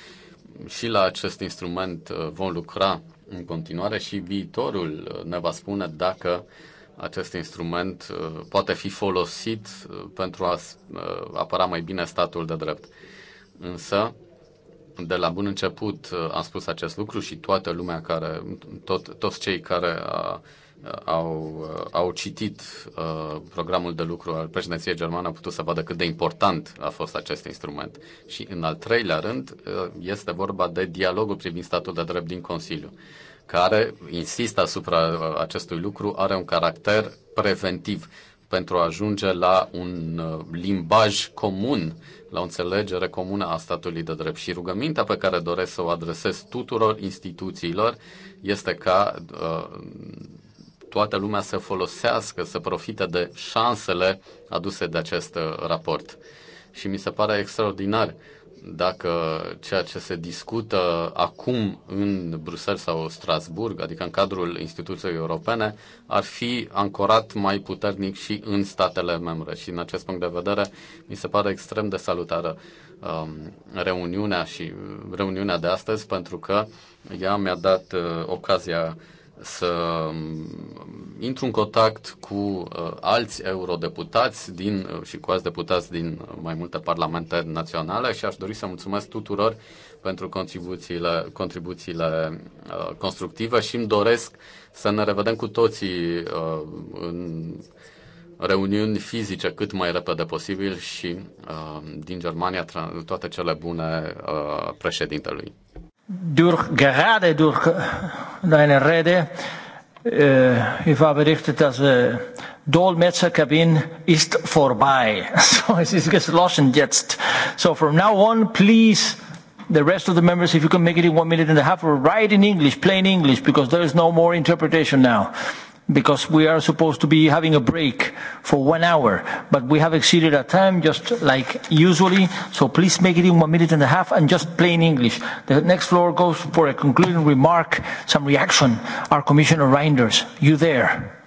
[SPEAKER 5] Și la acest instrument uh, vom lucra în continuare și viitorul ne va spune dacă uh, acest instrument uh, poate fi folosit uh, pentru a uh, apăra mai bine statul de drept. Însă, de la bun început am spus acest lucru și toată lumea care, tot, toți cei care a, au, au citit uh, programul de lucru al președinției germane au putut să vadă cât de important a fost acest instrument. Și în al treilea rând uh, este vorba de dialogul privind statul de drept din Consiliu. Uh, care, insist asupra uh, acestui lucru, are un caracter preventiv pentru a ajunge la un uh, limbaj comun, la o înțelegere comună a statului de drept. Și rugămintea pe care doresc să o adresez tuturor instituțiilor este ca uh, toată lumea să folosească, să profite de șansele aduse de acest uh, raport. Și mi se pare extraordinar uh, dacă ceea ce se discută acum în Bruxelles sau Strasburg, adică în cadrul instituției europene, ar fi ancorat mai puternic și în statele membre. Și în acest punct de vedere, mi se pare extrem de salutară um, reuniunea și uh, reuniunea de astăzi, pentru că ea mi-a dat uh, ocazia uh, să um, intru în contact cu uh, alți eurodeputați din, uh, și cu alți deputați din uh, mai multe parlamente naționale și aș dori să mulțumesc tuturor pentru contribuțiile, contribuțiile constructive și îmi doresc să ne revedem cu toții în reuniuni fizice cât mai repede posibil și din Germania toate cele bune președintelui
[SPEAKER 2] durch, gerade durch deine Rede, äh, eh, ich war berichtet, dass äh, eh, Dolmetscherkabin ist vorbei. So es ist geschlossen jetzt. So from now on, please, the rest of the members, if you can make it in one minute and a half, write in English, plain English, because there is no more interpretation now because we are supposed to be having a break for one hour, but we have exceeded our time just like usually, so please make it in one minute and a half and just plain English. The next floor goes for a concluding remark, some reaction. Our Commissioner Reinders, you there?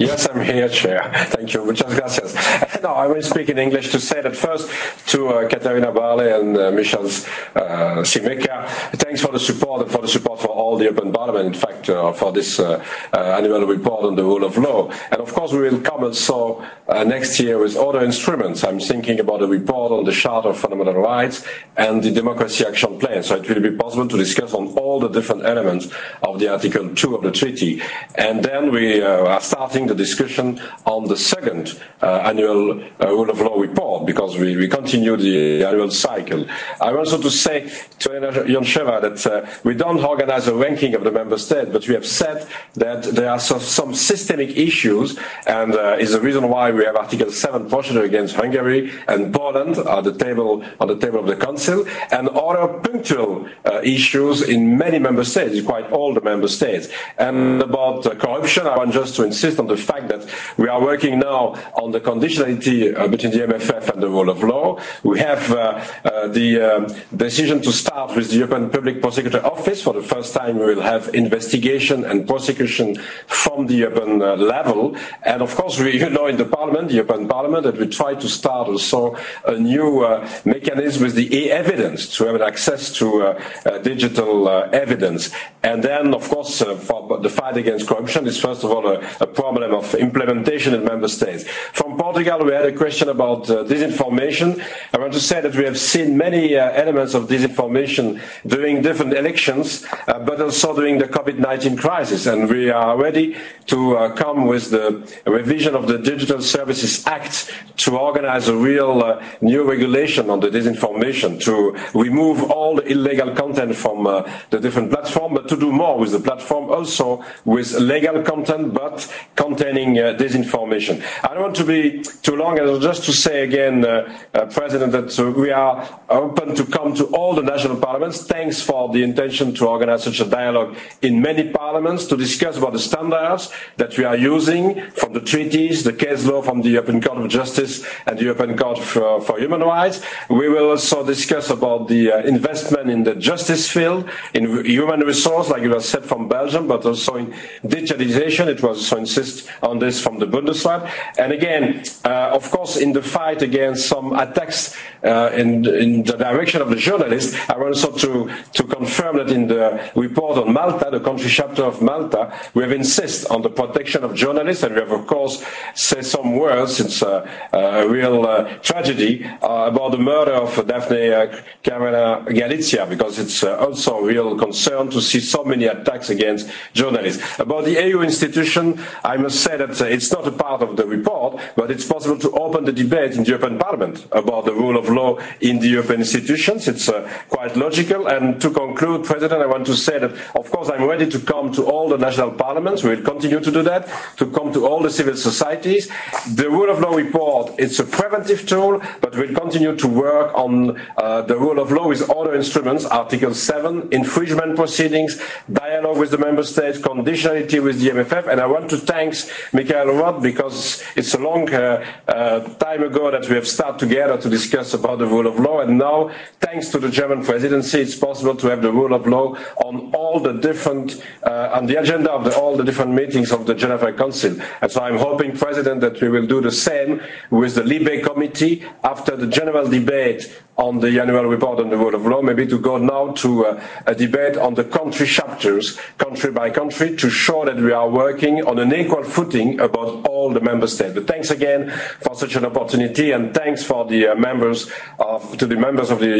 [SPEAKER 7] Yes, I'm here, Chair. Thank you. Muchas gracias. No, I will speak in English to say that first to uh, Katarina Barley and uh, Michel uh, Simeka, thanks for the support and for the support for all the European Parliament, in fact, uh, for this uh, uh, annual report on the rule of law. And of course, we will come also uh, next year with other instruments. I'm thinking about a report on the Charter of Fundamental Rights and the Democracy Action Plan. So it will be possible to discuss on all the different elements of the Article 2 of the treaty. And then we uh, are starting the discussion on the second uh, annual uh, rule of law report because we, we continue the annual cycle. I also to say to Elena Yoncheva that uh, we don't organize a ranking of the member states, but we have said that there are some, some systemic issues and uh, is the reason why we have Article 7 procedure against Hungary and Poland on the table, on the table of the Council and other punctual uh, issues in many member states, quite all the member states. And about uh, corruption, I want just to insist on the fact that we are working now on the conditionality uh, between the MFF and the rule of law. We have uh, uh, the um, decision to start with the European Public Prosecutor Office. For the first time, we will have investigation and prosecution from the European uh, level. And of course, we, you know, in the Parliament, the European Parliament, that we try to start also a new uh, mechanism with the e-evidence to have access to uh, uh, digital uh, evidence. And then, of course, uh, for the fight against corruption is first of all a, a problem level of implementation in member states. From Portugal, we had a question about uh, disinformation. I want to say that we have seen many uh, elements of disinformation during different elections, uh, but also during the COVID-19 crisis. And we are ready to uh, come with the revision of the Digital Services Act to organize a real uh, new regulation on the disinformation, to remove all the illegal content from uh, the different platforms, but to do more with the platform also with legal content, but content containing uh, disinformation. I don't want to be too long, and just to say again, uh, uh, President, that uh, we are open to come to all the national parliaments. Thanks for the intention to organize such a dialogue in many parliaments to discuss about the standards that we are using from the treaties, the case law from the European Court of Justice and the European Court for, uh, for Human Rights. We will also discuss about the uh, investment in the justice field, in human resource, like you have said from Belgium, but also in digitalization. It was also insisted on this from the Bundesrat. And again, uh, of course, in the fight against some attacks uh, in, in the direction of the journalists, I want also to, to confirm that in the report on Malta, the country chapter of Malta, we have insisted on the protection of journalists, and we have, of course, said some words. It's a, uh, uh, a real uh, tragedy uh, about the murder of Daphne uh, Caruana Galizia, because it's uh, also a real concern to see so many attacks against journalists. About the EU institution, I must To say that uh, it's not a part of the report, but it's possible to open the debate in the European Parliament about the rule of law in the European institutions. It's uh, quite logical. And to conclude, President, I want to say that, of course, I'm ready to come to all the national parliaments. We'll continue to do that, to come to all the civil societies. The rule of law report, it's a preventive tool, but we'll continue to work on uh, the rule of law with other instruments, Article 7, infringement proceedings, dialogue with the member states, conditionality with the MFF. And I want to thank thanks, Michael Roth, because it's a long uh, uh, time ago that we have started together to discuss about the rule of law. And now, thanks to the German presidency, it's possible to have the rule of law on all the different, uh, on the agenda of the, all the different meetings of the Geneva Council. And so I'm hoping, President, that we will do the same with the Libe Committee after the general debate on the annual report on the rule of law, maybe to go now to a, uh, a debate on the country chapters, country by country, to show that we are working on an equal footing about all the member states. But thanks again for such an opportunity, and thanks for the uh, members of, to the members of the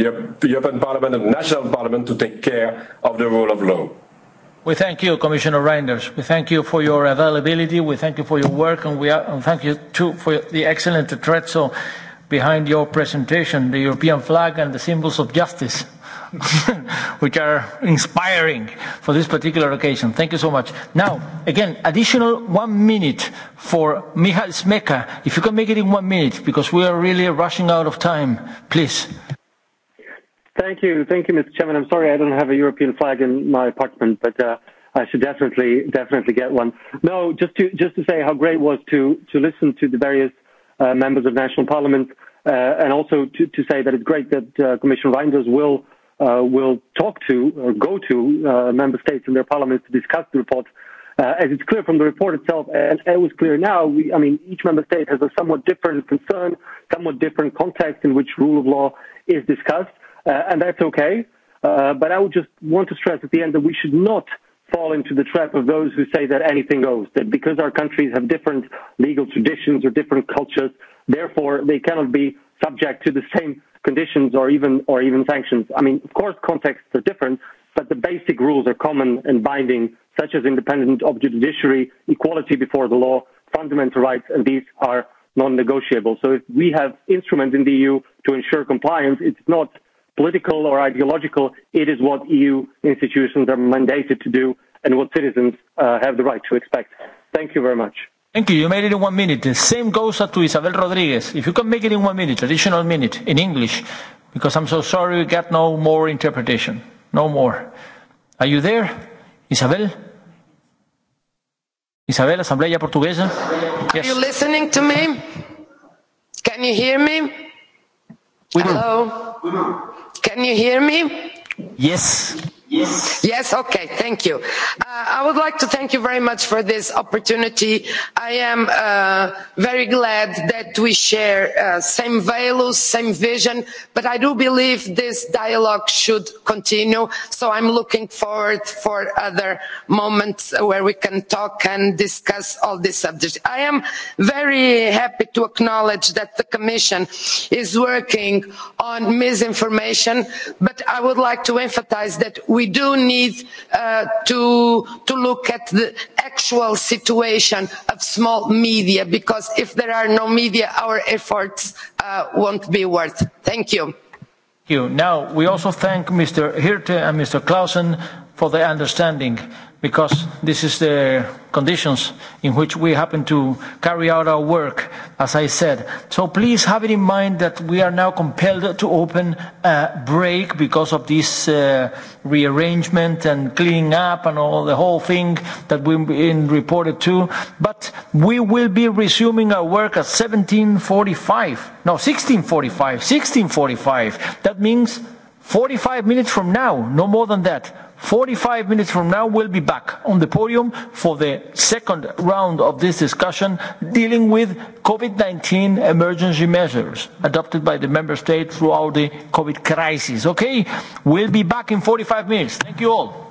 [SPEAKER 7] European Parliament and National Parliament to take care of the rule of law.
[SPEAKER 2] We thank you, Commissioner Reinders. We thank you for your availability. We thank you for your work, and we are, and thank you too for the excellent threat. So behind your presentation, the European flag and the symbols of justice, which are inspiring for this particular occasion. Thank you so much. Now, again, additional one minute for Michal Smeka. If you can make it in one minute, because we are really rushing out of time, please.
[SPEAKER 6] Thank you. Thank you, Mr. Chairman. I'm sorry I don't have a European flag in my apartment, but uh, I should definitely, definitely get one. No, just to, just to say how great it was to, to listen to the various Uh, members of national parliament, uh, and also to, to say that it's great that uh, Commissioner Reinders will uh, will talk to or go to uh, member states and their parliaments to discuss the report. Uh, as it's clear from the report itself, and it was clear now, we, I mean, each member state has a somewhat different concern, somewhat different context in which rule of law is discussed, uh, and that's okay. Uh, but I would just want to stress at the end that we should not uh, fall into the trap of those who say that anything goes, that because our countries have different legal traditions or different cultures, therefore they cannot be subject to the same conditions or even or even sanctions. I mean, of course, contexts are different, but the basic rules are common and binding, such as independent of judiciary, equality before the law, fundamental rights, and these are non-negotiable. So if we have instruments in the EU to ensure compliance, it's not political or ideological. It is what EU institutions are mandated to do and what citizens uh, have the right to expect. Thank you very much.
[SPEAKER 2] Thank you. You made it in one minute. The same goes to Isabel Rodriguez. If you can make it in one minute, additional minute in English, because I'm so sorry we got no more interpretation. No more. Are you there, Isabel? Isabel, Assembleia Portuguesa? Yes. Are you listening to me? Can you hear me? We Hello? Can you hear me?
[SPEAKER 3] Yes.
[SPEAKER 2] Yes. Okay. Thank you. Uh, I would like to thank you very much for this opportunity. I am uh, very glad that we share uh, same values, same vision, but I do believe this dialogue should continue. So I'm looking forward for other moments where we can talk and discuss all these subjects. I am very happy to acknowledge that the Commission is working on misinformation, but I would like to emphasize that we we do need uh, to, to look at the actual situation of small media because if there are no media our efforts uh, won't be worth. Thank you. Thank you. Now we also thank Mr. Hirte and Mr. Clausen for their understanding because this is the conditions in which we happen to carry out our work, as I said. So please have it in mind that we are now compelled to open a break because of this uh, rearrangement and cleaning up and all the whole thing that we've been reported to. But we will be resuming our work at 1745, no, 1645, 1645. That means 45 minutes from now, no more than that, 45 minutes from now we'll be back on the podium for the second round of this discussion dealing with COVID-19 emergency measures adopted by the member states throughout the COVID crisis. Okay, we'll be back in 45 minutes. Thank you all.